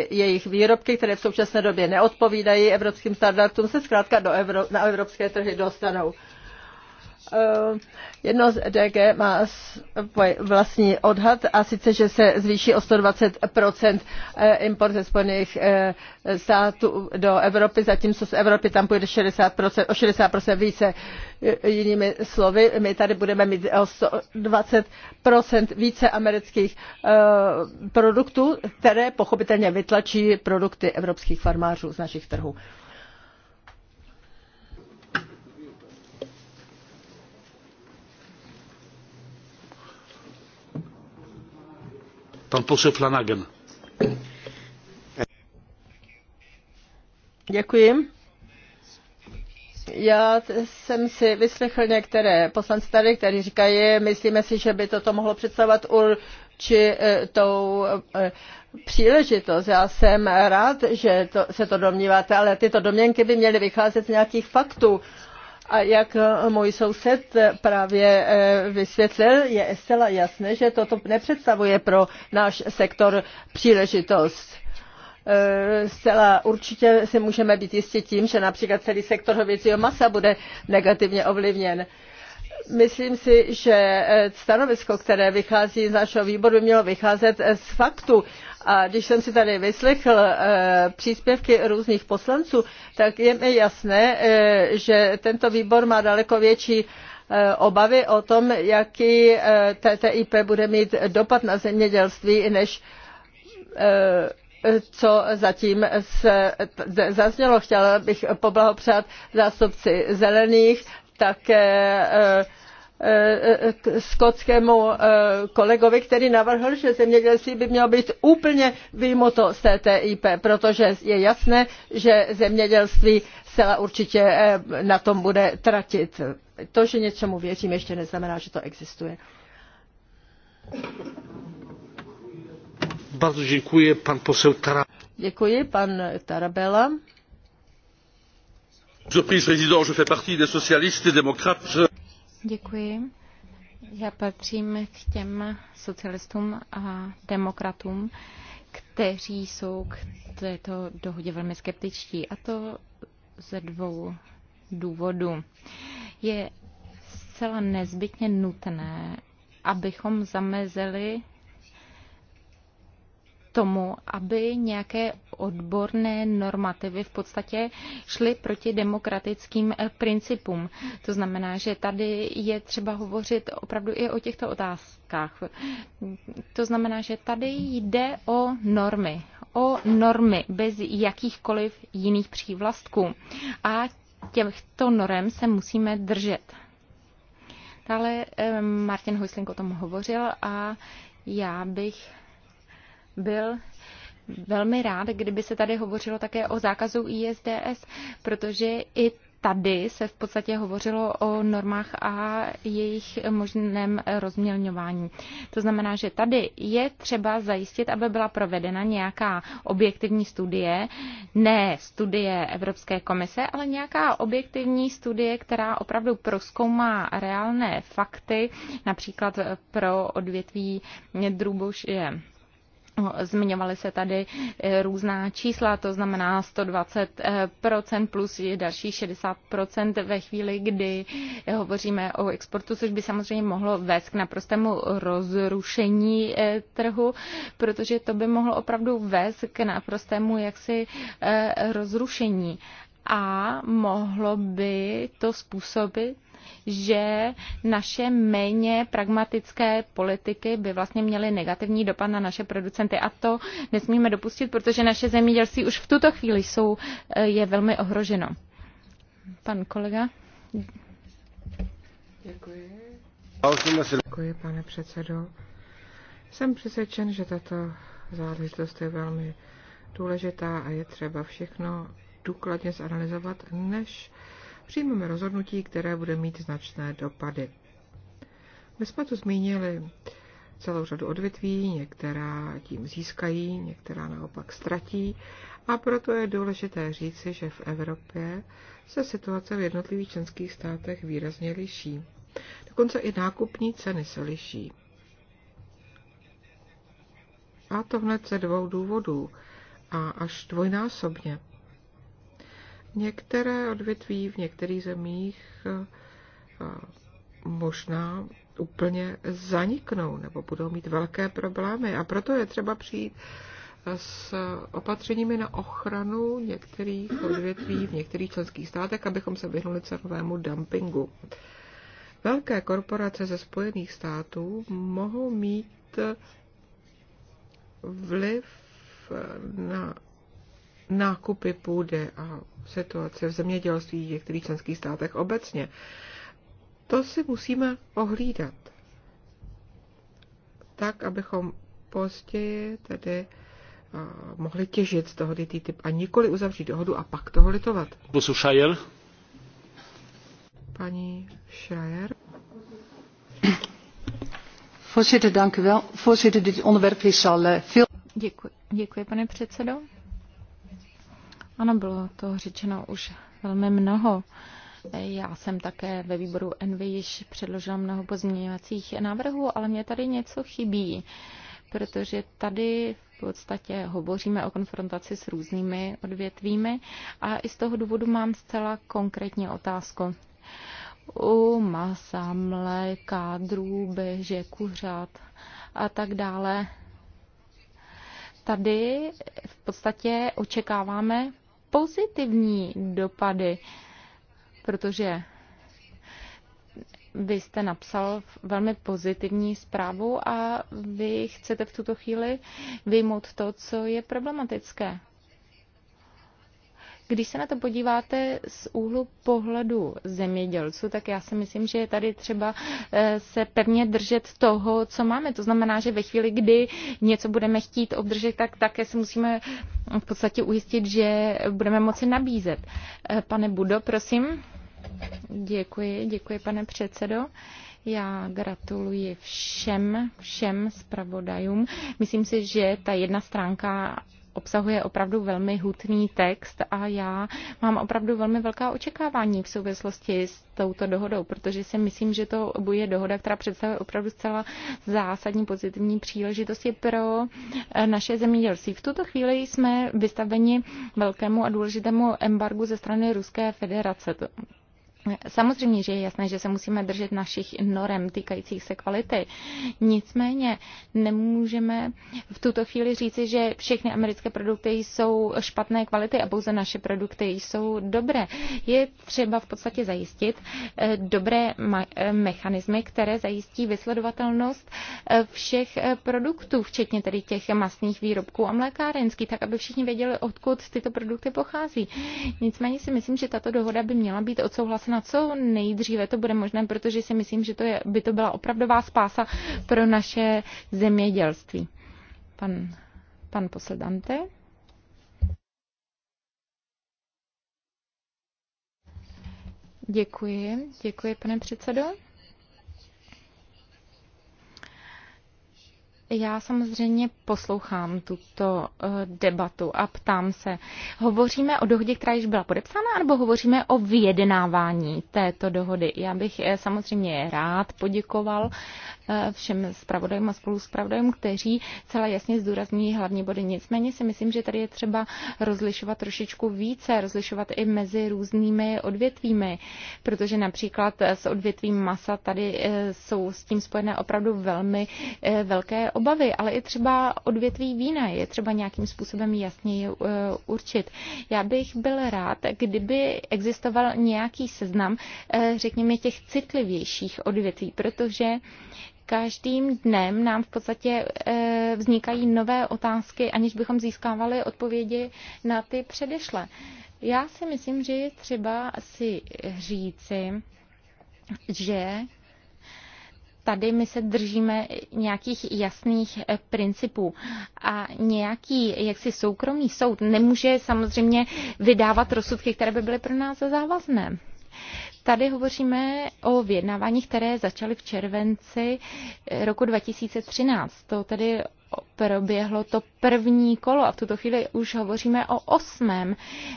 jejich výrobky, které v současné době neodpovídají evropským standardům, se zkrátka do Evro- na evropské trhy dostanou. Eh, jedno z DG má vlastní odhad a sice, že se zvýší o 120 eh, import ze Spojených eh, států do Evropy, zatímco z Evropy tam půjde 60 o 60 více. Jinými slovy, my tady budeme mít o 120 více amerických produktů, které pochopitelně vytlačí produkty evropských farmářů z našich trhů. Pan poseł Flanagan. Děkuji. Já jsem si vyslechl některé poslance tady, kteří říkají, myslíme si, že by toto mohlo představovat určitou eh, příležitost. Já jsem rád, že to, se to domníváte, ale tyto domněnky by měly vycházet z nějakých faktů a jak eh, můj soused eh, právě eh, vysvětlil, je zcela jasné, že toto nepředstavuje pro náš sektor příležitost zcela určitě si můžeme být jistí tím, že například celý sektor hovězího masa bude negativně ovlivněn. Myslím si, že stanovisko, které vychází z našeho výboru, by mělo vycházet z faktu a když jsem si tady vyslechl eh, příspěvky různých poslanců, tak je mi jasné, eh, že tento výbor má daleko větší eh, obavy o tom, jaký TTIP bude mít dopad na zemědělství, než co zatím se zaznělo. Chtěla bych poblahopřát zástupci zelených, také skotskému eh, kolegovi, který navrhl, že zemědělství by mělo být úplně vyjmuto z TTIP, protože je jasné, že zemědělství zcela určitě eh, na tom bude tratit. To, že něčemu věřím, ještě neznamená, že to existuje. Bardzo děkuji, pan posel Děkuji, pan Tarabela. Monsieur le Président, je fais partie des socialistes et démocrates. Děkuji. Já patřím k těm socialistům a demokratům, kteří jsou k této dohodě velmi skeptičtí. A to ze dvou důvodů. Je zcela nezbytně nutné, abychom zamezili tomu, aby nějaké odborné normativy v podstatě šly proti demokratickým eh, principům. To znamená, že tady je třeba hovořit opravdu i o těchto otázkách. To znamená, že tady jde o normy, o normy bez jakýchkoliv jiných přívlastků. A těchto norem se musíme držet. Dále eh, Martin Hojslink o tom hovořil a já bych byl velmi rád, kdyby se tady hovořilo také o zákazu ISDS, protože i tady se v podstatě hovořilo o normách a jejich možném rozmělňování. To znamená, že tady je třeba zajistit, aby byla provedena nějaká objektivní studie, ne studie Evropské komise, ale nějaká objektivní studie, která opravdu proskoumá reálné fakty, například pro odvětví je Zmiňovaly se tady eh, různá čísla, to znamená 120% eh, plus další 60% ve chvíli, kdy eh, hovoříme o exportu, což by samozřejmě mohlo vést k naprostému rozrušení trhu, protože to by mohlo opravdu vést k naprostému jaksi rozrušení a mohlo by to způsobit že naše méně pragmatické politiky by vlastně měly negativní dopad na naše producenty. A to nesmíme dopustit, protože naše zemědělství už v tuto chvíli jsou, eh, je velmi ohroženo. Pan kolega. Děkuji. Děkuji, pane předsedo. Jsem přesvědčen, že tato záležitost je velmi důležitá a je třeba všechno důkladně zanalizovat, než přijmeme rozhodnutí, které bude mít značné dopady. My jsme tu zmínili celou řadu odvětví, některá tím získají, některá naopak ztratí a proto je důležité říci, že v Evropě se situace v jednotlivých členských státech výrazně liší. Dokonce i nákupní ceny se liší. A to hned ze dvou důvodů a až dvojnásobně. Některé odvětví v některých zemích eh, eh, možná úplně zaniknou nebo budou mít velké problémy. A proto je třeba přijít eh, s opatřeními na ochranu některých odvětví v některých členských státech, abychom se vyhnuli cenovému dumpingu. Velké korporace ze Spojených států mohou mít vliv na nákupy půdy a situace v zemědělství v některých členských státech obecně. To si musíme ohlídat. Tak, abychom později tedy mohli těžit z toho TTIP a nikoli uzavřít dohodu a pak toho litovat. Šajer. Paní Schreier. Voorzitter, dank u wel. Voorzitter, dit onderwerp is al eh, veel... Děkuji, děkuji, pane předsedo. Ano, bylo to řečeno už velmi mnoho. Já jsem také ve výboru NV již předložila mnoho pozměňovacích návrhů, ale mě tady něco chybí, protože tady v podstatě hovoříme o konfrontaci s různými odvětvími a i z toho důvodu mám zcela konkrétní otázku. U masa, mléka, že kuřat a tak dále tady v podstatě očekáváme pozitivní dopady, protože vy jste napsal velmi pozitivní zprávu a vy chcete v tuto chvíli vyjmout to, co je problematické. Když se na to podíváte z úhlu pohledu zemědělců, tak já si myslím, že je tady třeba eh, se pevně držet toho, co máme. To znamená, že ve chvíli, kdy něco budeme chtít obdržet, tak také se musíme v podstatě ujistit, že budeme moci nabízet. Eh, pane Budo, prosím. Děkuji, děkuji, pane předsedo. Já gratuluji všem, všem zpravodajům. Myslím si, že ta jedna stránka obsahuje opravdu velmi hutný text a já mám opravdu velmi velká očekávání v souvislosti s touto dohodou, protože si myslím, že to bude dohoda, která představuje opravdu zcela zásadní pozitivní příležitosti pro eh, naše zemědělství. V tuto chvíli jsme vystaveni velkému a důležitému embargu ze strany Ruské federace. Samozřejmě, že je jasné, že se musíme držet našich norem týkajících se kvality. Nicméně nemůžeme v tuto chvíli říci, že všechny americké produkty jsou špatné kvality a pouze naše produkty jsou dobré. Je třeba v podstatě zajistit eh, dobré eh, mechanismy, které zajistí vysledovatelnost eh, všech produktů, včetně tedy těch masných výrobků a mlékárenských, tak aby všichni věděli, odkud tyto produkty pochází. Nicméně si myslím, že tato dohoda by měla být odsouhlasena na co nejdříve to bude možné, protože si myslím, že to je, by to byla opravdová spása pro naše zemědělství. Pan, pan posledante. Děkuji, děkuji, pane předsedo. Já samozřejmě poslouchám tuto eh, debatu a ptám se, hovoříme o dohodě, která již byla podepsána, nebo hovoříme o vyjednávání této dohody? Já bych eh, samozřejmě rád poděkoval eh, všem zpravodajům a spoluzpravodajům, kteří celé jasně zdůrazní hlavní body. Nicméně si myslím, že tady je třeba rozlišovat trošičku více, rozlišovat i mezi různými odvětvími, protože například s odvětvím masa tady jsou s tím spojené opravdu velmi velké obavy, ale i třeba odvětví vína je třeba nějakým způsobem jasněji eh, určit. Já bych byl rád, kdyby existoval nějaký seznam, eh, řekněme, těch citlivějších odvětví, protože každým dnem nám v podstatě eh, vznikají nové otázky, aniž bychom získávali odpovědi na ty předešle. Já si myslím, že je třeba si říci, že tady my se držíme nějakých jasných eh, principů a nějaký jaksi soukromý soud nemůže samozřejmě vydávat rozsudky, které by byly pro nás závazné. Tady hovoříme o vyjednávání, které začaly v červenci eh, roku 2013. To tedy proběhlo to první kolo a v tuto chvíli už hovoříme o osmém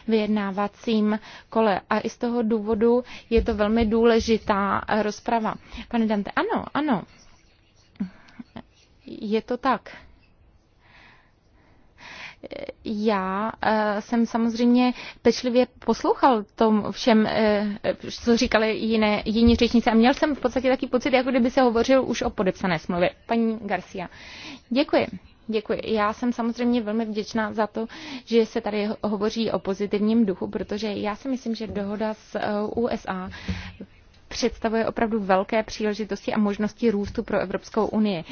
vyjednávacím kole a i z toho důvodu je to velmi důležitá rozprava. Pane Dante, ano, ano, je to tak já eh, jsem samozřejmě pečlivě poslouchal tom všem, eh, co říkali jiné, jiní řečníci a měl jsem v podstatě takový pocit, jako kdyby se hovořil už o podepsané smlouvě. Paní Garcia, děkuji. Děkuji. Já jsem samozřejmě velmi vděčná za to, že se tady hovoří o pozitivním duchu, protože já si myslím, že dohoda s eh, USA představuje opravdu velké příležitosti a možnosti růstu pro Evropskou unii.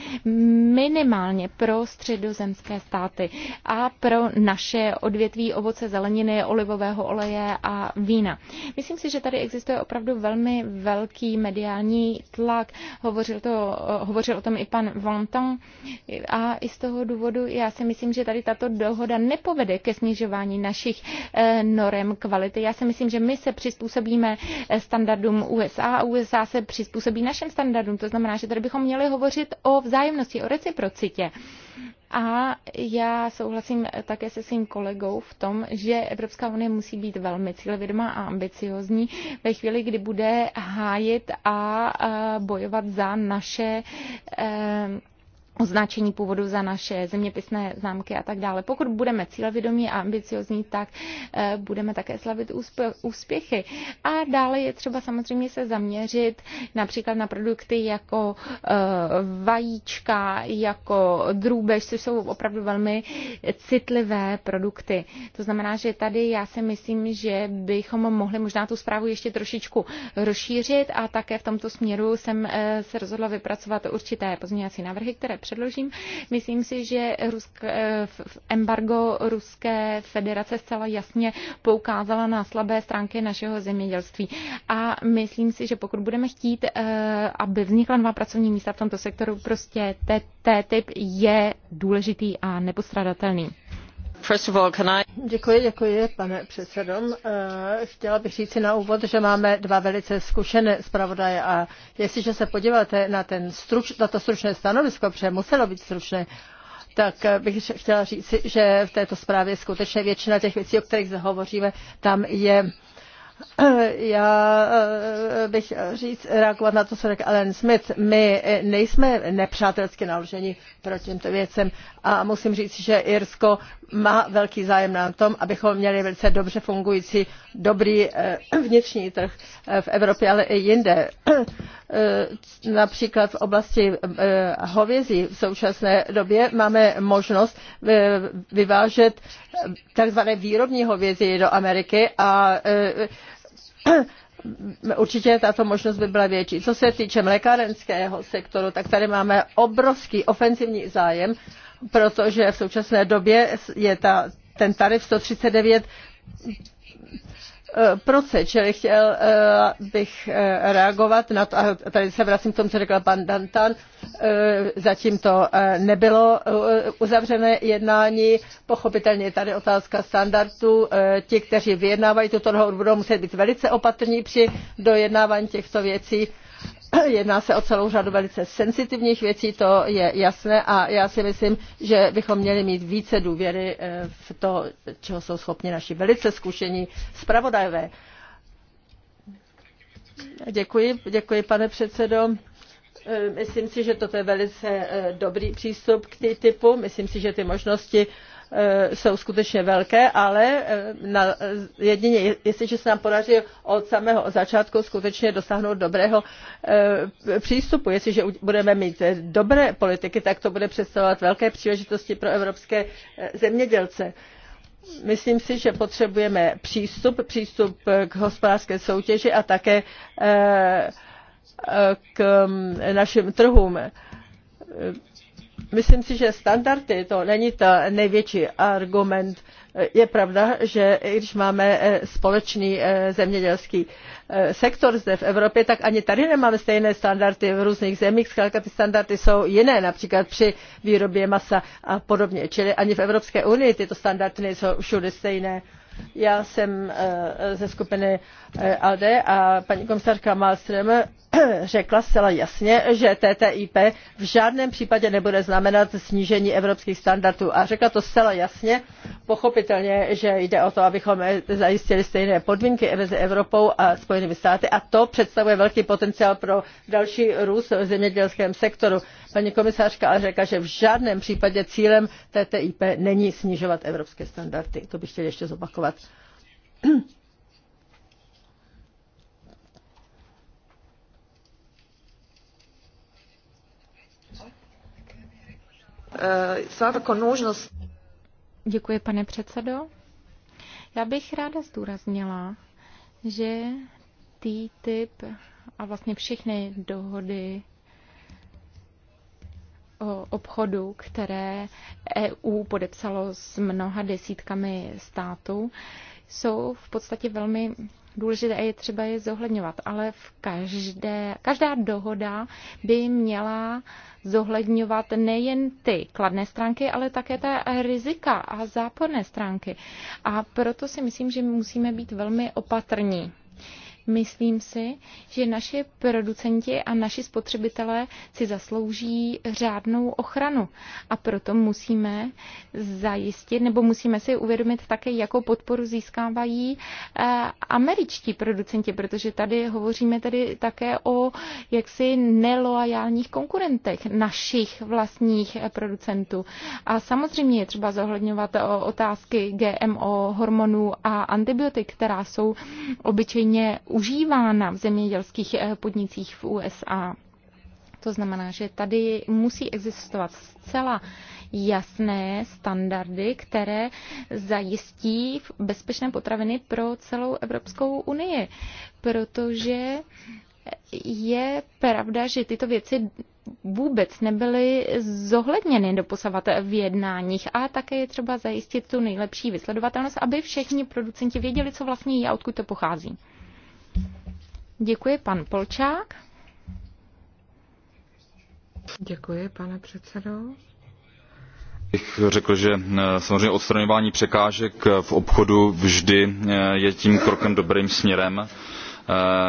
Minimálně pro středozemské státy a pro naše odvětví ovoce, zeleniny, olivového oleje a vína. Myslím si, že tady existuje opravdu velmi velký mediální tlak. Hovořil, to, hovořil o tom i pan Vontan a i z toho důvodu já si myslím, že tady tato dohoda nepovede ke snižování našich eh, norem kvality. Já si myslím, že my se přizpůsobíme eh, standardům USA a USA se přizpůsobí našim standardům. To znamená, že tady bychom měli hovořit o vzájemnosti, o reciprocitě. A já souhlasím také se svým kolegou v tom, že Evropská unie musí být velmi cílevědomá a ambiciozní ve chvíli, kdy bude hájit a bojovat za naše eh, označení původu za naše zeměpisné známky a tak dále. Pokud budeme cílevědomí a ambiciozní, tak eh, budeme také slavit úspěchy. A dále je třeba samozřejmě se zaměřit například na produkty jako eh, vajíčka, jako drůbež, což jsou opravdu velmi citlivé produkty. To znamená, že tady já si myslím, že bychom mohli možná tu zprávu ještě trošičku rozšířit a také v tomto směru jsem eh, se rozhodla vypracovat určité pozměňovací návrhy, které předložím. Myslím si, že Rusk, embargo Ruské federace zcela jasně poukázala na slabé stránky našeho zemědělství. A myslím si, že pokud budeme chtít, eh, aby vznikla nová pracovní místa v tomto sektoru, prostě typ je důležitý a nepostradatelný. Děkuji, děkuji, pane předsedající eh, Chtěla bych říci na úvod, že máme dva velice zkušené zpravodaje a jestliže se podíváte na, to stručné stanovisko, protože muselo být stručné, tak eh, bych chtěla říci, že v této zprávě skutečně většina těch věcí, o kterých hovoříme, tam je Já eh, bych říct, reagovat na to, co řekl Alan Smith. My nejsme nepřátelsky naloženi proti těmto věcem a musím říct, že Irsko má velký zájem na tom, abychom měli velice dobře fungující, dobrý eh, vnitřní trh eh, v Evropě, ale i jinde. Eh, například v oblasti eh, hovězí v současné době máme možnost eh, vyvážet takzvané výrobní hovězí do Ameriky a určitě tato možnost by byla větší. Co se týče mlékárenského sektoru, tak tady máme obrovský ofenzivní zájem, protože v současné době je ta, ten tarif 139 Eh, proce, čili chtěl eh, bych eh, reagovat na to, a tady se vracím k tomu, co řekl pan Dantan, zatím to nebylo uzavřené jednání, pochopitelně je tady otázka standardů, ti, kteří vyjednávají tuto dohodu, budou muset být velice opatrní při dojednávání těchto věcí, Jedná se o celou řadu velice sensitivních věcí, to je jasné a já si myslím, že bychom měli mít více důvěry eh, v to, čeho jsou schopni naši velice zkušení zpravodajové. Děkuji, děkuji pane předsedo. Eh, myslím si, že toto je velice eh, dobrý přístup k té typu. Myslím si, že ty možnosti Eh, jsou skutečně velké, ale eh, na, jedině, jestliže se nám podaří od samého začátku skutečně dosáhnout dobrého eh, přístupu, jestliže budeme mít dobré politiky, tak to bude představovat velké příležitosti pro evropské zemědělce. Myslím si, že potřebujeme přístup, přístup k hospodářské soutěži a také k mm, našim trhům Myslím si, že standardy to není ta největší argument. Je pravda, že i když máme eh, společný eh, zemědělský eh, sektor zde v Evropě, tak ani tady nemáme stejné standardy v různých zemích. Zkrátka ty standardy jsou jiné, například při výrobě masa a podobně. Čili ani v Evropské unii tyto standardy nejsou všude stejné. Já jsem ze skupiny ALDE a paní komisarka Malström řekla zcela jasně, že TTIP v žádném případě nebude znamenat snížení evropských standardů. A řekla to zcela jasně, pochopitelně, že jde o to, abychom zajistili stejné podmínky mezi Evropou a Spojenými státy a to představuje velký potenciál pro další růst v zemědělském sektoru. Paní komisařka ale řekla, že v žádném případě cílem TTIP není snižovat evropské standardy. To bych chtěla ještě zopakovat. Eh, svakako nužnost. Děkuji, pane předsedo. Já bych ráda zdůraznila, že TTIP a vlastně všechny dohody o obchodu, které EU podepsalo s mnoha desítkami států, jsou v podstatě velmi důležité je třeba je zohledňovat, ale v každé, každá dohoda by měla zohledňovat nejen ty kladné stránky, ale také ta rizika a záporné stránky. A proto si myslím, že musíme být velmi opatrní. Myslím si, že naši producenti a naši spotřebitelé si zaslouží řádnou ochranu a proto musíme zajistit nebo musíme si uvědomit také, jakou podporu získávají eh, američtí producenti, protože tady hovoříme tedy také o jaksi neloajálních konkurentech našich vlastních producentů. A samozřejmě je třeba zohledňovat otázky GMO, hormonů a antibiotik, která jsou obyčejně užívána v zemědělských eh, podnicích v USA. To znamená, že tady musí existovat zcela jasné standardy, které zajistí bezpečné potraviny pro celou Evropskou unii, protože je pravda, že tyto věci vůbec nebyly zohledněny doposavat v jednáních a také je třeba zajistit tu nejlepší vysledovatelnost, aby všichni producenti věděli, co vlastně je a odkud to pochází. Děkuji, pan Polčák. Děkuji, pane předsedo bych řekl že eh, samozřejmě odstraňování překážek eh, v obchodu vždy eh, je tím krokem dobrým směrem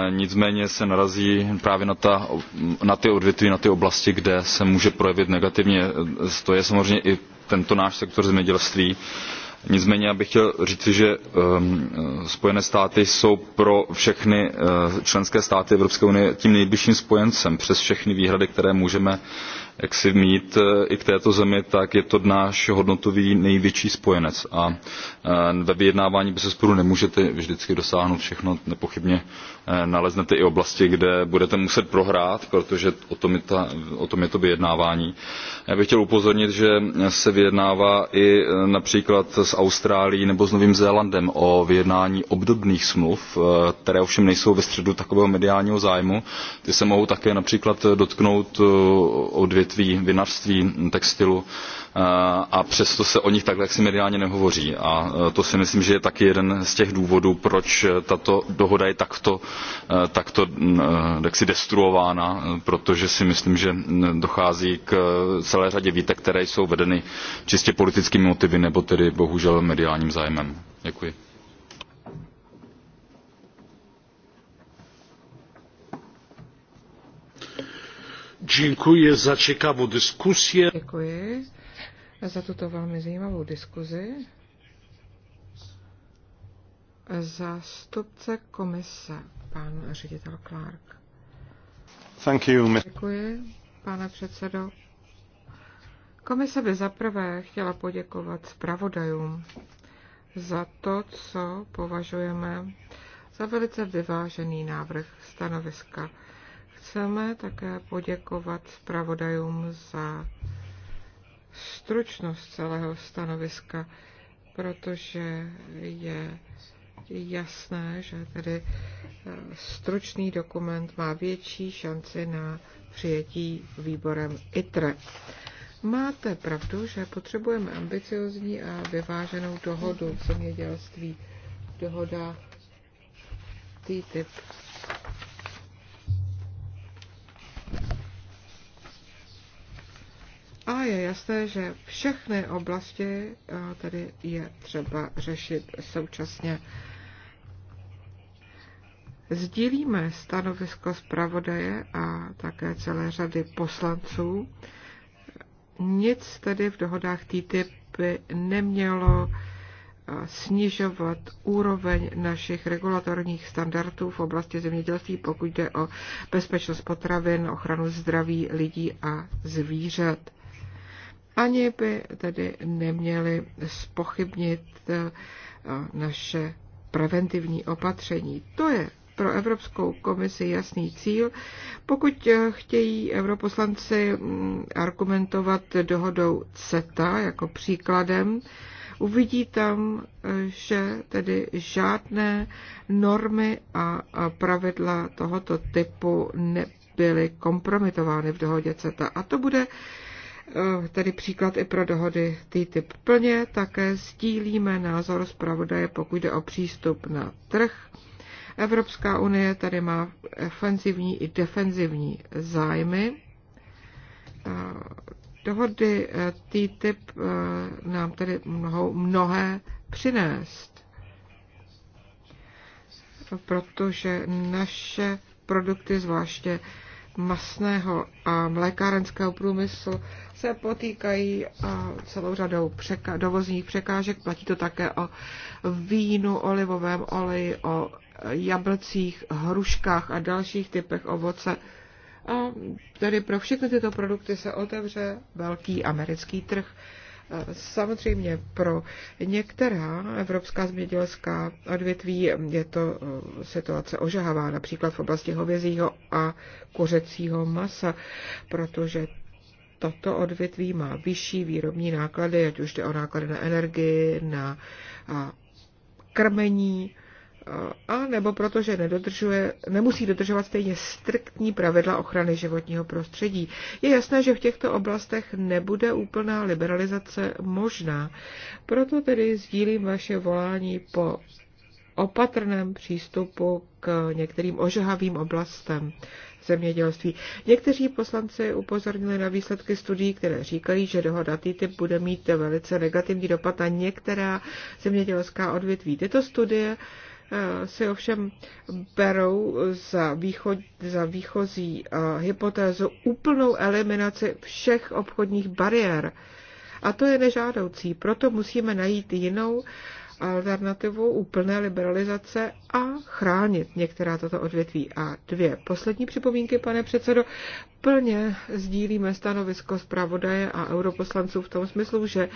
nicméně se narazí právě na, ta, na ty odvětví na ty oblasti kde se může projevit negativně to je samozřejmě i tento náš sektor zemědělství nicméně já bych chtěl říci že ehm, spojené státy jsou pro všechny eh, členské státy evropské unie tím nejbližším spojencem přes všechny výhrady které můžeme jaksi mít eh, i v této zemi tak je to náš hodnotový největší spojenec a eh, ve vyjednávání bezesporu nemůžete vždycky dosáhnout všechno nepochybně eh, naleznete i oblasti kde budete muset prohrát protože o tom je, ta, o tom je to vyjednávání. já bych chtěl upozornit že se vyjednává i například s austrálií nebo s novým zélandem o vyjednání obdobných smluv které ovšem nejsou ve středu takového mediálního zájmu. ty se mohou také například dotknout odvětví odvětví vinařství textilu eh, a přesto se o nich tak jaksi mediálně nehovoří a eh, to si myslím že je taky jeden z těch důvodů proč eh, tato dohoda je takto, takto mm, jaksi destruována protože si myslím že mm, dochází k celé řadě výtek které jsou vedeny čistě politickými motivy nebo tedy bohužel mediálním zájmem. děkuji. Dziękuję za ciekawą dyskusję. Děkuji za tuto velmi zajímavou diskuzi. Zástupce komise, pan ředitel Clark. Thank you, Děkuji, pane předsedo. Komise by zaprvé chtěla poděkovat zpravodajům za to, co považujeme za velice vyvážený návrh stanoviska. Chceme také poděkovat zpravodajům za stručnost celého stanoviska, protože je jasné, že tedy eh, stručný dokument má větší šanci na přijetí výborem ITRE. Máte pravdu, že potřebujeme ambiciozní a vyváženou dohodu v zemědělství, dohoda TTIP A je jasné, že všechny oblasti eh, tedy je třeba řešit současně. Sdílíme stanovisko zpravodaje a také celé řady poslanců. Nic tedy v dohodách TTIP by nemělo eh, snižovat úroveň našich regulatorních standardů v oblasti zemědělství, pokud jde o bezpečnost potravin, ochranu zdraví lidí a zvířat ani by tedy neměli spochybnit eh, naše preventivní opatření. To je pro Evropskou komisi jasný cíl. Pokud eh, chtějí europoslanci mm, argumentovat dohodou CETA jako příkladem, uvidí tam, eh, že tedy žádné normy a pravidla tohoto typu nebyly kompromitovány v dohodě CETA. A to bude Eh, tedy příklad i pro dohody TTIP. Plně také stílíme názor zpravodaje, pokud jde o přístup na trh. Evropská unie tady má ofenzivní i defenzivní zájmy. Dohody eh, TTIP eh, nám tedy mohou mnohé přinést, protože naše produkty, zvláště masného a mlékárenského průmyslu se potýkají celou řadou překa- dovozních překážek. Platí to také o vínu, olivovém oleji, o jablcích, hruškách a dalších typech ovoce. A tedy pro všechny tyto produkty se otevře velký americký trh. Samozřejmě pro některá evropská zemědělská odvětví je to eh, situace ožahavá, například v oblasti hovězího a kuřecího masa, protože toto odvětví má vyšší výrobní náklady, ať už jde o náklady na energii, na krmení, a nebo protože nedodržuje, nemusí dodržovat stejně striktní pravidla ochrany životního prostředí. Je jasné, že v těchto oblastech nebude úplná liberalizace možná. Proto tedy sdílím vaše volání po opatrném přístupu k některým ožahavým oblastem zemědělství. Někteří poslanci upozornili na výsledky studií, které říkají, že dohoda TTIP bude mít velice negativní dopad na některá zemědělská odvětví. Tyto studie Eh, si ovšem berou za, východ, za výchozí eh, hypotézu úplnou eliminaci všech obchodních bariér. A to je nežádoucí, proto musíme najít jinou alternativu úplné liberalizace a chránit některá tato odvětví. A dvě poslední připomínky, pane předsedo. Plně sdílíme stanovisko zpravodaje a europoslanců v tom smyslu, že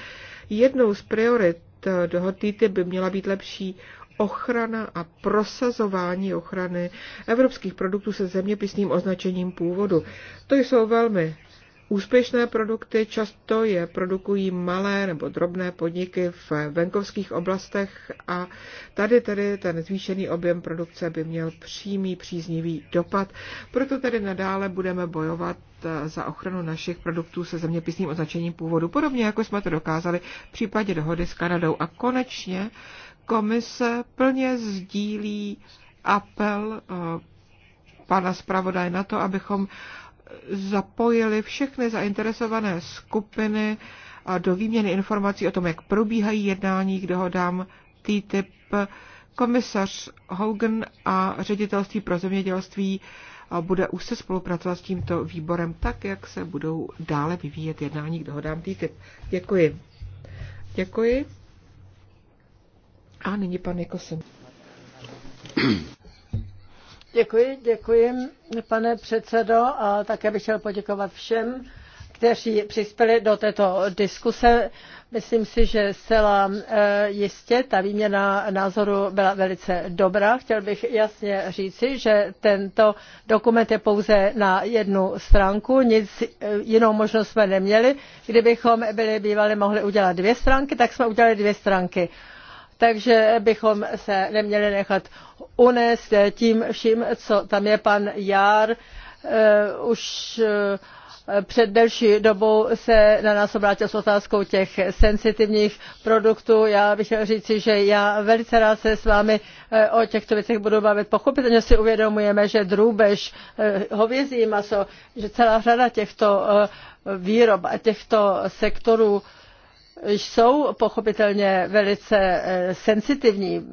jednou z priorit eh, dohod by měla být lepší ochrana a prosazování ochrany evropských produktů se zeměpisným označením původu. To jsou velmi Úspěšné produkty často je produkují malé nebo drobné podniky v venkovských oblastech a tady tedy ten zvýšený objem produkce by měl přímý příznivý dopad. Proto tedy nadále budeme bojovat eh, za ochranu našich produktů se zeměpisným označením původu, podobně jako jsme to dokázali v případě dohody s Kanadou. A konečně komise plně sdílí apel eh, pana zpravodaje na to, abychom zapojili všechny zainteresované skupiny eh, do výměny informací o tom, jak probíhají jednání k dohodám TTIP. Komisař Hogan a ředitelství pro zemědělství eh, bude už se spolupracovat s tímto výborem tak, jak se budou dále vyvíjet jednání k dohodám TTIP. Děkuji. Děkuji. A nyní pan Nikosen. Děkuji, děkuji, pane předsedo, a také bych chtěl poděkovat všem, kteří přispěli do této diskuse. Myslím si, že zcela e, jistě ta výměna názoru byla velice dobrá. Chtěl bych jasně říci, že tento dokument je pouze na jednu stránku, nic e, jinou možnost jsme neměli. Kdybychom byli bývali mohli udělat dvě stránky, tak jsme udělali dvě stránky takže bychom se neměli nechat unést tím vším, co tam je pan Jár. Eh, už eh, před delší dobou se na nás obrátil s otázkou těch sensitivních produktů. Já bych chtěl říci, že já velice rád se s vámi eh, o těchto věcech budu bavit. Pochopitelně si uvědomujeme, že drůbež, hovězí maso, že celá řada těchto výrob a těchto sektorů jsou pochopitelně velice eh, sensitivní.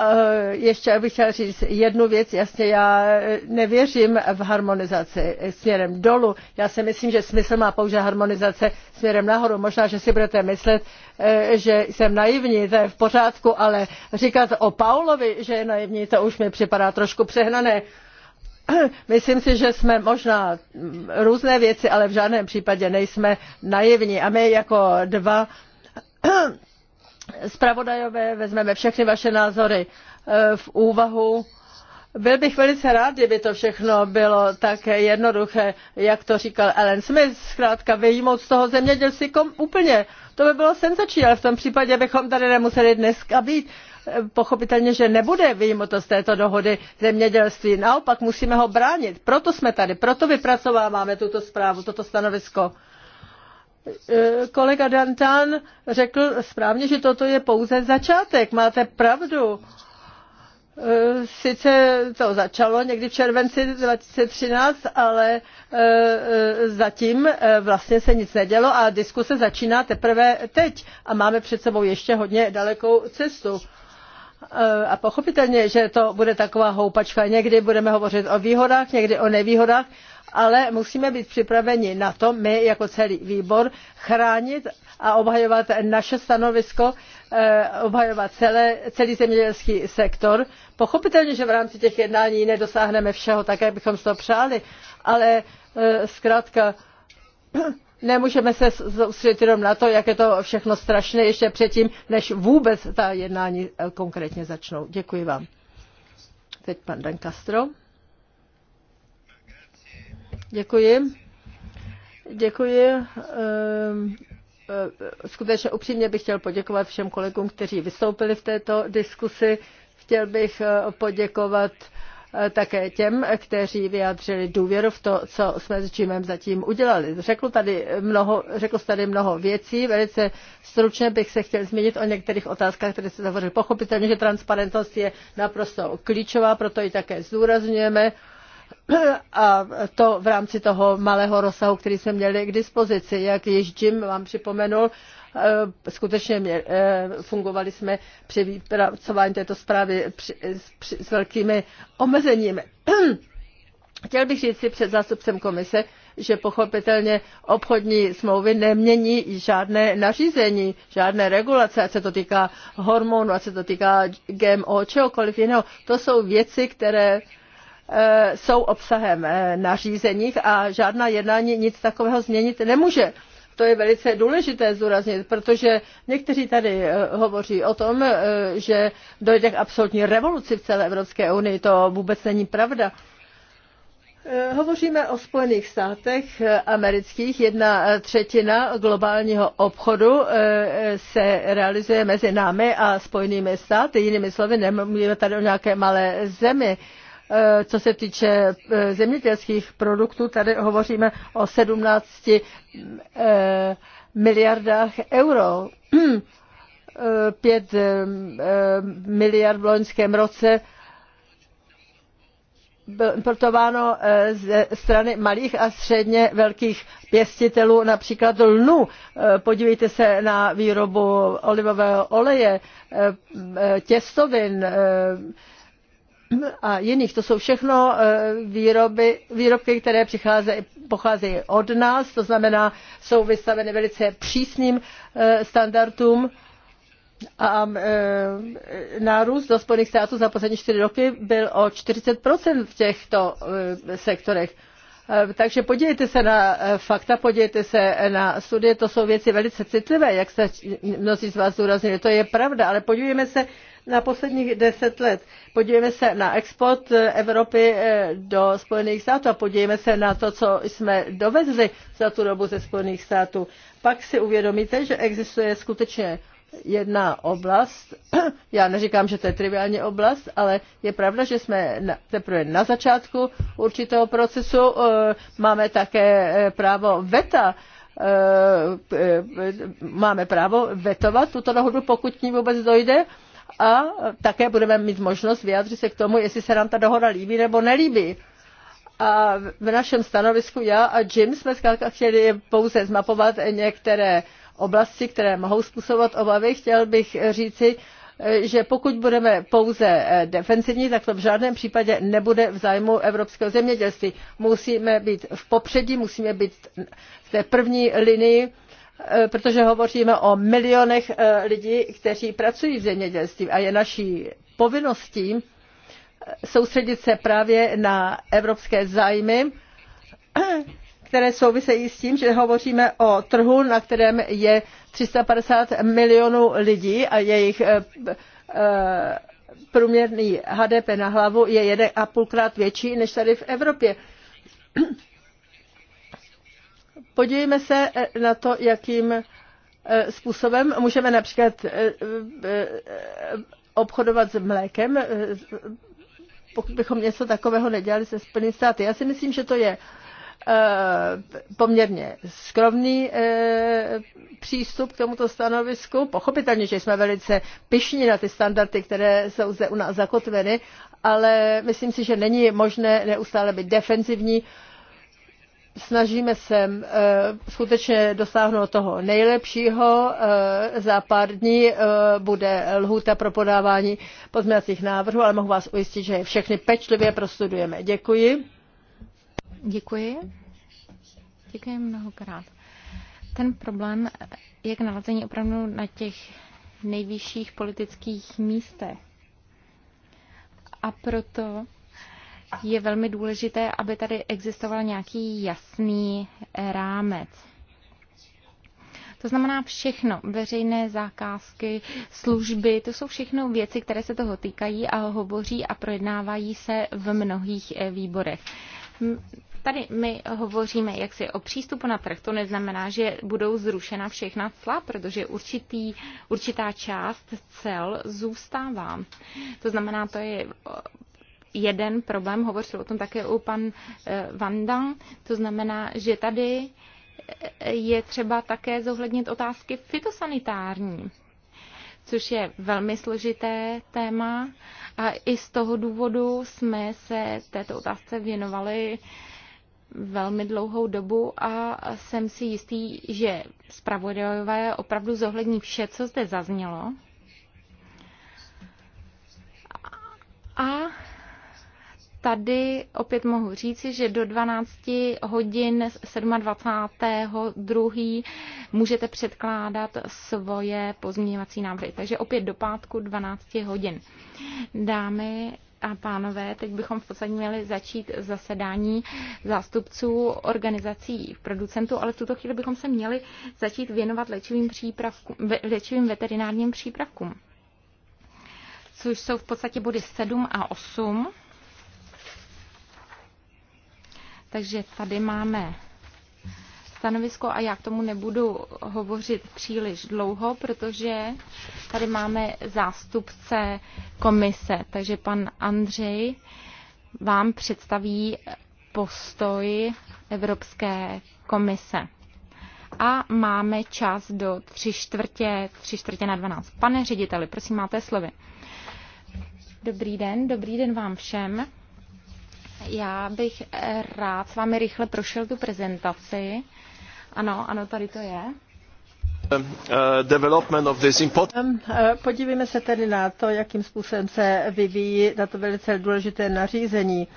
Eh, ještě bych chtěla říct jednu věc, jasně já eh, nevěřím v harmonizaci směrem dolů. Já si myslím, že smysl má pouze harmonizace směrem nahoru. Možná, že si budete myslet, že jsem naivní, to je v pořádku, ale říkat o Paulovi, že je naivní, to už mi připadá trošku přehnané. Myslím si, že jsme možná různé věci, ale v žádném případě nejsme naivní. A my jako dva zpravodajové vezmeme všechny vaše názory eh, v úvahu. Byl bych velice rád, kdyby to všechno bylo tak jednoduché, jak to říkal Ellen Smith, zkrátka vyjmout z toho zemědělství kom, úplně. To by bylo senzační, ale v tom případě bychom tady nemuseli dneska být pochopitelně, že nebude vyjmuto z této dohody zemědělství. Naopak musíme ho bránit. Proto jsme tady, proto vypracováváme tuto zprávu, toto stanovisko. E, kolega dantin řekl správně, že toto je pouze začátek. Máte pravdu. E, sice to začalo někdy v červenci 2013, ale e, zatím vlastně se nic nedělo a diskuse začíná teprve teď a máme před sebou ještě hodně dalekou cestu. Eh, a pochopitelně, že to bude taková houpačka. Někdy budeme hovořit o výhodách, někdy o nevýhodách, ale musíme být připraveni na to, my jako celý výbor, chránit a obhajovat naše stanovisko, eh, obhajovat celé, celý zemědělský sektor. Pochopitelně, že v rámci těch jednání nedosáhneme všeho, tak jak bychom si to přáli, ale eh, zkrátka nemůžeme se soustředit jenom na to, jak je to všechno strašné ještě předtím, než vůbec ta jednání eh, konkrétně začnou. Děkuji vám. Teď pan Dan Castro. Děkuji. Děkuji. Ehm, eh, skutečně upřímně bych chtěl poděkovat všem kolegům, kteří vystoupili v této diskusi. Chtěl bych eh, poděkovat Eh, také těm, kteří vyjádřili důvěru v to, co jsme s Jimem zatím udělali. Řekl, tady mnoho, řekl tady mnoho věcí, velice stručně bych se chtěl zmínit o některých otázkách, které se zavřely. Pochopitelně, že transparentnost je naprosto klíčová, proto ji také zdůrazňujeme a to v rámci toho malého rozsahu, který jsme měli k dispozici. Jak již Jim vám připomenul, Eh, skutečně eh, fungovali jsme při vypracování této zprávy s velkými omezeními. Chtěl bych říct si před zástupcem komise, že pochopitelně obchodní smlouvy nemění žádné nařízení, žádné regulace, ať se to týká hormonů, ať se to týká GMO, čehokoliv jiného. To jsou věci, které eh, jsou obsahem nařízeních a žádná jednání nic takového změnit nemůže to je velice důležité zúraznit, protože někteří tady eh, hovoří o tom, eh, že dojde k absolutní revoluci v celé Evropské unii. To vůbec není pravda. Eh, hovoříme o Spojených státech amerických. Jedna třetina globálního obchodu se realizuje mezi námi a Spojenými státy. Jinými slovy, nemluvíme tady o nějaké malé zemi. Eh, co se týče eh, zemědělských produktů, tady hovoříme o 17 eh, miliardách euro. 5 miliard v loňském roce bylo importováno ze strany malých a středně velkých pěstitelů, například lnu. Podívejte se na výrobu olivového oleje, těstovin, a jiných. To jsou všechno eh, výroby, výrobky, které přicházejí, pocházejí od nás, to znamená, jsou vystaveny velice přísným eh, standardům a eh, nárůst do Spojených států za poslední čtyři roky byl o 40% v těchto sektorech. Eh, takže podívejte se na eh, fakta, podívejte se na studie, to jsou věci velice citlivé, jak se mnozí z vás zúraznili, to je pravda, ale podívejme se na posledních deset let. Podívejme se na export eh, Evropy do Spojených států a podívejme se na to, co jsme dovezli za tu dobu ze Spojených států. Pak si uvědomíte, že existuje skutečně jedna oblast, já neříkám, že to je triviální oblast, ale je pravda, že jsme teprve na začátku určitého procesu, eh, máme také eh, právo veta, eh, máme právo vetovat tuto dohodu, pokud k ní vůbec dojde a také budeme mít možnost vyjádřit se k tomu, jestli se nám ta dohoda líbí nebo nelíbí. A v našem stanovisku já a Jim jsme zkrátka chtěli pouze zmapovat některé oblasti, které mohou způsobovat obavy, chtěl bych říci, že pokud budeme pouze eh, defensivní, tak to v žádném případě nebude v zájmu evropského zemědělství. Musíme být v popředí, musíme být v té první linii, eh, protože hovoříme o milionech eh, lidí, kteří pracují v zemědělství a je naší povinností soustředit se právě na evropské zájmy které souvisejí s tím, že hovoříme o trhu, na kterém je 350 milionů lidí a jejich eh, eh, průměrný HDP na hlavu je 1,5 krát větší než tady v Evropě. Podívejme se eh, na to, jakým způsobem můžeme například obchodovat s mlékem, pokud bychom něco takového nedělali se Spojenými státy. Já si myslím, že to je Eh, poměrně skromný eh, přístup k tomuto stanovisku. Pochopitelně, že jsme velice pišní na ty standardy, které jsou zde u nás zakotveny, ale myslím si, že není možné neustále být defenzivní. Snažíme se eh, skutečně dosáhnout toho nejlepšího. Za pár dní bude lhůta pro podávání pozměňovacích návrhů, ale mohu vás ujistit, že všechny pečlivě prostudujeme. Děkuji. Děkuji. Děkuji mnohokrát. Ten problém je k opravdu na těch nejvyšších politických místech. A proto je velmi důležité, aby tady existoval nějaký jasný rámec. To znamená všechno, veřejné zakázky, služby, to jsou všechno věci, které se toho týkají a hovoří a projednávají se v mnohých eh, výborech tady my hovoříme jaksi o přístupu na trh, to neznamená, že budou zrušena všechna cla, protože určitý, určitá část cel zůstává. To znamená, to je jeden problém, hovořil o tom také u pan eh, Vanda. to znamená, že tady eh, je třeba také zohlednit otázky fitosanitární což je velmi složité téma. A i z toho důvodu jsme se této otázce věnovali velmi dlouhou dobu a jsem si jistý, že zpravodajové opravdu zohlední vše, co zde zaznělo. A tady opět mohu říci, že do 12 hodin 27.2. můžete předkládat svoje pozměňovací návrhy. Takže opět do pátku 12 hodin. Dámy a pánové, teď bychom v podstatě měli začít zasedání zástupců organizací producentů, ale v tuto chvíli bychom se měli začít věnovat léčivým, přípravkům, léčivým veterinárním přípravkům, což jsou v podstatě body 7 a 8. Takže tady máme stanovisko a já k tomu nebudu hovořit příliš dlouho, protože tady máme zástupce komise, takže pan Andřej vám představí postoj Evropské komise. A máme čas do tři čtvrtě, tři čtvrtě na dvanáct. Pane řediteli, prosím, máte slovy. Dobrý den, dobrý den vám všem. Já bych rád s vámi rychle prošel tu prezentaci ano, ano, tady to je. Um, uh, um, uh, podívejme se tedy na to, jakým způsobem se vyvíjí na to velice důležité nařízení.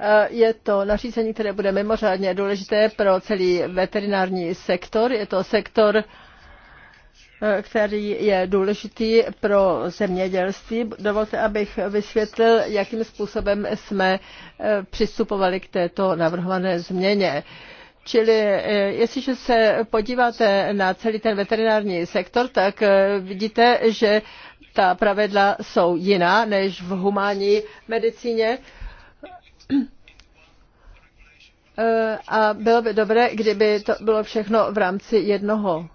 Uh, je to nařízení, které bude mimořádně důležité pro celý veterinární sektor. Je to sektor, který je důležitý pro zemědělství. Dovolte, abych vysvětlil, jakým způsobem jsme e, přistupovali k této navrhované změně. Čili e, jestliže se podíváte na celý ten veterinární sektor, tak e, vidíte, že ta pravidla jsou jiná než v humánní medicíně. A bylo by dobré, kdyby to bylo všechno v rámci jednoho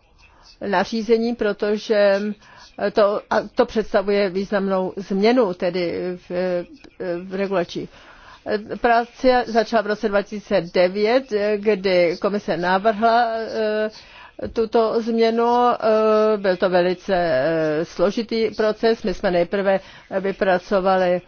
nařízení, protože to, a to představuje významnou změnu tedy v, v regulační. Práce začala v roce 2009, kdy komise navrhla eh, tuto změnu. Eh, byl to velice eh, složitý proces. My jsme nejprve vypracovali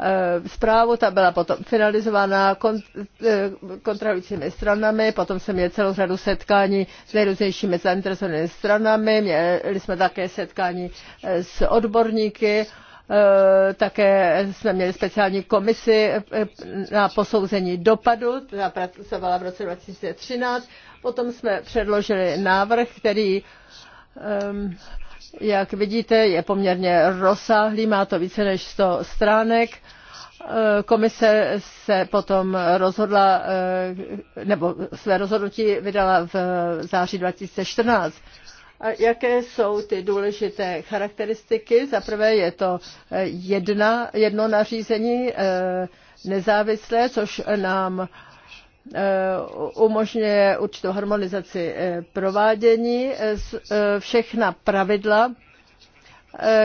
Eh, zprávu, ta byla potom finalizována kont, eh, kontrahujícími stranami, potom jsem měl celou řadu setkání s nejrůznějšími zainteresovanými stranami, měli jsme také setkání eh, s odborníky, také jsme měli speciální komisi na posouzení dopadu, která pracovala v roce 2013. Potom jsme předložili návrh, který ehm, jak vidíte, je poměrně rozsáhlý, má to více než 100 stránek. Eh, komise se potom rozhodla, eh, nebo své rozhodnutí vydala v eh, září 2014. A jaké jsou ty důležité charakteristiky? Za prvé je to jedna, jedno nařízení nezávislé, což nám Eh, umožňuje určitou harmonizaci eh, provádění. Eh, všechna pravidla,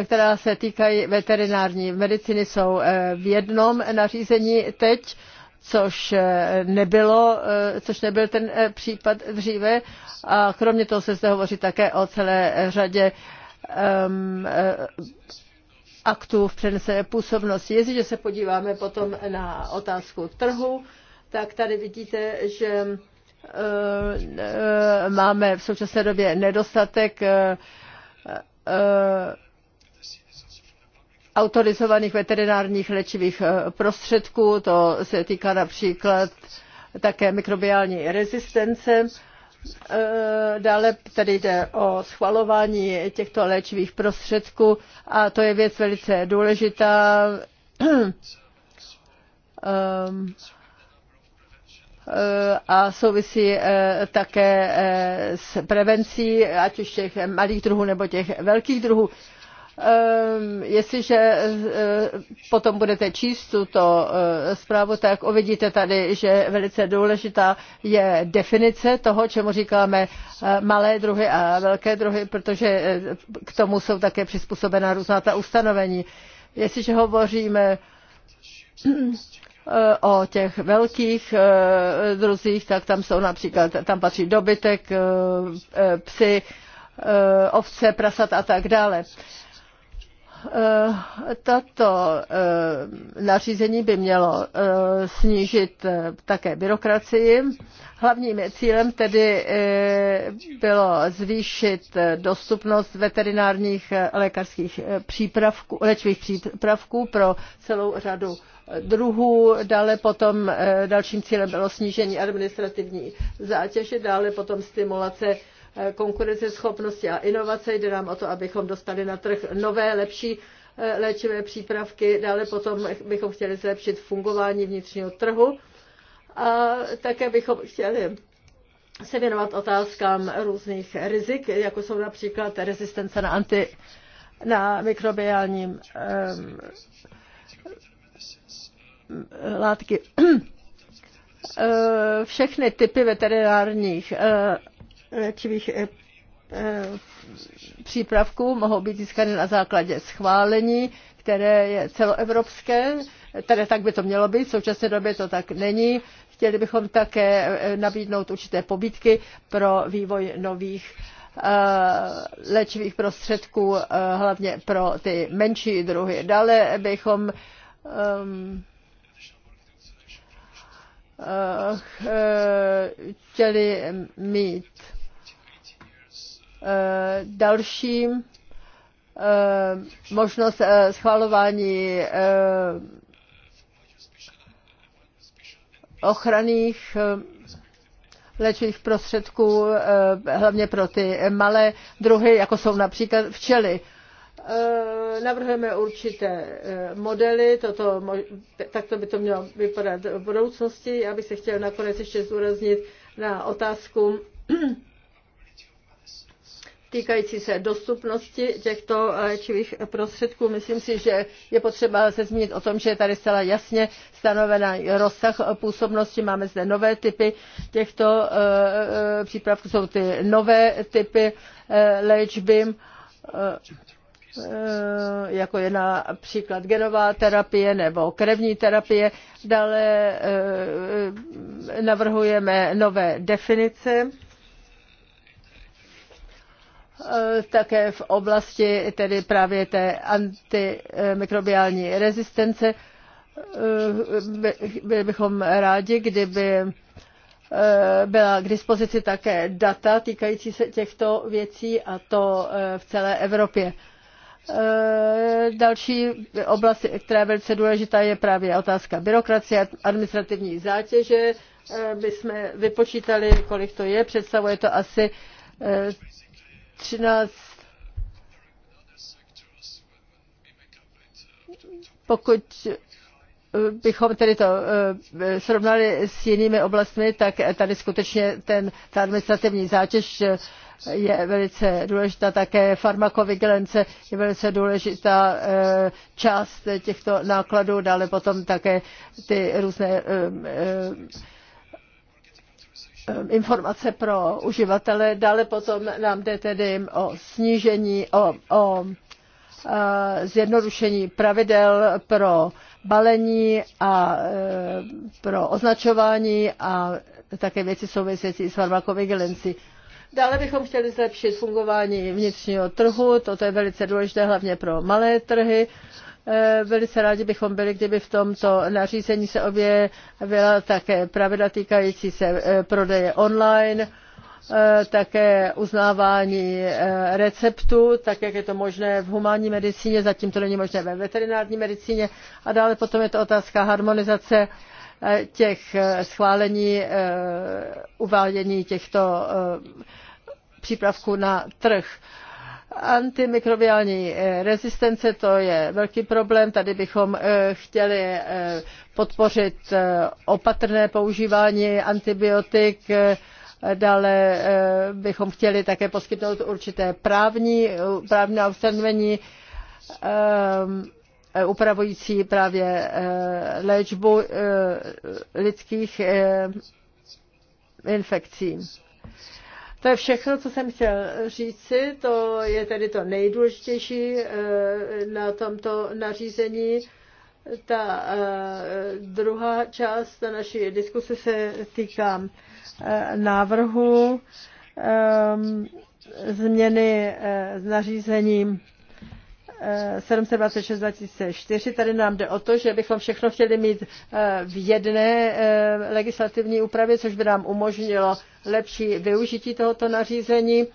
která se týkají veterinární medicíny, jsou v jednom nařízení teď, což, nebylo, což nebyl ten případ dříve. A kromě toho se zde hovoří také o celé řadě um, aktů v přenesené působnosti. Jestliže se podíváme potom na otázku trhu, tak tady vidíte, že eh, eh, máme v současné době nedostatek eh, autorizovaných veterinárních léčivých prostředků. To se týká například také mikrobiální rezistence. Dále tady jde o schvalování těchto léčivých prostředků a to je věc velice důležitá. Um, Eh, a souvisí eh, také eh, s prevencí, ať už těch malých druhů nebo těch velkých druhů. Jestliže potom budete číst tuto zprávu, tak uvidíte tady, že velice důležitá je definice toho, čemu říkáme malé druhy a velké druhy, protože k tomu jsou také přizpůsobená různá ta ustanovení. Jestliže hovoříme o těch velkých eh, druzích, tak tam jsou například, tam patří dobytek, eh, eh, psy, ovce, prasat a tak dále. Tato nařízení by mělo snížit také byrokracii. Hlavním cílem tedy bylo zvýšit dostupnost veterinárních lékařských přípravků, léčivých přípravků pro celou řadu druhů, dále potom eh, dalším cílem bylo snížení administrativní zátěže, dále potom stimulace eh, konkurenceschopnosti a inovace. Jde nám o to, abychom dostali na trh nové, lepší eh, léčivé přípravky. Dále potom bychom chtěli zlepšit fungování vnitřního trhu a také bychom chtěli se věnovat otázkám různých rizik, jako jsou například rezistence na, anti, na mikrobiálním ehm, um, látky. Eh, všechny typy veterinárních eh, léčivých eh, přípravků mohou být získány na základě schválení, které je celoevropské, tedy tak by to mělo být, v současné době to tak není. Chtěli bychom také nabídnout určité pobídky pro vývoj nových léčivých prostředků, hlavně pro ty menší druhy. Dále bychom um, Eh, chtěli mít. uh, možnost schvalování ochranných léčivých prostředků, hlavně pro ty malé druhy, jako jsou například včely. Eh, navrhujeme určité eh, modely, toto, takto by to mělo vypadat v budoucnosti. Já bych se chtěl nakonec ještě zúraznit na otázku týkající se dostupnosti těchto léčivých prostředků. Myslím si, že je potřeba se zmínit o tom, že je tady zcela jasně stanovená rozsah působnosti. Máme zde nové typy těchto eh, přípravků, jsou ty nové typy léčby jako je například genová terapie nebo krevní terapie. Dále eh, navrhujeme nové definice eh, také v oblasti tedy právě té antimikrobiální rezistence. Eh, byli bychom rádi, kdyby byla k dispozici také data týkající se těchto věcí a to v celé Evropě. Eh, další oblast, která je velice důležitá, je právě otázka byrokracie, administrativní zátěže. Eh, my jsme vypočítali, kolik to je, představuje to asi 13 eh, pokud bychom tedy to srovnali s jinými oblastmi, tak tady skutečně ten, ta administrativní zátěž je velice důležitá také farmakovigilence, je velice důležitá eh, část těchto nákladů, dále potom také ty různé eh, eh, informace pro uživatele. Dále potom nám jde tedy o snížení, o, o zjednodušení pravidel pro balení a pro označování a také věci související s farmakovigilencí. Dále bychom chtěli zlepšit fungování vnitřního trhu, toto je velice důležité hlavně pro malé trhy. Eh, velice rádi bychom byli, kdyby v tomto nařízení se objevila také pravidla týkající se eh, prodeje online, eh, také uznávání receptů, tak jak je to možné v humánní medicíně, zatím to není možné ve veterinární medicíně. A dále potom je to otázka harmonizace těch schválení, uvádění těchto přípravků na trh. Antimikrobiální eh, rezistence, to je velký problém. Tady bychom eh, chtěli eh, podpořit opatrné používání antibiotik. Dále bychom chtěli také poskytnout určité právní, právní ustanovení upravující právě léčbu lidských infekcí. To je všechno, co jsem chtěl říci. To je tedy to nejdůležitější eh, na tomto nařízení. Ta eh, druhá část na naší diskuse se týká eh, návrhu ehm, změny nařízením 726 eh, 2004. Tady nám jde o to, že bychom všechno chtěli mít eh, v jedné eh, legislativní úpravě, což by nám umožnilo lepší využití tohoto nařízení.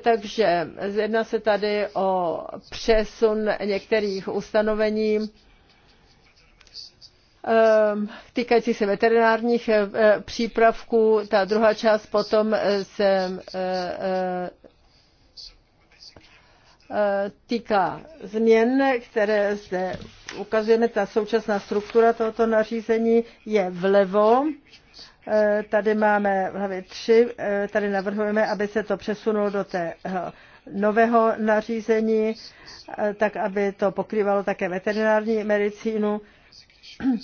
Takže jedná se tady o přesun některých ustanovení ehm, týkající se veterinárních přípravků. Ta druhá část potom se E, týká změn, které zde ukazujeme. Ta současná struktura tohoto nařízení je vlevo. E, tady máme hlavě tři. E, tady navrhujeme, aby se to přesunulo do té nového nařízení, tak aby to pokrývalo také veterinární medicínu.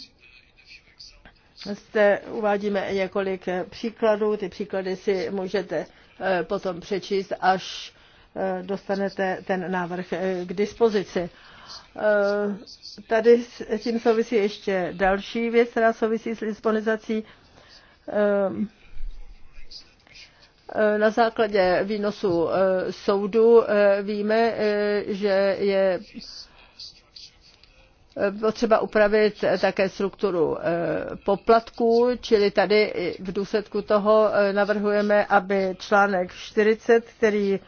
Zde uvádíme několik příkladů, ty příklady si můžete potom přečíst, až Eh, dostanete ten návrh eh, k dispozici. Eh, tady s tím souvisí ještě další věc, která souvisí s lisbonizací. Na základě výnosu soudu víme, že je potřeba upravit také strukturu poplatků, čili tady v důsledku toho navrhujeme, aby článek 40, který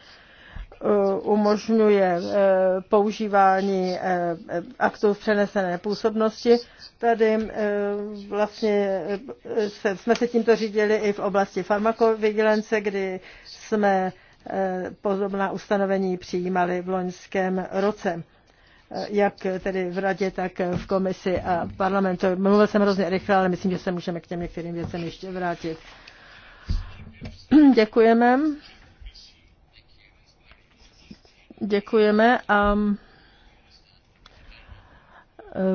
Eh, umožňuje eh, používání eh, aktů v přenesené působnosti. Tady vlastně jsme se tímto řídili i v oblasti farmakovigilance, kdy jsme podobná ustanovení přijímali v loňském roce jak tedy v radě, tak v komisi a parlamentu. Mluvil jsem hrozně rychle, ale myslím, že se můžeme k těm některým věcem ještě vrátit. Děkujeme. Děkujeme a mm,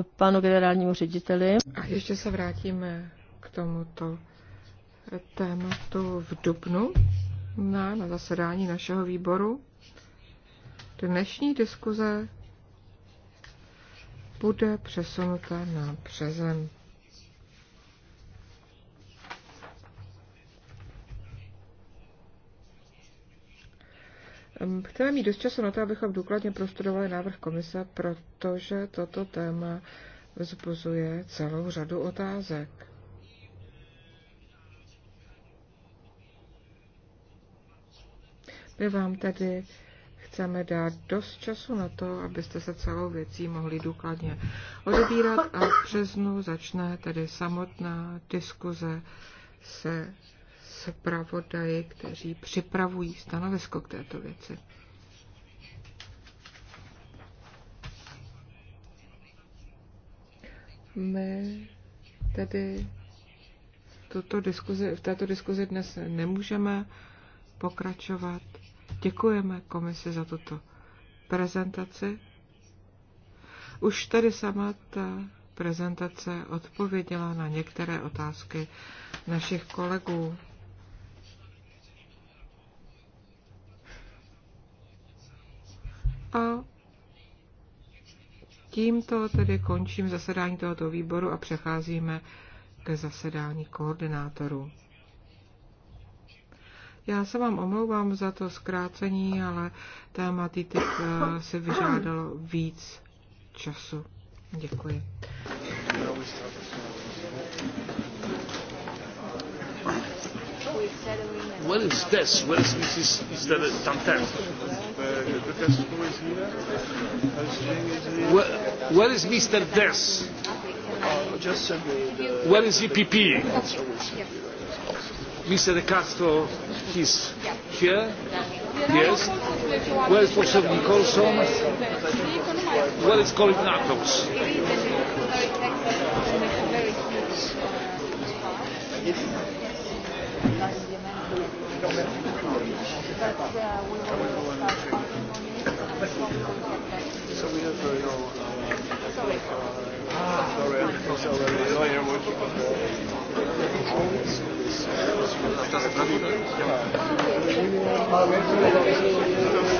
e, panu generálnímu řediteli. A ještě se vrátíme k tomuto tématu v Dubnu na, na zasedání našeho výboru. Dnešní diskuze bude přesunuta na březen. Ehm, chceme mít dost času na to, abychom důkladně prostudovali návrh komise, protože toto téma vzbuzuje celou řadu otázek. My vám tedy chceme dát dost času na to, abyste se celou věcí mohli důkladně odebírat a v březnu začne tedy samotná diskuze se zpravodaji, kteří připravují stanovisko k této věci. My tedy tuto diskuzi, v této diskuzi dnes nemůžeme pokračovat. Děkujeme komisi za tuto prezentaci. Už tady sama ta prezentace odpověděla na některé otázky našich kolegů. A tímto tedy končím zasedání tohoto výboru a přecházíme ke zasedání koordinátorů. Já se vám omlouvám za to zkrácení, ale téma TTIP eh, se vyžádalo víc času. Děkuji. What is this? What is this? Is that a, Where, is Mr. Des? Where is EPP? Mr. De Castro, he's here. Yes. Where is Professor Nicholson? Where is colleague Natos? Thank you. editorial. Uh, sorry. Ah, sorry, I'm sorry. No, you're working for the. Das ist das